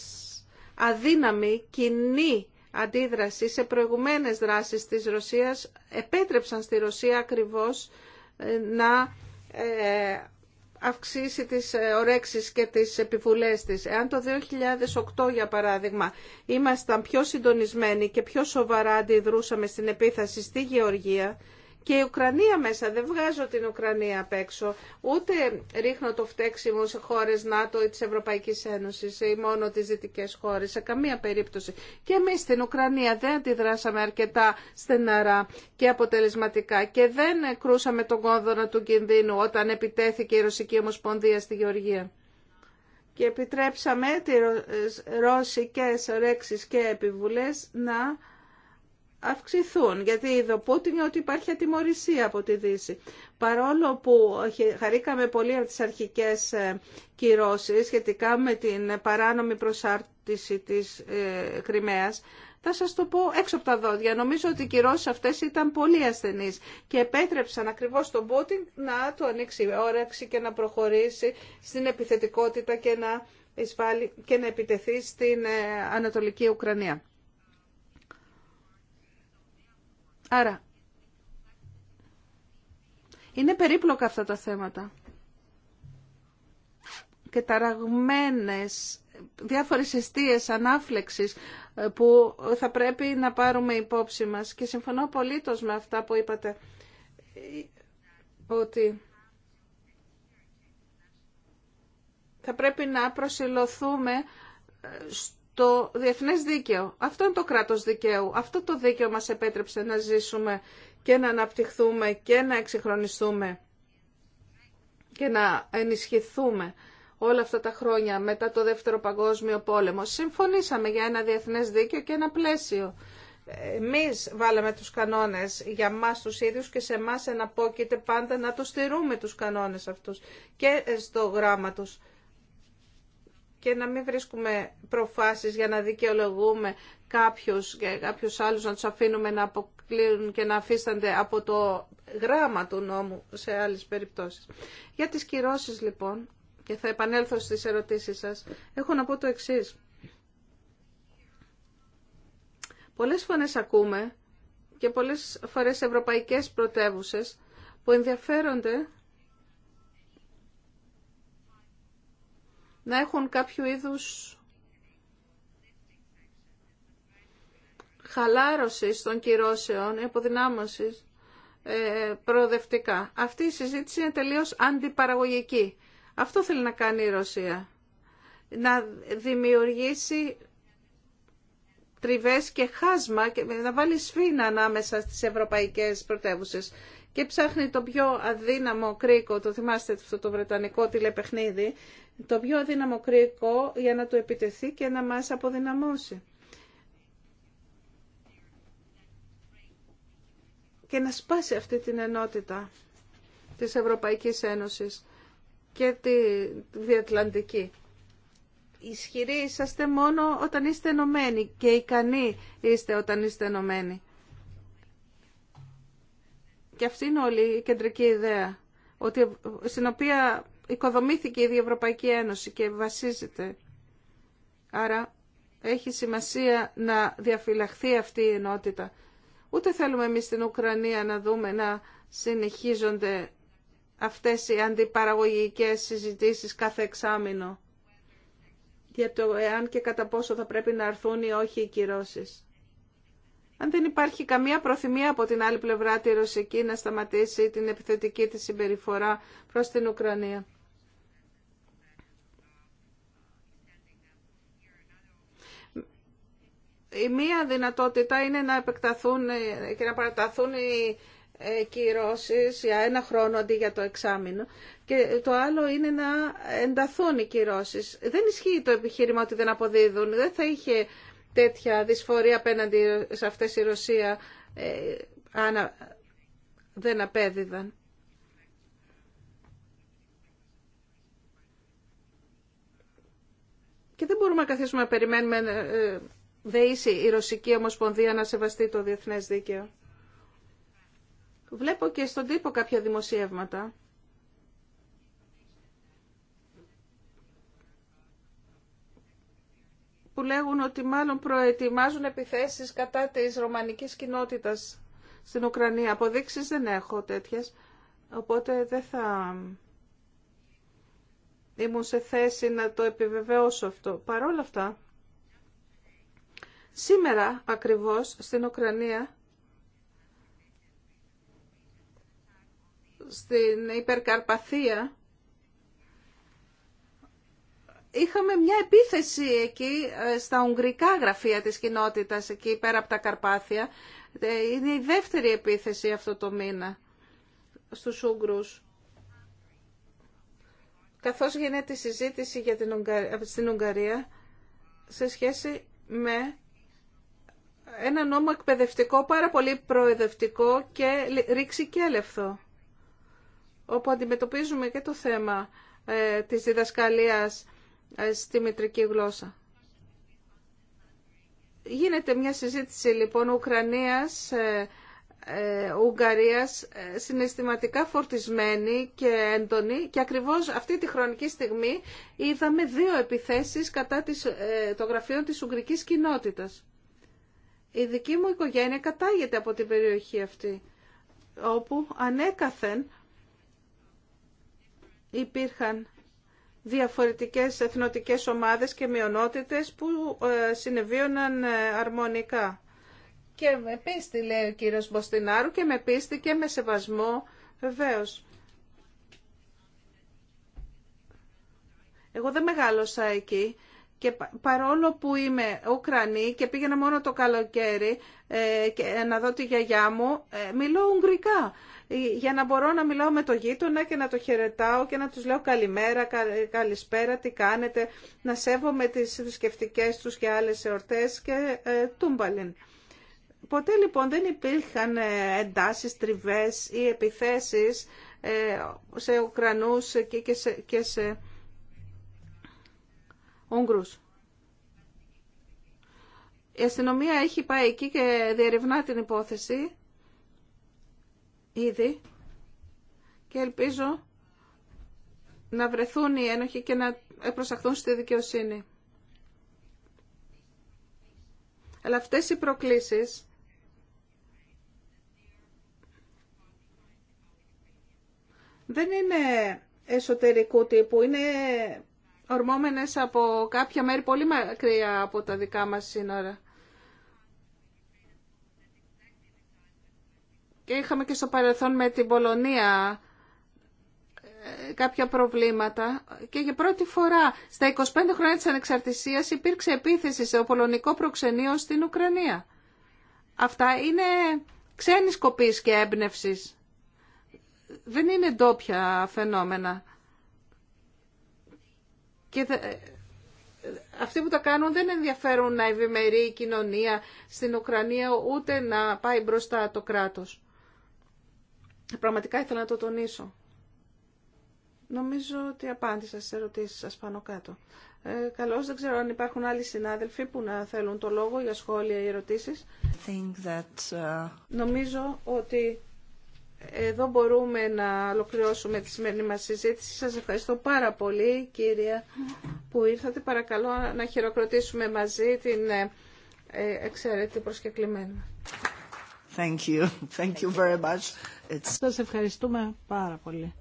αδύναμη κοινή αντίδραση σε προηγουμένες δράσεις της Ρωσίας επέτρεψαν στη Ρωσία ακριβώς ε, να ε, αυξήσει τις ορέξεις ε, και τις επιβουλές της. Εάν το 2008, για παράδειγμα, ήμασταν πιο συντονισμένοι και πιο σοβαρά αντιδρούσαμε στην επίθεση στη Γεωργία, και η Ουκρανία μέσα. Δεν βγάζω την Ουκρανία απ' έξω, ούτε ρίχνω το φταίξιμο σε χώρε ΝΑΤΟ ή τη Ευρωπαϊκή Ένωση ή μόνο τι δυτικέ χώρε, σε καμία περίπτωση. Και εμεί στην Ουκρανία δεν αντιδράσαμε αρκετά στεναρά και αποτελεσματικά και δεν κρούσαμε τον κόδωνα του κινδύνου όταν επιτέθηκε η Ρωσική Ομοσπονδία στη Γεωργία και επιτρέψαμε τις ρωσικές ε, ρέξεις και επιβουλές να αυξηθούν, γιατί Πούτιν ότι υπάρχει ατιμορρησία από τη Δύση. Παρόλο που χαρήκαμε πολύ από τις αρχικές ε, κυρώσεις σχετικά με την παράνομη προσάρτηση της ε, Κρυμαίας, θα σας το πω έξω από τα δόντια. Νομίζω ότι οι κυρώσεις αυτές ήταν πολύ ασθενείς και επέτρεψαν ακριβώς τον Πούτιν να του ανοίξει η όρεξη και να προχωρήσει στην επιθετικότητα και να, και να επιτεθεί στην ε, Ανατολική Ουκρανία. Άρα, είναι περίπλοκα αυτά τα θέματα και ταραγμένες διάφορες αιστείες ανάφλεξης ε, που θα πρέπει να πάρουμε υπόψη μας και συμφωνώ απολύτως με αυτά που είπατε ε, ότι θα πρέπει να προσιλωθούμε ε, το διεθνές δίκαιο. Αυτό είναι το κράτος δικαίου. Αυτό το δίκαιο μας επέτρεψε να ζήσουμε και να αναπτυχθούμε και να εξυγχρονιστούμε και να ενισχυθούμε όλα αυτά τα χρόνια μετά το Δεύτερο Παγκόσμιο Πόλεμο. Συμφωνήσαμε για ένα διεθνές δίκαιο και ένα πλαίσιο. Εμείς βάλαμε τους κανόνες για μας τους ίδιους και σε μας εναπόκειται πάντα να τους στηρούμε τους κανόνες αυτούς και στο γράμμα τους και να μην βρίσκουμε προφάσεις για να δικαιολογούμε κάποιους και κάποιους άλλους να τους αφήνουμε να αποκλείουν και να αφίστανται από το γράμμα του νόμου σε άλλες περιπτώσεις. Για τις κυρώσεις λοιπόν, και θα επανέλθω στις ερωτήσεις σας, έχω να πω το εξής. Πολλές φωνές ακούμε και πολλές φορές ευρωπαϊκές πρωτεύουσες που ενδιαφέρονται να έχουν κάποιο είδους χαλάρωση των κυρώσεων, ε, προοδευτικά. Αυτή η συζήτηση είναι τελείως αντιπαραγωγική. Αυτό θέλει να κάνει η Ρωσία. Να δημιουργήσει τριβές και χάσμα και να βάλει σφήνα ανάμεσα στις ευρωπαϊκές πρωτεύουσες. Και ψάχνει το πιο αδύναμο κρίκο, το θυμάστε αυτό το βρετανικό τηλεπαιχνίδι, το πιο αδύναμο κρίκο για να του επιτεθεί και να μας αποδυναμώσει. Και να σπάσει αυτή την ενότητα της Ευρωπαϊκής Ένωσης και τη Διατλαντική. Ισχυροί είσαστε μόνο όταν είστε ενωμένοι και ικανοί είστε όταν είστε ενωμένοι. Και αυτή είναι όλη η κεντρική ιδέα, ότι, στην οποία οικοδομήθηκε η ίδια Ευρωπαϊκή Ένωση και βασίζεται. Άρα έχει σημασία να διαφυλαχθεί αυτή η ενότητα. Ούτε θέλουμε εμείς στην Ουκρανία να δούμε να συνεχίζονται αυτές οι αντιπαραγωγικές συζητήσεις κάθε εξάμεινο για το εάν και κατά πόσο θα πρέπει να αρθούν ή όχι οι κυρώσεις. Αν δεν υπάρχει καμία προθυμία από την άλλη πλευρά τη Ρωσική να σταματήσει την επιθετική της συμπεριφορά προς την Ουκρανία. Η μία δυνατότητα είναι να επεκταθούν ε, και να παραταθούν οι ε, κυρώσεις για ένα χρόνο αντί για το εξάμεινο και το άλλο είναι να ενταθούν οι κυρώσεις. Δεν ισχύει το επιχείρημα ότι δεν αποδίδουν. Δεν θα είχε τέτοια δυσφορία απέναντι σε αυτές η Ρωσία ε, αν δεν απέδιδαν. Και δεν μπορούμε να καθίσουμε να περιμένουμε δεήσει η Ρωσική Ομοσπονδία να σεβαστεί το διεθνές δίκαιο. Βλέπω και στον τύπο κάποια δημοσιεύματα. που λέγουν ότι μάλλον προετοιμάζουν επιθέσεις κατά της ρωμανικής κοινότητας στην Ουκρανία. Αποδείξεις δεν έχω τέτοιες, οπότε δεν θα ήμουν σε θέση να το επιβεβαιώσω αυτό. Παρόλα αυτά, Σήμερα ακριβώς στην Ουκρανία στην Υπερκαρπαθία είχαμε μια επίθεση εκεί ε, στα ουγγρικά γραφεία της κοινότητας εκεί πέρα από τα Καρπάθια. Ε, είναι η δεύτερη επίθεση αυτό το μήνα στους Ούγγρους. Καθώς γίνεται συζήτηση για την στην Ουγγαρία σε σχέση με ένα νόμο εκπαιδευτικό πάρα πολύ προεδευτικό και ρίξει και έλευθο, όπου αντιμετωπίζουμε και το θέμα ε, της διδασκαλίας ε, στη μητρική γλώσσα. Γίνεται μια συζήτηση λοιπόν Ουκρανίας, ε, ε Ουγγαρίας ε, συναισθηματικά φορτισμένη και έντονη και ακριβώς αυτή τη χρονική στιγμή είδαμε δύο επιθέσεις κατά της, γραφείο γραφείων της Ουγγρικής κοινότητας. Η δική μου οικογένεια κατάγεται από την περιοχή αυτή, όπου ανέκαθεν υπήρχαν διαφορετικές εθνοτικές ομάδες και μειονότητες που ε, συνεβίωναν ε, αρμονικά. Και με πίστη, λέει ο κύριος Μποστινάρου, και με πίστη και με σεβασμό, βεβαίως. Εγώ δεν μεγάλωσα εκεί και παρόλο που είμαι Ουκρανή και πήγαινα μόνο το καλοκαίρι ε, και, να δω τη γιαγιά μου, ε, μιλώ Ουγγρικά ε, για να μπορώ να μιλάω με το γείτονα και να το χαιρετάω και να τους λέω καλημέρα, καλησπέρα, τι κάνετε, να σέβομαι τις θρησκευτικέ τους και άλλες εορτές και ε, τούμπαλιν. Ποτέ λοιπόν δεν υπήρχαν ε, εντάσεις, τριβές ή επιθέσεις σε Ουκρανούς και σε Ούγγρους. Η αστυνομία έχει πάει εκεί και διερευνά την υπόθεση ήδη και ελπίζω να βρεθούν οι ένοχοι και να προσαχθούν στη δικαιοσύνη. Αλλά αυτές οι προκλήσεις δεν είναι εσωτερικού τύπου, είναι ορμόμενες από κάποια μέρη πολύ μακριά από τα δικά μας σύνορα. Και είχαμε και στο παρελθόν με την Πολωνία ε, κάποια προβλήματα και για πρώτη φορά στα 25 χρόνια της ανεξαρτησίας υπήρξε επίθεση σε πολωνικό προξενείο στην Ουκρανία. Αυτά είναι ξένης κοπής και έμπνευση. Δεν είναι ντόπια φαινόμενα. Και ε, αυτοί που τα κάνουν δεν ενδιαφέρουν να ευημερεί η κοινωνία στην Ουκρανία ούτε να πάει μπροστά το κράτος. Πραγματικά ήθελα να το τονίσω. Νομίζω ότι απάντησα στις ερωτήσεις σας πάνω κάτω. Ε, καλώς, δεν ξέρω αν υπάρχουν άλλοι συνάδελφοι που να θέλουν το λόγο για σχόλια ή ερωτήσεις. that, uh, Νομίζω ότι εδώ μπορούμε να ολοκληρώσουμε τη σημερινή μας συζήτηση. Σας ευχαριστώ πάρα πολύ κύρια που ήρθατε. Παρακαλώ να χειροκροτήσουμε μαζί την ε, ε, εξαιρετική προσκεκλημένη. Thank you. Thank you very much. Σας ευχαριστούμε πάρα πολύ.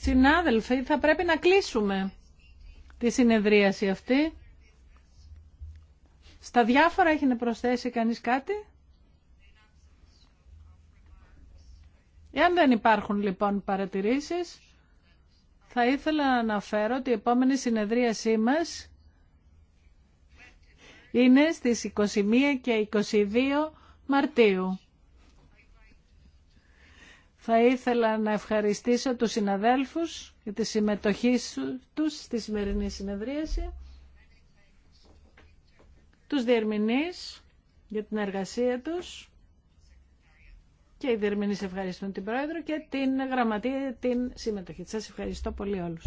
Συνάδελφοι, θα πρέπει να κλείσουμε τη συνεδρίαση αυτή. Στα διάφορα έχει να προσθέσει κανείς κάτι. Εάν δεν υπάρχουν λοιπόν παρατηρήσεις, θα ήθελα να αναφέρω ότι η επόμενη συνεδρίασή μας είναι στις 21 και 22 Μαρτίου. Θα ήθελα να ευχαριστήσω τους συναδέλφους για τη συμμετοχή τους στη σημερινή συνεδρίαση, τους διερμηνείς για την εργασία τους και οι διερμηνείς ευχαριστούν την Πρόεδρο και την Γραμματεία την συμμετοχή. Σας ευχαριστώ πολύ όλους.